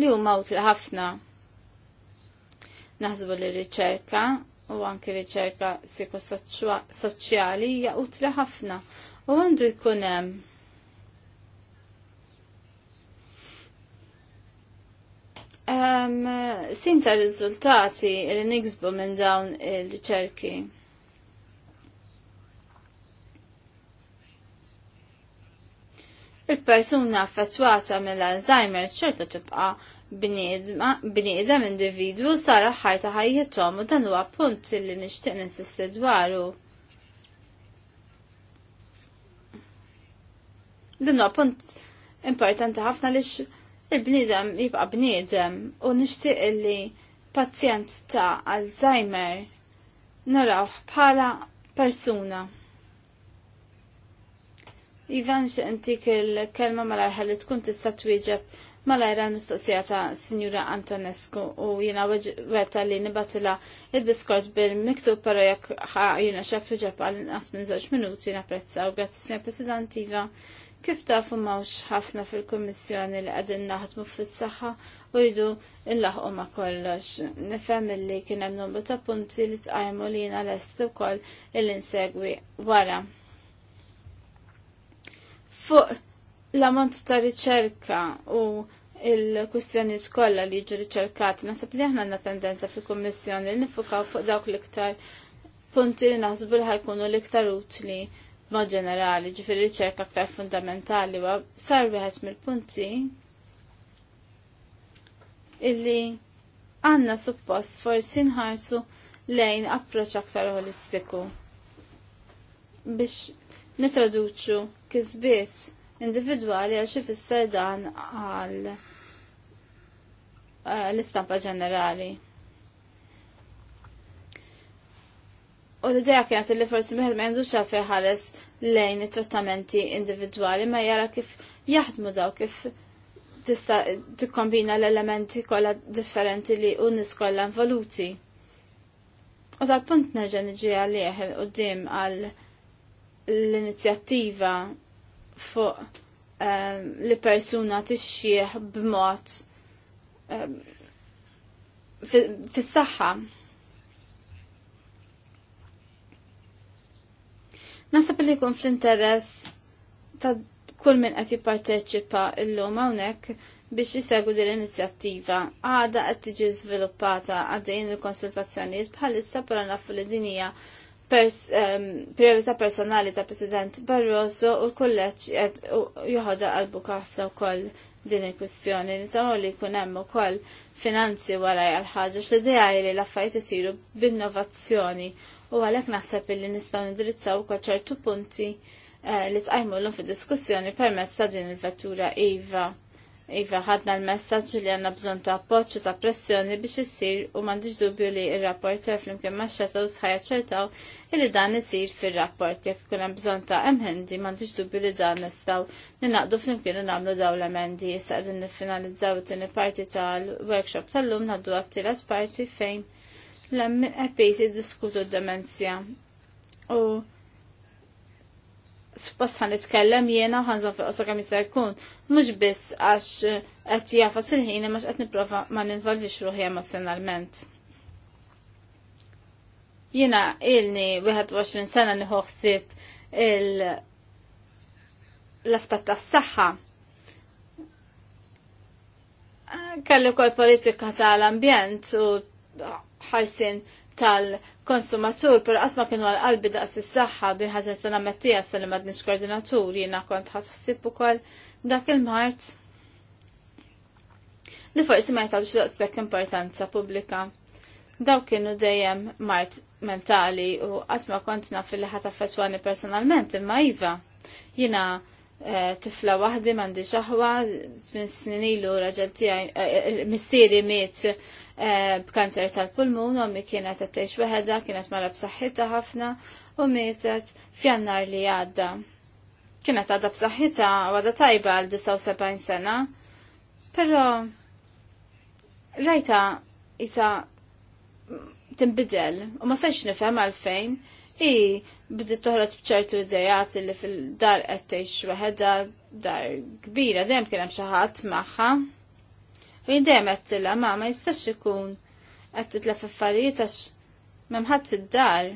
li huma utli ħafna. Naħsbu li riċerka u anki riċerka psikosoċjali hija utli ħafna u għandu jkun hemm Um, Sinta rizultati li niksbu minn dawn il-riċerki. Il-persuna affettwata mill-Alzheimer xorta tibqa' bniedem individwu sar aħħar ta' ħajjithom u dan huwa punt li nixtieq ninsisti dwaru. Dan huwa punt importanti ħafna lix il-bniedem jibqa' bniedem u nixtieq li pazjent ta' Alzheimer narawh bħala persuna. Ivan xentik il-kelma mal-arħal li tkun tista' twieġeb Malajra l-mistoqsija ta' Signora Antonescu u jiena weta li nibatila il-diskord bil-miktub pero jek jina xaktu ġab għal-nas minn zoċ minuti napprezzaw u grazzi signor iva. Kif tafu mawx ħafna fil-Kommissjoni li għadin naħdmu fis-saħħa u il nlaħqu ma' kollox. Nifhem li kien hemm numru ta' punti li tqajmu li jiena lest ukoll il-insegwi wara. Fuq l-ammont ta' riċerka u il-kustjoni skolla li ġi riċerkati, nasib li aħna għandna tendenza fil-Kommissjoni li nifukaw fuq dawk l-iktar punti li naħsbu li ħajkunu l-iktar utli mod ġenerali, ġifiri riċerka aktar fundamentali, wa sar wieħed mill-punti illi għanna suppost forsi nħarsu lejn approċ aktar holistiku biex nitraduċu kisbiet individwali għal xi fisser dan għal eh, l-istampa ġenerali. U l-ideja kienet li forsi meħed ma jendux għafi ħares lejn it-trattamenti individuali ma jara kif jaħdmu daw kif tista tikkombina l-elementi kolla differenti li unis kolla involuti. U tal punt nerġa niġi għalih il dim għal l-inizjattiva fuq ehm, li persuna b-mot b'mod ehm, fis-saħħa. Nasab li jkun fl-interess ta' kull min qed jipparteċipa llum hawnhekk biex jisegwu din l-inizjattiva. Għada qed tiġi żviluppata għaddejn il-konsultazzjonijiet bħalissa pura nafu li din hija pers, um, priorità personali ta' President Barroso u l-kulleċ jed juħoda għalbu kafta u koll din il-kwistjoni. Nitamaw li kun hemm ukoll finanzi waraj għal ħaġa x'l-idea li l-affarijiet isiru b'innovazzjoni u għalhekk naħseb li nistgħu nidrizzaw ukoll ċertu punti eh, li tqajmu l fid-diskussjoni permezz ta' din il-vettura iva. Iva ħadna l-messaġġ li għandna bżonn ta' appoġġ u ta' pressjoni biex issir u m'għandix dubju li r-rapporter flimkien maċċetaw sħajja ċertaw illi dan isir fir-rapport jekk ikun hemm bżonn ta' emhendi m'għandix dubju li dan nistgħu ninaqdu flimkien u nagħmlu dawn l-emendi issa qegħdin niffinalizzaw it-tieni parti tal-workshop tal-lum ngħaddu għat-tielet parti fejn l-MPs e jiddiskutu d-demenzja. U għan it nitkellem jiena għan fi qosor kemm jista' jkun, mhux biss għax qed jafas il-ħin imma qed nipprova ma ninvolvix ruħi emozjonalment. Jiena ni 21 sena nieħu ħsieb l-aspett tas-saħħa. Kalli kol politika tal-ambjent u ħarsin tal-konsumatur, per qasma kienu għal-qalbi daqs is-saħħa din ħaġa se nammettija sa li m'għadniex koordinatur jiena kont u ukoll dak il-Mart li forsi ma jtabx daqshekk importanza pubblika. Daw kienu dejjem mart mentali u qatt ma kont naf li ħat affettwani personalment imma iva. Jiena eh, tifla wahdi m'għandi xaħwa, minn snin ilu raġel tiegħi eh, eh, missieri miet Eh, b'kanċer tal-pulmun, mi kienet għattejx weħeda, kienet marra b'saħħitha ħafna u mietet f'jannar li għadda. Kienet għadha b'saħħitha u tajba għal 79 sena, però rajta jisa timbidel u ma sax nifhem għalfejn i bdiet toħroġ bċertu idejat li fil-dar qed tgħix waħedha dar kbira dejjem kien hemm xi ħadd magħha. U jindem għattilla ma ma jistax ikun qed titlef affarijiet għax memħat id-dar.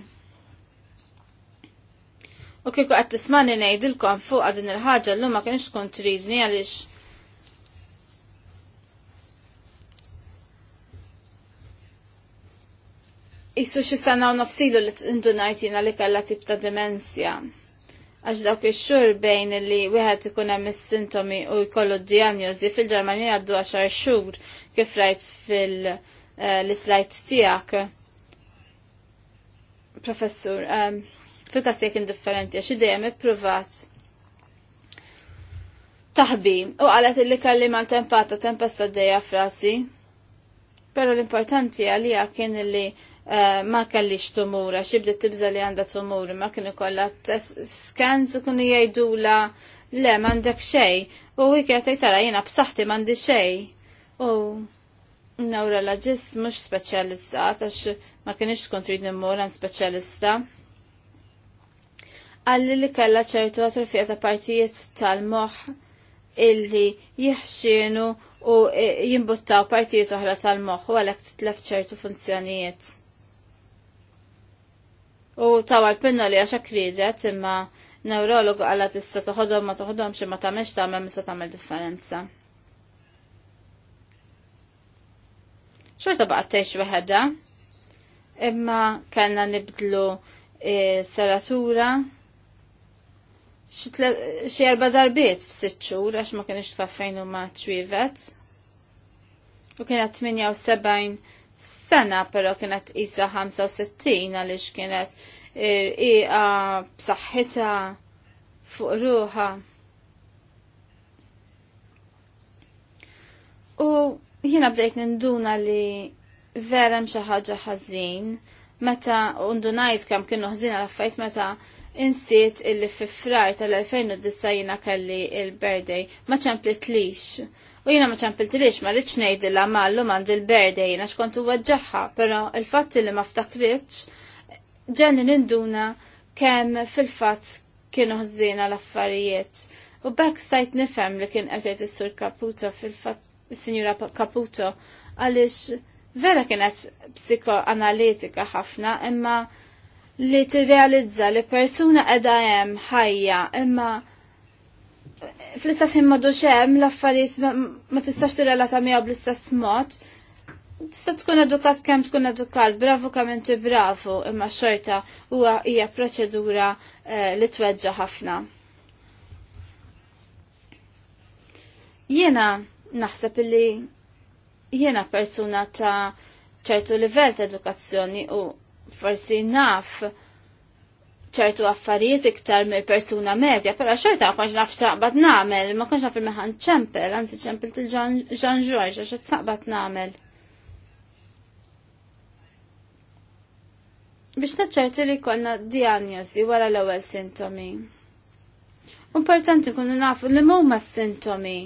U kieku qed tismani ngħidilkom fuq din il-ħaġa llum ma kienx tkun tridni għaliex Issu xi sena u nofsilu li tindunajt jiena li kellha tip ta' demenzja għax dawk ix-xhur bejn li wieħed ikun hemm is-sintomi u jkollu d-dijanjosi fil ġermanija għaddu għaxar xhur kif rajt fil eh, slajt tiegħek. Professur, ehm, fil-każ jekk indifferenti xi dejjem ippruvat taħbi u qalet illi kelli mal tempata tempesta dejja frasi. Però l-importanti għalija kien li Eh, ma kellix tumura, xibdet tibza li għanda tumur, ma kienu kolla skans kunu jajdula le mandek xej, u wikja tajtara jena b'saħti mandi xej. U nawra la mux specialista, għax ma kienix kontrid nimmur għan specialista. Għalli li kella ċertu atrofija ta' partijiet tal-moħ illi jihxinu u eh, jimbuttaw partijiet oħra tal-moħ u għalek titlef ċertu funzjonijiet U tawa l-pinna li għaxa kridet imma neurologu għalla tista toħodhom ma toħodhom xe ma ta' tagħmel misa tagħmel differenza. Xorta baqa teċ waħda, imma kanna nibdlu e, seratura xie erba darbiet f'sitxur għax ma kienix taffejn u ma ċwivet. U kienet 78 sena però kienet isa 65 għaliex kienet irqiqa b'saħħitha fuq ruħa. U jiena bdejt ninduna li vera xi ħaġa ħażin meta undunajt kam kienu ħażin għal affajt meta insiet illi fi frar tal-2009 jiena kelli il-birthday ma ċemplitlix U jina ma ċampiltilix ma rridx ngħidilha mallu mand il-berda jiena xkont huwa però il-fatt li ma ftakritx ġenni ninduna kemm fil-fatt kienu ħżiena l-affarijiet. U bekk stajt nifhem li kien qed is-sur Caputo fil-fatt is-Sinjura Caputo għaliex vera kienet psikoanalitika ħafna imma li tirrealizza li persuna qiegħda hemm ħajja imma fl-istess imma xem l-affarijiet ma tistax tirrelata miegħu bl-istess mod. Tista' tkun edukat kemm tkun edukat, bravu kemm inti bravu, imma xorta huwa hija proċedura eh, li tweġġa ħafna. Jiena naħseb li jiena persuna ta' ċertu livell ta' edukazzjoni u forsi naf ċertu affarijiet iktar mill persuna medja, pero xorta ma konx naf xaqbat namel, ma konx naf il-meħan ċempel, għanzi ċempel til-ġan ġorġ, għax xaqbat namel. Biex naċċerti li konna diagnosi wara l-ewwel sintomi. Importanti kunu nafu li mumma s-sintomi.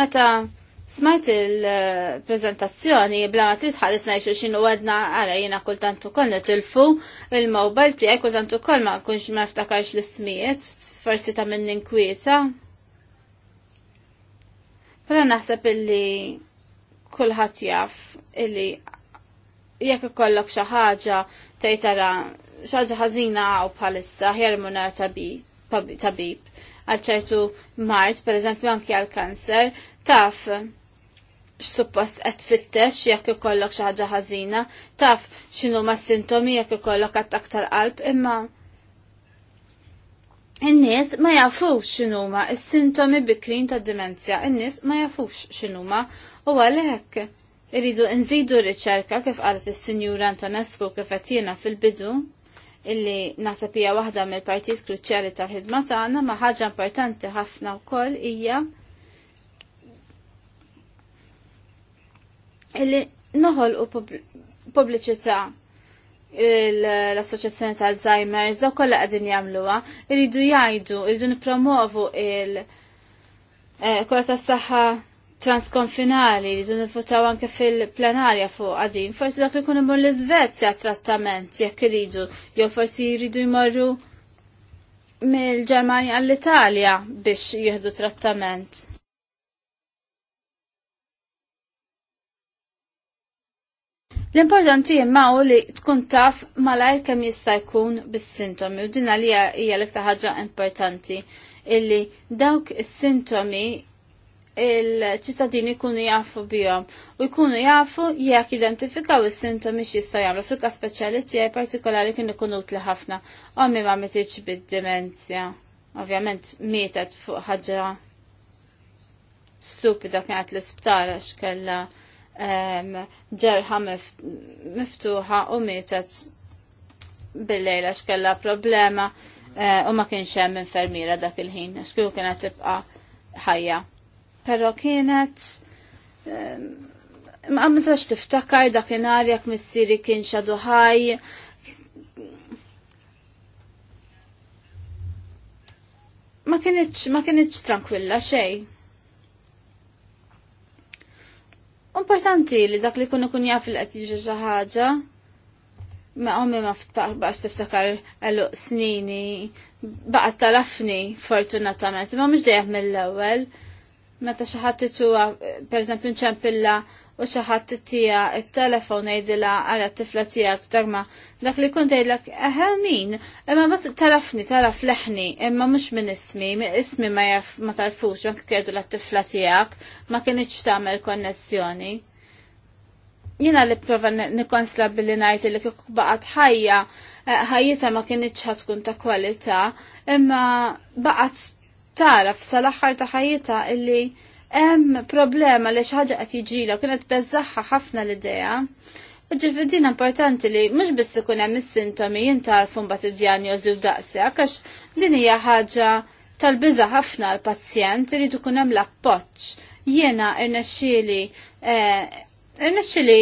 Meta Smajt il-prezentazzjoni bla ma titħares najxu xinu għedna għara jina kultantu kol netilfu il-mobile tijaj kultantu kolma ma kunx ma ftakarx l-ismijiet forsi ta' minn inkwieta. Pra naħseb illi kullħat jaff illi jekk ikollok xi ħaġa tgħid xaġa ħażina u bħalissa ħjermu nar tabib għal ċertu mart, per eżempju anki għal kanser, taf x-suppost qed fittex jekk ikollok xi ħaġa ħażina, taf x'inhu ma' sintomi jekk ikollok attak tal-qalb imma In-nies ma jafux x'inhuma is-sintomi bikrin ta' dimenzja, in-nies ma jafux x'inhuma u għalhekk irridu nżidu riċerka kif qalet is-Sinjura Antonescu kif qed fil-bidu illi naħsebija waħda mill partit kruċjali tal-ħidma tagħna ma ħaġa importanti ħafna wkoll hija illi noħol u pubbliċità l-Assoċjazzjoni ta' Alzheimer's daw kollha qegħdin jagħmluha, iridu jgħidu, iridu nippromovu il- eh, kura ta' saħħa transkonfinali, iridu nifutaw anke fil-plenarja fuq għadin, forsi dak li kun imur l-Iżvezja trattament jekk irridu, jew forsi jridu jmorru mill-Ġermanja għall-Italja biex jieħdu trattament. L-importanti jemma u li tkun taf malajr kemm jista' jkun bis-sintomi u dina li hija l-iktar ħaġa importanti illi dawk is-sintomi il-ċittadini jkunu jafu bihom u jkunu jafu jekk identifikaw is-sintomi x'jistgħu jagħmlu fika speċjali tiegħi partikolari kienu kunu utli ħafna ommi ma mititx bid-demenzja. Ovvjament mietet fuq ħaġa stupida kienet l-isptar għax kellha ġerħa miftuħa u mietet bil-lejla xkella problema e, u ma kienx hemm infermiera dak il-ħin, xkiju kienet tibqa ħajja. Però kienet ma mistax tiftakar dakinhar jekk missieri kien xadu ħaj. Ma kienitx ma tranquilla xejn. Importanti li dak li kun ikun jaf li qed jiġi xi ħaġa. Ma ommi ma f'taqbax tiftakar għallu snini, baqgħet talafni fortunatament, ma mhux dejjem mill-ewwel. Meta xi ħadd per eżempju nċempilla u xaħat t-tija il-telefon ejdila għala t-tifla tija ma dak li kun għajdlak min, imma bat tarafni, taraf leħni, imma mux minn ismi, ismi ma jaf ma tarfux, ma kajdu la t-tifla tijak, ma kienieċ tamel konnessjoni. jina li prova nikonsla billi najti li kuk baqat ħajja, eh, ħajjita ma kienieċ ħatkun ta' kwalita, imma baqat taraf sal-axar ta' ħajjita illi hemm problema li xaġa għat qed jiġila u kienet beżaħħa ħafna l-idea. Ġifidina importanti li mhux biss ikun hemm is-sintomi jintarfum bat id-djanjożi u daqsi, għax din hija ħaġa tal-biża ħafna l-pazjent irid ikun hemm l-appoġġ. Jiena irnexxieli eh, irnexxieli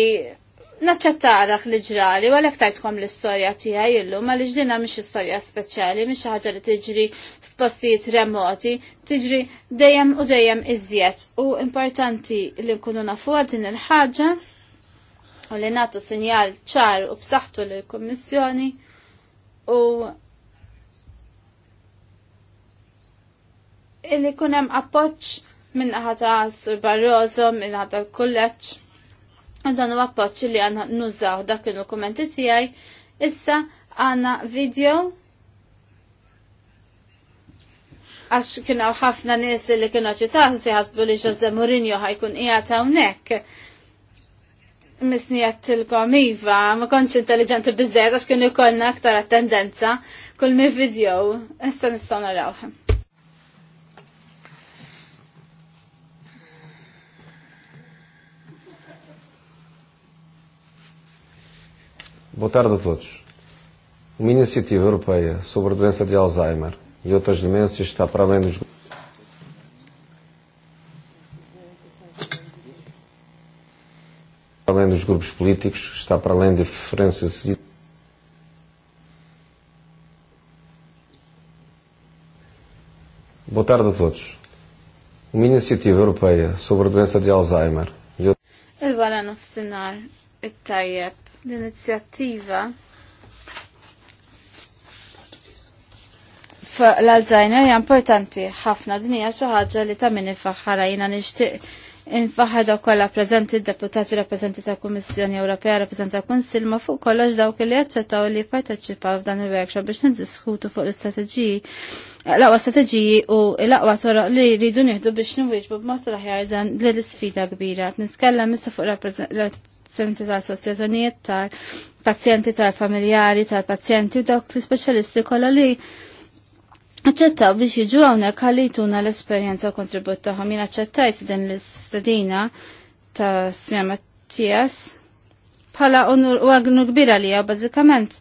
naċċettaq dak li ġrali, u għalek tajtkom l-istoria tiegħi illu, ma li ġdina mhix istoria speċjali, mhix ħaġa li tiġri f'postijiet remoti, tiġri dejjem u dejjem iżjed. U importanti li nkunu nafu din il-ħaġa u li nagħtu sinjal ċar u b'saħħtu lill kummissjoni u illi kunem appoċ minn ħata s Barroso, minn ħata l-kulleċ U dan huwa appoġġ li għandna nużaw dak il kommenti tiegħi. Issa għandna video għax kienu ħafna nies li kienu ċitaħ si ħasbu li Jose Mourinho ħajkun qiegħed hawnhekk. Misni tilkom iva, ma konċ intelligenti bizzejt għax kienu konna aktar attendenza kull mi video. Issa nistgħu narawħem. Boa tarde a todos. Uma iniciativa europeia sobre a doença de Alzheimer e outras demências está para além dos. Para além dos grupos políticos, está para além de diferenças e. Boa tarde a todos. Uma iniciativa europeia sobre a doença de Alzheimer. e outras. Il-wara nofsinar, it-tajjeb L-inizjattiva l-Alzheimer hija importanti ħafna din hija xi ħaġa li ta' min ifaħħara jiena nixtieq infaħħar dawk kollha preżenti deputati rappreżenti tal Kummissjoni Ewropea rappreżenti tal Kunsill ma fuq kollox dawk li jaċċettaw li jipparteċipaw f'dan il-workshop biex niddiskutu fuq l-istrateġiji l-aqwa strateġiji u l-aqwa toroq li jridu nieħdu biex nwieġbu b'mod l-aħjar dan l-isfida kbira. Niskellem issa fuq tal-pazjenti tal-assoċjazzjonijiet tal-pazjenti tal-familjari tal-pazjenti u dawk l-speċjalisti kollha li Aċċettaw biex jiġu hawnhekk ħallituna l-esperjenza u kontribut tagħhom. Jien aċċettajt din l-istadina ta' Sinja Mattias bħala u għagnu kbira li għaw bazzikament.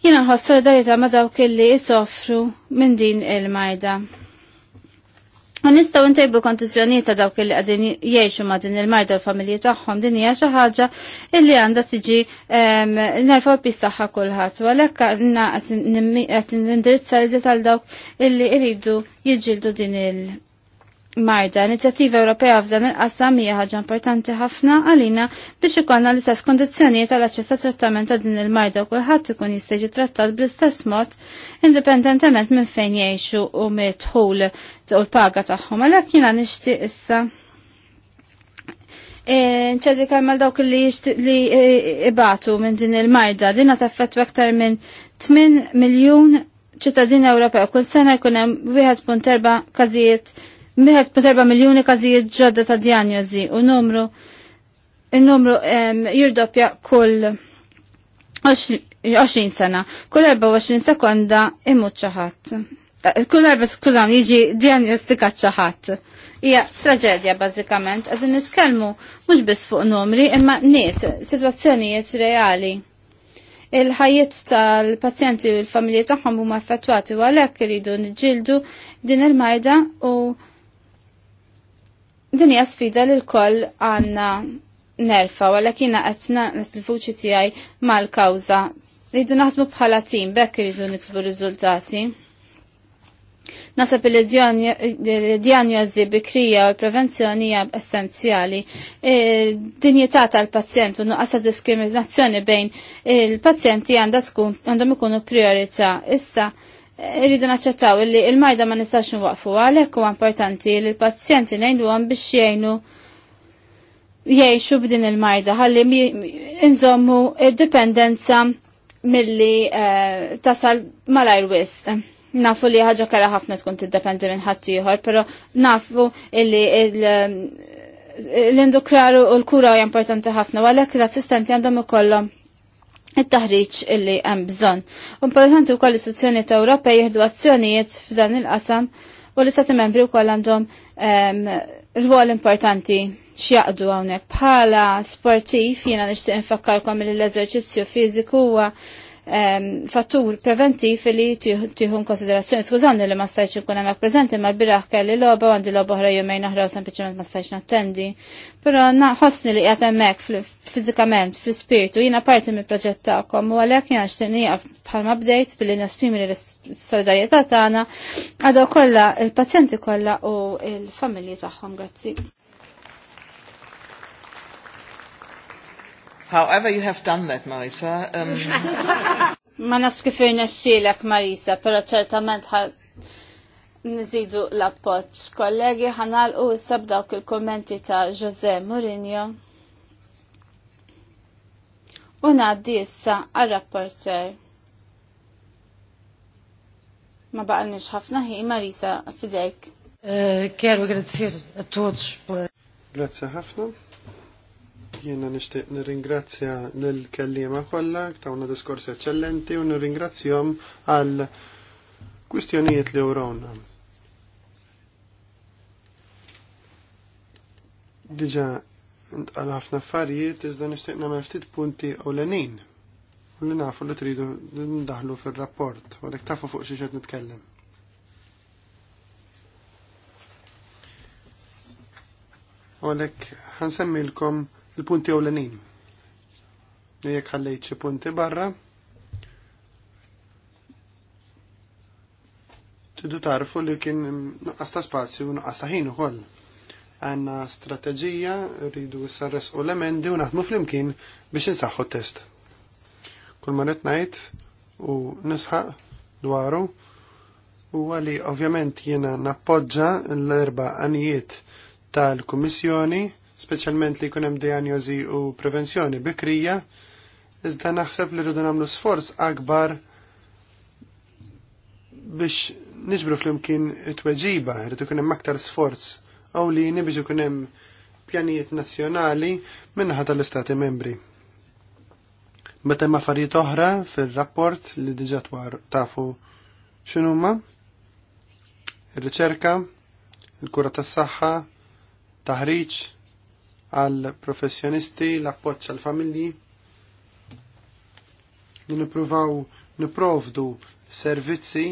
Jina nħoss solidarieta ma dawk illi jisofru minn din il-majda. Ma nistaw intajbu kontuzjoniet ta' dawk li għadin jiexu ma' din il-marda u familji tagħhom din hija xi ħaġa illi għandha tiġi nerfaw pistaħħa kulħadd. għalhekk għandna qed nindirizza iżjed għal dawk illi jridu jiġġieldu din il- marda. Inizjattiva Ewropea f'dan il-qasam hija ħaġa importanti ħafna għalina biex ikollna l-istess kondizzjonijiet għall aċċess ta' trattament ta' din il-marda u kulħadd ikun jista' jiġi trattat bl-istess mod indipendentement minn fejn jgħixu u mitħul u l-paga tagħhom. Għalhekk jiena nixtieq issa eh, ċedi mal dawk li li eh, ibatu minn din il-marda, dina taffettu aktar minn 8 miljon ċittadini Ewropew. Kull sena jkun hemm 1.4 każijiet Miħed po miljoni każijiet ġodda ta' diagnosi u numru il-numru jirdoppja kull 20 sena. Kull 24 sekonda imut ċaħat. Kull 4 sekonda jiġi diagnostikat ċaħat. Ija traġedja bazzikament, għazin nitkelmu mux bis fuq numri imma nies, situazzjonijiet reali. Il-ħajiet tal-pazjenti u l-familji tagħhom huma affettwati u għalhekk iridu niġġieldu din il majda u Din hija sfida li l-koll għandna nerfa, wala kiena qed naqnet il-vuċi tiegħi mal-kawża. Rridu naħdmu bħala tim, bekk irridu niksbu riżultati. Nasab il-diagnosi bikrija u l-prevenzjoni hija essenzjali. E, dinjità tal-pazjent u nuqqas diskriminazzjoni bejn il-pazjenti għandhom ikunu priorità. Issa, Irridu naċċettaw li il-majda ma nistax nwaqfu għalhekk huwa importanti li l-pazjenti ngħiduhom biex jgħinu jgħixu b'din il majda ħalli inżommu id-dipendenza milli eh, tasal malajr wisq. Nafu li ħaġa kara ħafna tkun tiddependi minn ħaddieħor, però nafu illi eh, l-indukraru u l-kura hija importanti ħafna, għalhekk l-assistenti għandhom ikollhom it-taħriġ illi hemm bżonn. Importanti wkoll istituzzjonijiet Ewropej jieħdu azzjonijiet f'dan il-qasam u l-istati membri wkoll għandhom ehm, rwol importanti x'jaqdu hawnhekk bħala sportiv jiena nixtieq infakkalkom li l-eżerċizzju fiziku huwa fattur preventiv li tieħu konsiderazzjoni. Skużani li ma stajtx nkun hemmhekk preżenti ma l-biraħ kelli logħba għandi logħba oħra jumejn oħra sempliċement ma stajtx nattendi. Però naħossni li qiegħed hemmhekk fiżikament, fl-ispirtu, jiena parti mill-proġett tagħkom u għalhekk jiena xtieq bħal bħalma bdejt billi nesprimi l-solidarjetà tagħna għadha kollha il-pazjenti kollha u l-familji tagħhom. Grazzi. However, you have done that, Marisa. Um... Ma nafx kif irnexxielek Marisa, però ċertament nżidu l-appoġġ. Kollegi ħanalqu issa b'dawk il-kummenti ta' Jose Mourinho. U ngħaddi issa għar-rapporter. Ma baqalniex ħafna ħin Marisa fidejk. Kjeru eh, grazzir a todos. Grazie ħafna. Jiena nixtieq nirringrazzja lill kellima kollha tawna diskorsi eċċellenti u nirringrazzjahom għal kwistjonijiet li urawna. Dġa, għal ħafna affarijiet iżda nixtieq nagħmel ftit punti ewlenin u li nafu li tridu ndaħlu fil-rapport, u għalek tafu fuq xiexet nitkellem. U għalek ħansemmilkom l-punti ewlenin. Jekk ħallejt xi punti barra, tidu tarfu li kien nuqqas ta' spazju u nuqqas ta' ħin ukoll. Għanna strateġija rridu sarres u l-emendi u naħdmu flimkien biex insaħħu test. Kull ma ngħid u nisħaq dwaru u għali ovvjament jiena nappoġġa l-erba' għanijiet tal-Kummissjoni speċjalment li jkun hemm u prevenzjoni bikrija, iżda naħseb li rridu nagħmlu sforz akbar biex niġbru flimkien it-tweġiba, rridu kunem hemm aktar sforz għawlini biex ikun hemm pjanijiet nazzjonali minnaħa tal-Istati membri. Meta hemm affarijiet oħra fir-rapport li diġà twar tafu x'inhuma ir-riċerka, il-kura tas-saħħa, taħriġ, għal professjonisti, l-appoċ għal familji Niprovaw, niprovdu servizzi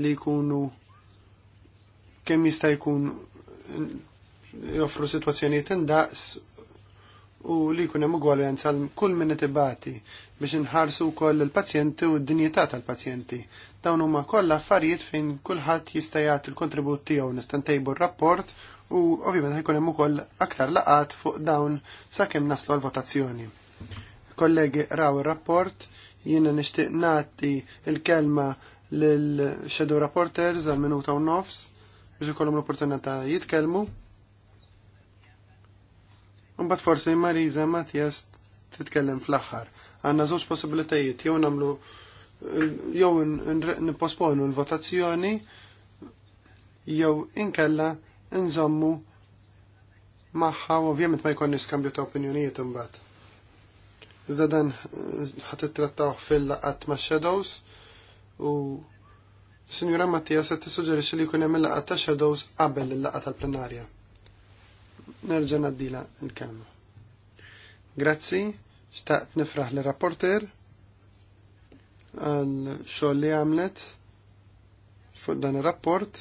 li jkunu kemm jista' jkun joffru situazzjoni indaqs u li jkun hemm ugwaljanza għal kull minn itibati biex inħarsu wkoll il-pazjenti u d-dinjità tal-pazjenti. Dawn huma kollha affarijiet fejn kulħadd jista' jagħti l-kontribut tiegħu nista' ntejbu r-rapport u ovvjament ħajkun hemm ukoll aktar laqat fuq dawn sakemm naslu għall votazzjoni Kollegi raw ir-rapport, jiena nixtieq nagħti l-kelma lill-Shadow Reporters għal minuta u nofs biex ikollhom l-opportunità jitkellmu. Mbagħad forsi Mariza Matjas titkellem fl-aħħar. Għandna żewġ possibilitajiet jew nagħmlu jew nipposponu l-votazzjoni jew inkella nżommu maħħa ovvjament ma jkonni skambju ta' opinjonijiet imbagħad. Iżda dan eh, ħat trattaw fil-laqat ma' Shadows u Sinjura Mattia se tissuġġerixxi li jkun hemm il-laqat ta' Shadows qabel il-laqat tal-plenarja. Nerġa' naddila l-kelma. Grazzi, xtaqt nifraħ li rapporter għal xogħol li għamlet fuq dan ir-rapport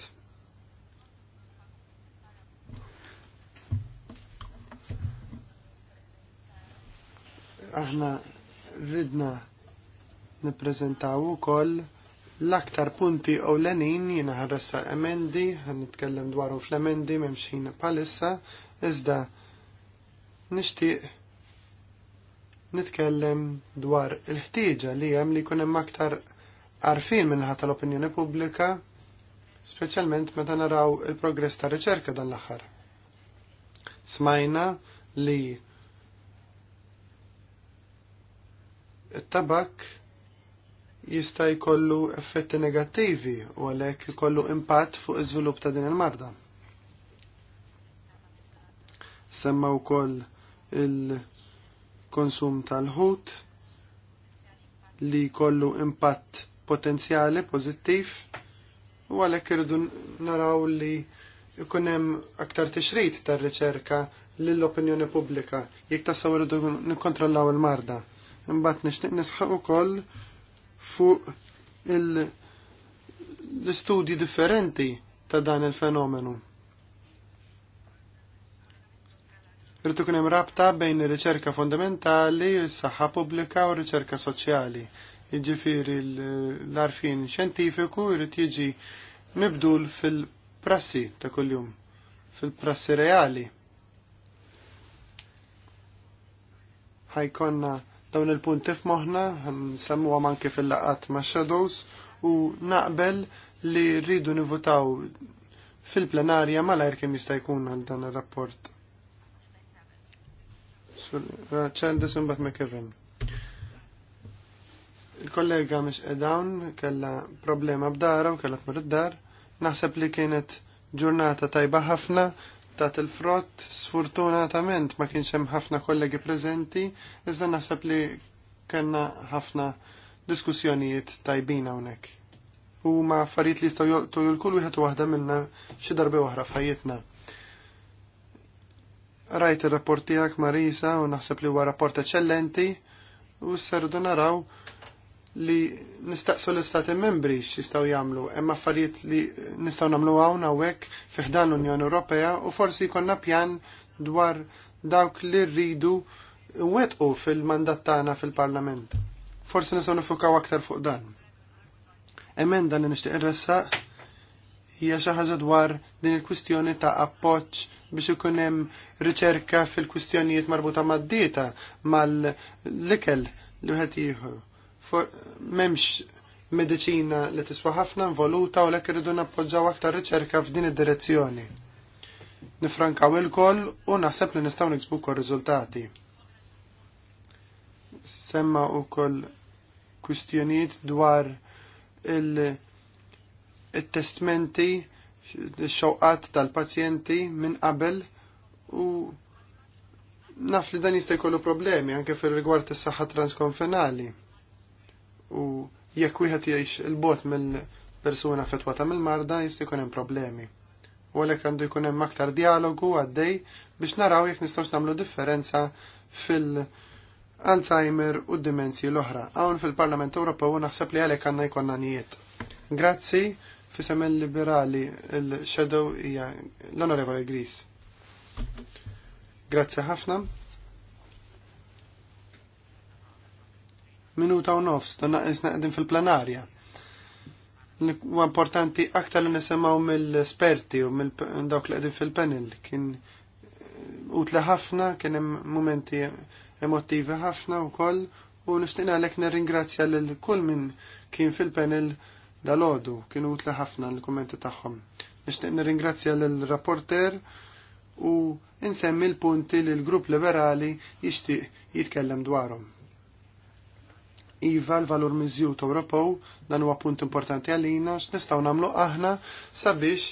aħna ridna nippreżentaw ukoll l-aktar punti u l-enin jina ħarressa emendi, għan dwaru fl-emendi memxin palissa, iżda nishtiq nitkellem dwar il-ħtieġa li hemm li jkun hemm aktar għarfien minnħat tal-opinjoni pubblika, speċjalment meta naraw il-progress ta' riċerka dan l-aħħar. Smajna li it-tabak jista' jkollu effetti negattivi u għalhekk jkollu impatt fuq iżvilupp ta' din il-marda. Semma wkoll il-konsum tal-ħut li jkollu impatt potenzjali pożittiv u għalhekk irridu naraw li ikun hemm aktar tixrid tar-riċerka lill-opinjoni pubblika jekk tassew irridu nikkontrollaw il-marda. il marda Imbagħad nisħa nisħaq ukoll fuq l-istudji differenti ta' dan il-fenomenu. Rritu kunem rabta bejn riċerka fondamentali, s-saħħa pubblika u riċerka soċjali. Jiġifieri l-arfin xjentifiku jrid jiġi mibdul fil-prassi ta' kuljum, fil-prassi reali. Ħajkonna Dawn il-punti f'moħna nsemmuha manki fil-laqat ma' Shadows u naqbel li rridu nivutaw fil-plenarja malajr kemm jista' jkun għal dan ir-rapport. Ċendis imbagħad Kevin. Il-kollega mhix edawn, kellha problema b'dara u kellha tmur id-dar. Naħseb li kienet ġurnata tajba ħafna ta' il-frott sfortunatament ma kienx hemm ħafna kollegi preżenti, iżda naħseb li kellna ħafna diskussjonijiet tajbin hawnhekk. U ma affarijiet li jistgħu jolqtu l kull wieħed waħda minna xi darba oħra f'ħajjitna. Rajt ir-rapport tiegħek Marisa u naħseb li huwa rapport eċċellenti u s-serdu naraw li nistaqsu l-istati membri xistaw jagħmlu, hemm affarijiet li nistgħu nagħmlu u għek fiħdan l-Unjoni Ewropea u forsi jkollna pjan dwar dawk li rridu wetqu fil-mandat tagħna fil-Parlament. Forsi nistgħu nifukaw aktar fuq dan. Emenda li nixtieq irressa hija xi ħaġa dwar din il-kwistjoni ta' appoġġ biex ikun hemm riċerka fil-kwistjonijiet marbuta mad-dieta mal-likel li wieħed jieħu memx medicina li tiswa ħafna involuta u lek ridu nappoġġaw aktar riċerka f'din id-direzzjoni. Nifrankaw il-koll u naħseb li nistgħu niksbu kol riżultati. Semma u koll kwistjonijiet dwar il-testmenti xoqqat tal-pazjenti minn qabel u naf li dan jista' jkollu problemi anke fir rigward is-saħħa transkonfenali u jekk wieħed jgħix il-bot mill-persuna fetwata mill-marda jista' jkun hemm problemi. U għalhekk għandu jkun hemm aktar dialogu għaddej biex naraw jekk nistgħux nagħmlu differenza fil-Alzheimer u d-dimensji l-oħra. Hawn fil-Parlament Ewropew naħseb li għalhekk għandna jkollna nijiet. Grazzi fisem il-liberali il-shadow hija l-Onorevole Gris. Grazzi ħafna. minuta u nofs, donna isna għedin fil-planarja. U importanti aktar li nisemaw mill-esperti u mill-dawk li għedin fil-panel. Kien eh, utla ħafna, kien momenti emotivi ħafna u koll, u nishtina għalek nirringrazzja l-kull minn kien fil-panel dal-ħodu, kienu utla ħafna l-kommenti tagħhom. nir nirringrazzja l-rapporter u insemmi l-punti li l-grupp liberali jixtieq jitkellem dwarhom iva l-valur miżjut Ewropew dan huwa punt importanti għalina x'nistgħu nagħmlu aħna sabiex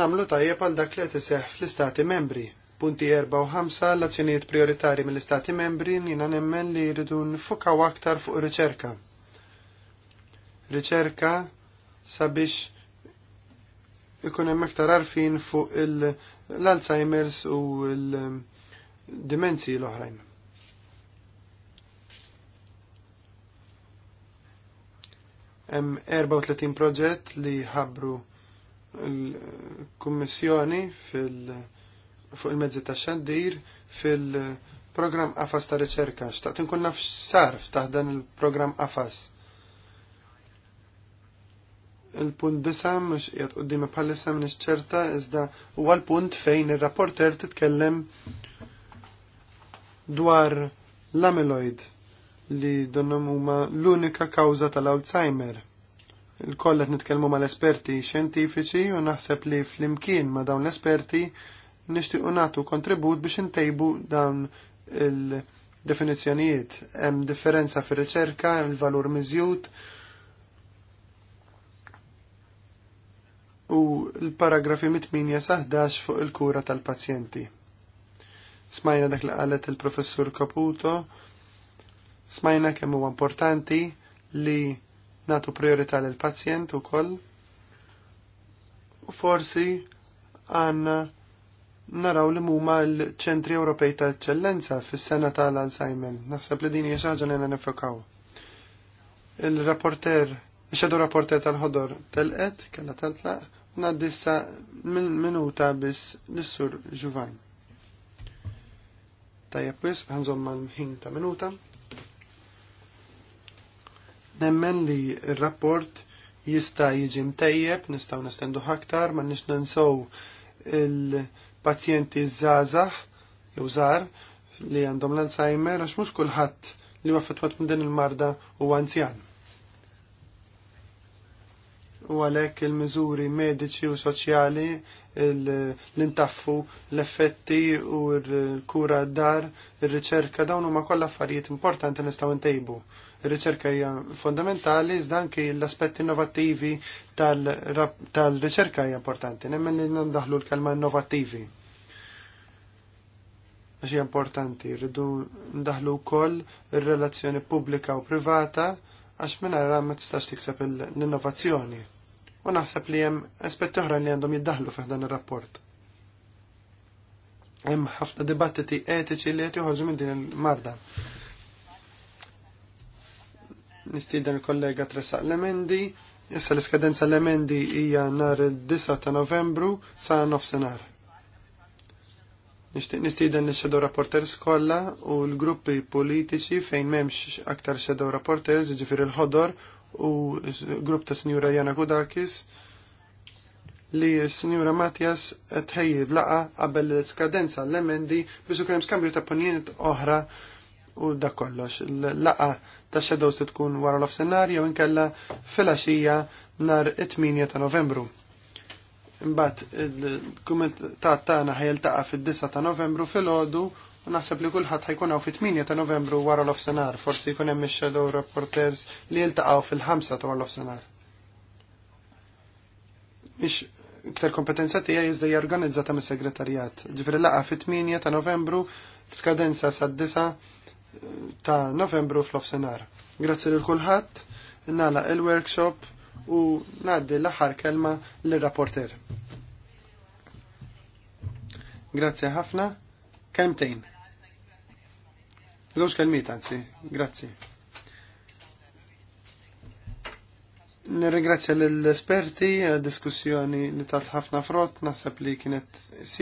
nagħmlu tajjeb għal dak li qed iseħħ fl-istati membri. Punti 4 u 5 l-azzjonijiet prioritari mill-istati membri jiena nemmen li jridu nfukaw aktar fuq riċerka. Riċerka sabiex ikun hemm aktar arfin fuq l-Alzheimer's u l-dimenzi l-oħrajn Hemm 34 proġett li ħabru l-Kummissjoni fil- fuq il-mezzi ta' xandir fil-programm AFAS ta' riċerka. Xtaqt nkun naf sarf taħt dan il-programm AFAS. Il-punt disa mux jgħat qoddimi bħalissa minn ċerta iżda huwa l-punt fejn ir rapporter titkellem dwar l-amyloid li donnom huma l-unika kawża tal-Alzheimer. Il-koll qed nitkellmu mal-esperti xjentifiċi u naħseb li flimkien ma' dawn l-esperti nixtiequ nagħtu kontribut biex intejbu dawn il-definizzjonijiet. Hemm differenza fir-riċerka, hemm il-valur miżjud, u l-paragrafi mit saħdax fuq il-kura tal-pazjenti. Smajna dak li qalet il-professur Caputo Smajna kemm huwa importanti li natu priorità lil pazjent ukoll. U forsi għanna naraw li huma l-ċentri Ewropej ta' Eċċellenza fis-sena tal-Alzheimer. Naħseb li din hija xi ħaġa li nifokaw. Il-rapporter, ix-xedu rapporter tal-ħodor telqet, kellha teltlaq, naddissa minuta biss l-sur Ġuvan. Tajja pwis, ħanżom mal-ħin ta' minuta. Nemmen li r-rapport jista jiġi mtejjeb, nistaw nestendu ħaktar, ma nix ninsow il-pazjenti zazah, jew zar, li għandhom l-Alzheimer, għax mux kullħat li waffetwat minn din il-marda u għanzjan. U għalek il-mizuri mediċi u soċjali l-intaffu, l-effetti u l-kura d-dar, il-riċerka, dawn huma kollha affarijiet importanti nistgħu ntejbu. Ir-riċerka hija fondamentali iżda anki l-aspetti innovattivi tal-riċerka hija importanti, nemmen li nandaħlu l-kelma innovattivi. Għax hija importanti, rridu ndaħlu wkoll ir-relazzjoni pubblika u privata għax minn għarra ma tistax tikseb l-innovazzjoni. U naħseb li hemm aspetti oħra li għandhom jiddaħlu fih dan ir-rapport. Hemm ħafna dibattiti etiċi li qed joħorġu minn din il-marda nistieden il-kollega tresaq l-emendi. Issa l-iskadenza l-emendi hija nhar il-9 ta' Novembru sa' nofsinhar. Nistieden l shadow rapporters kollha u l-gruppi politiċi fejn m'hemmx aktar shadow rapporters, ġifier il-ħodor u grupp ta' Sinjura Jana Kudakis li s-Sinjura Matjas tħejji laqa qabel l-skadenza l-emendi biex ukoll skambju ta' ponijiet oħra u dak kollox. Laqa ta' Shadows se tkun wara l-offsenar jew inkella filgħaxija nhar 8 ta' Novembru. Imbagħad il-kumitat tagħna ħajltaqa' fid-9 ta' Novembru fil u naħseb li kulħadd ħajkun hawn fit-8 ta' Novembru wara l-offsenar, forsi jkun hemm ix-shadow reporters li jiltaqgħu fil-5 ta' l-offsenar. Mhix iktar kompetenza tiegħi jiżda hija organizzata mis-segretarjat. Ġifieri laqgħa fit-8 ta' Novembru f'skadenza sad-9 ta' novembru fl-ofsenar. Grazzi lil kulħadd nala il-workshop u naddi l-aħħar kelma l-rapporter. Grazzi ħafna. Kemtejn. Żewġ kelmiet anzi, grazzi. Nirringrazzja l-esperti, diskussjoni li tat ħafna frott, naħseb li kienet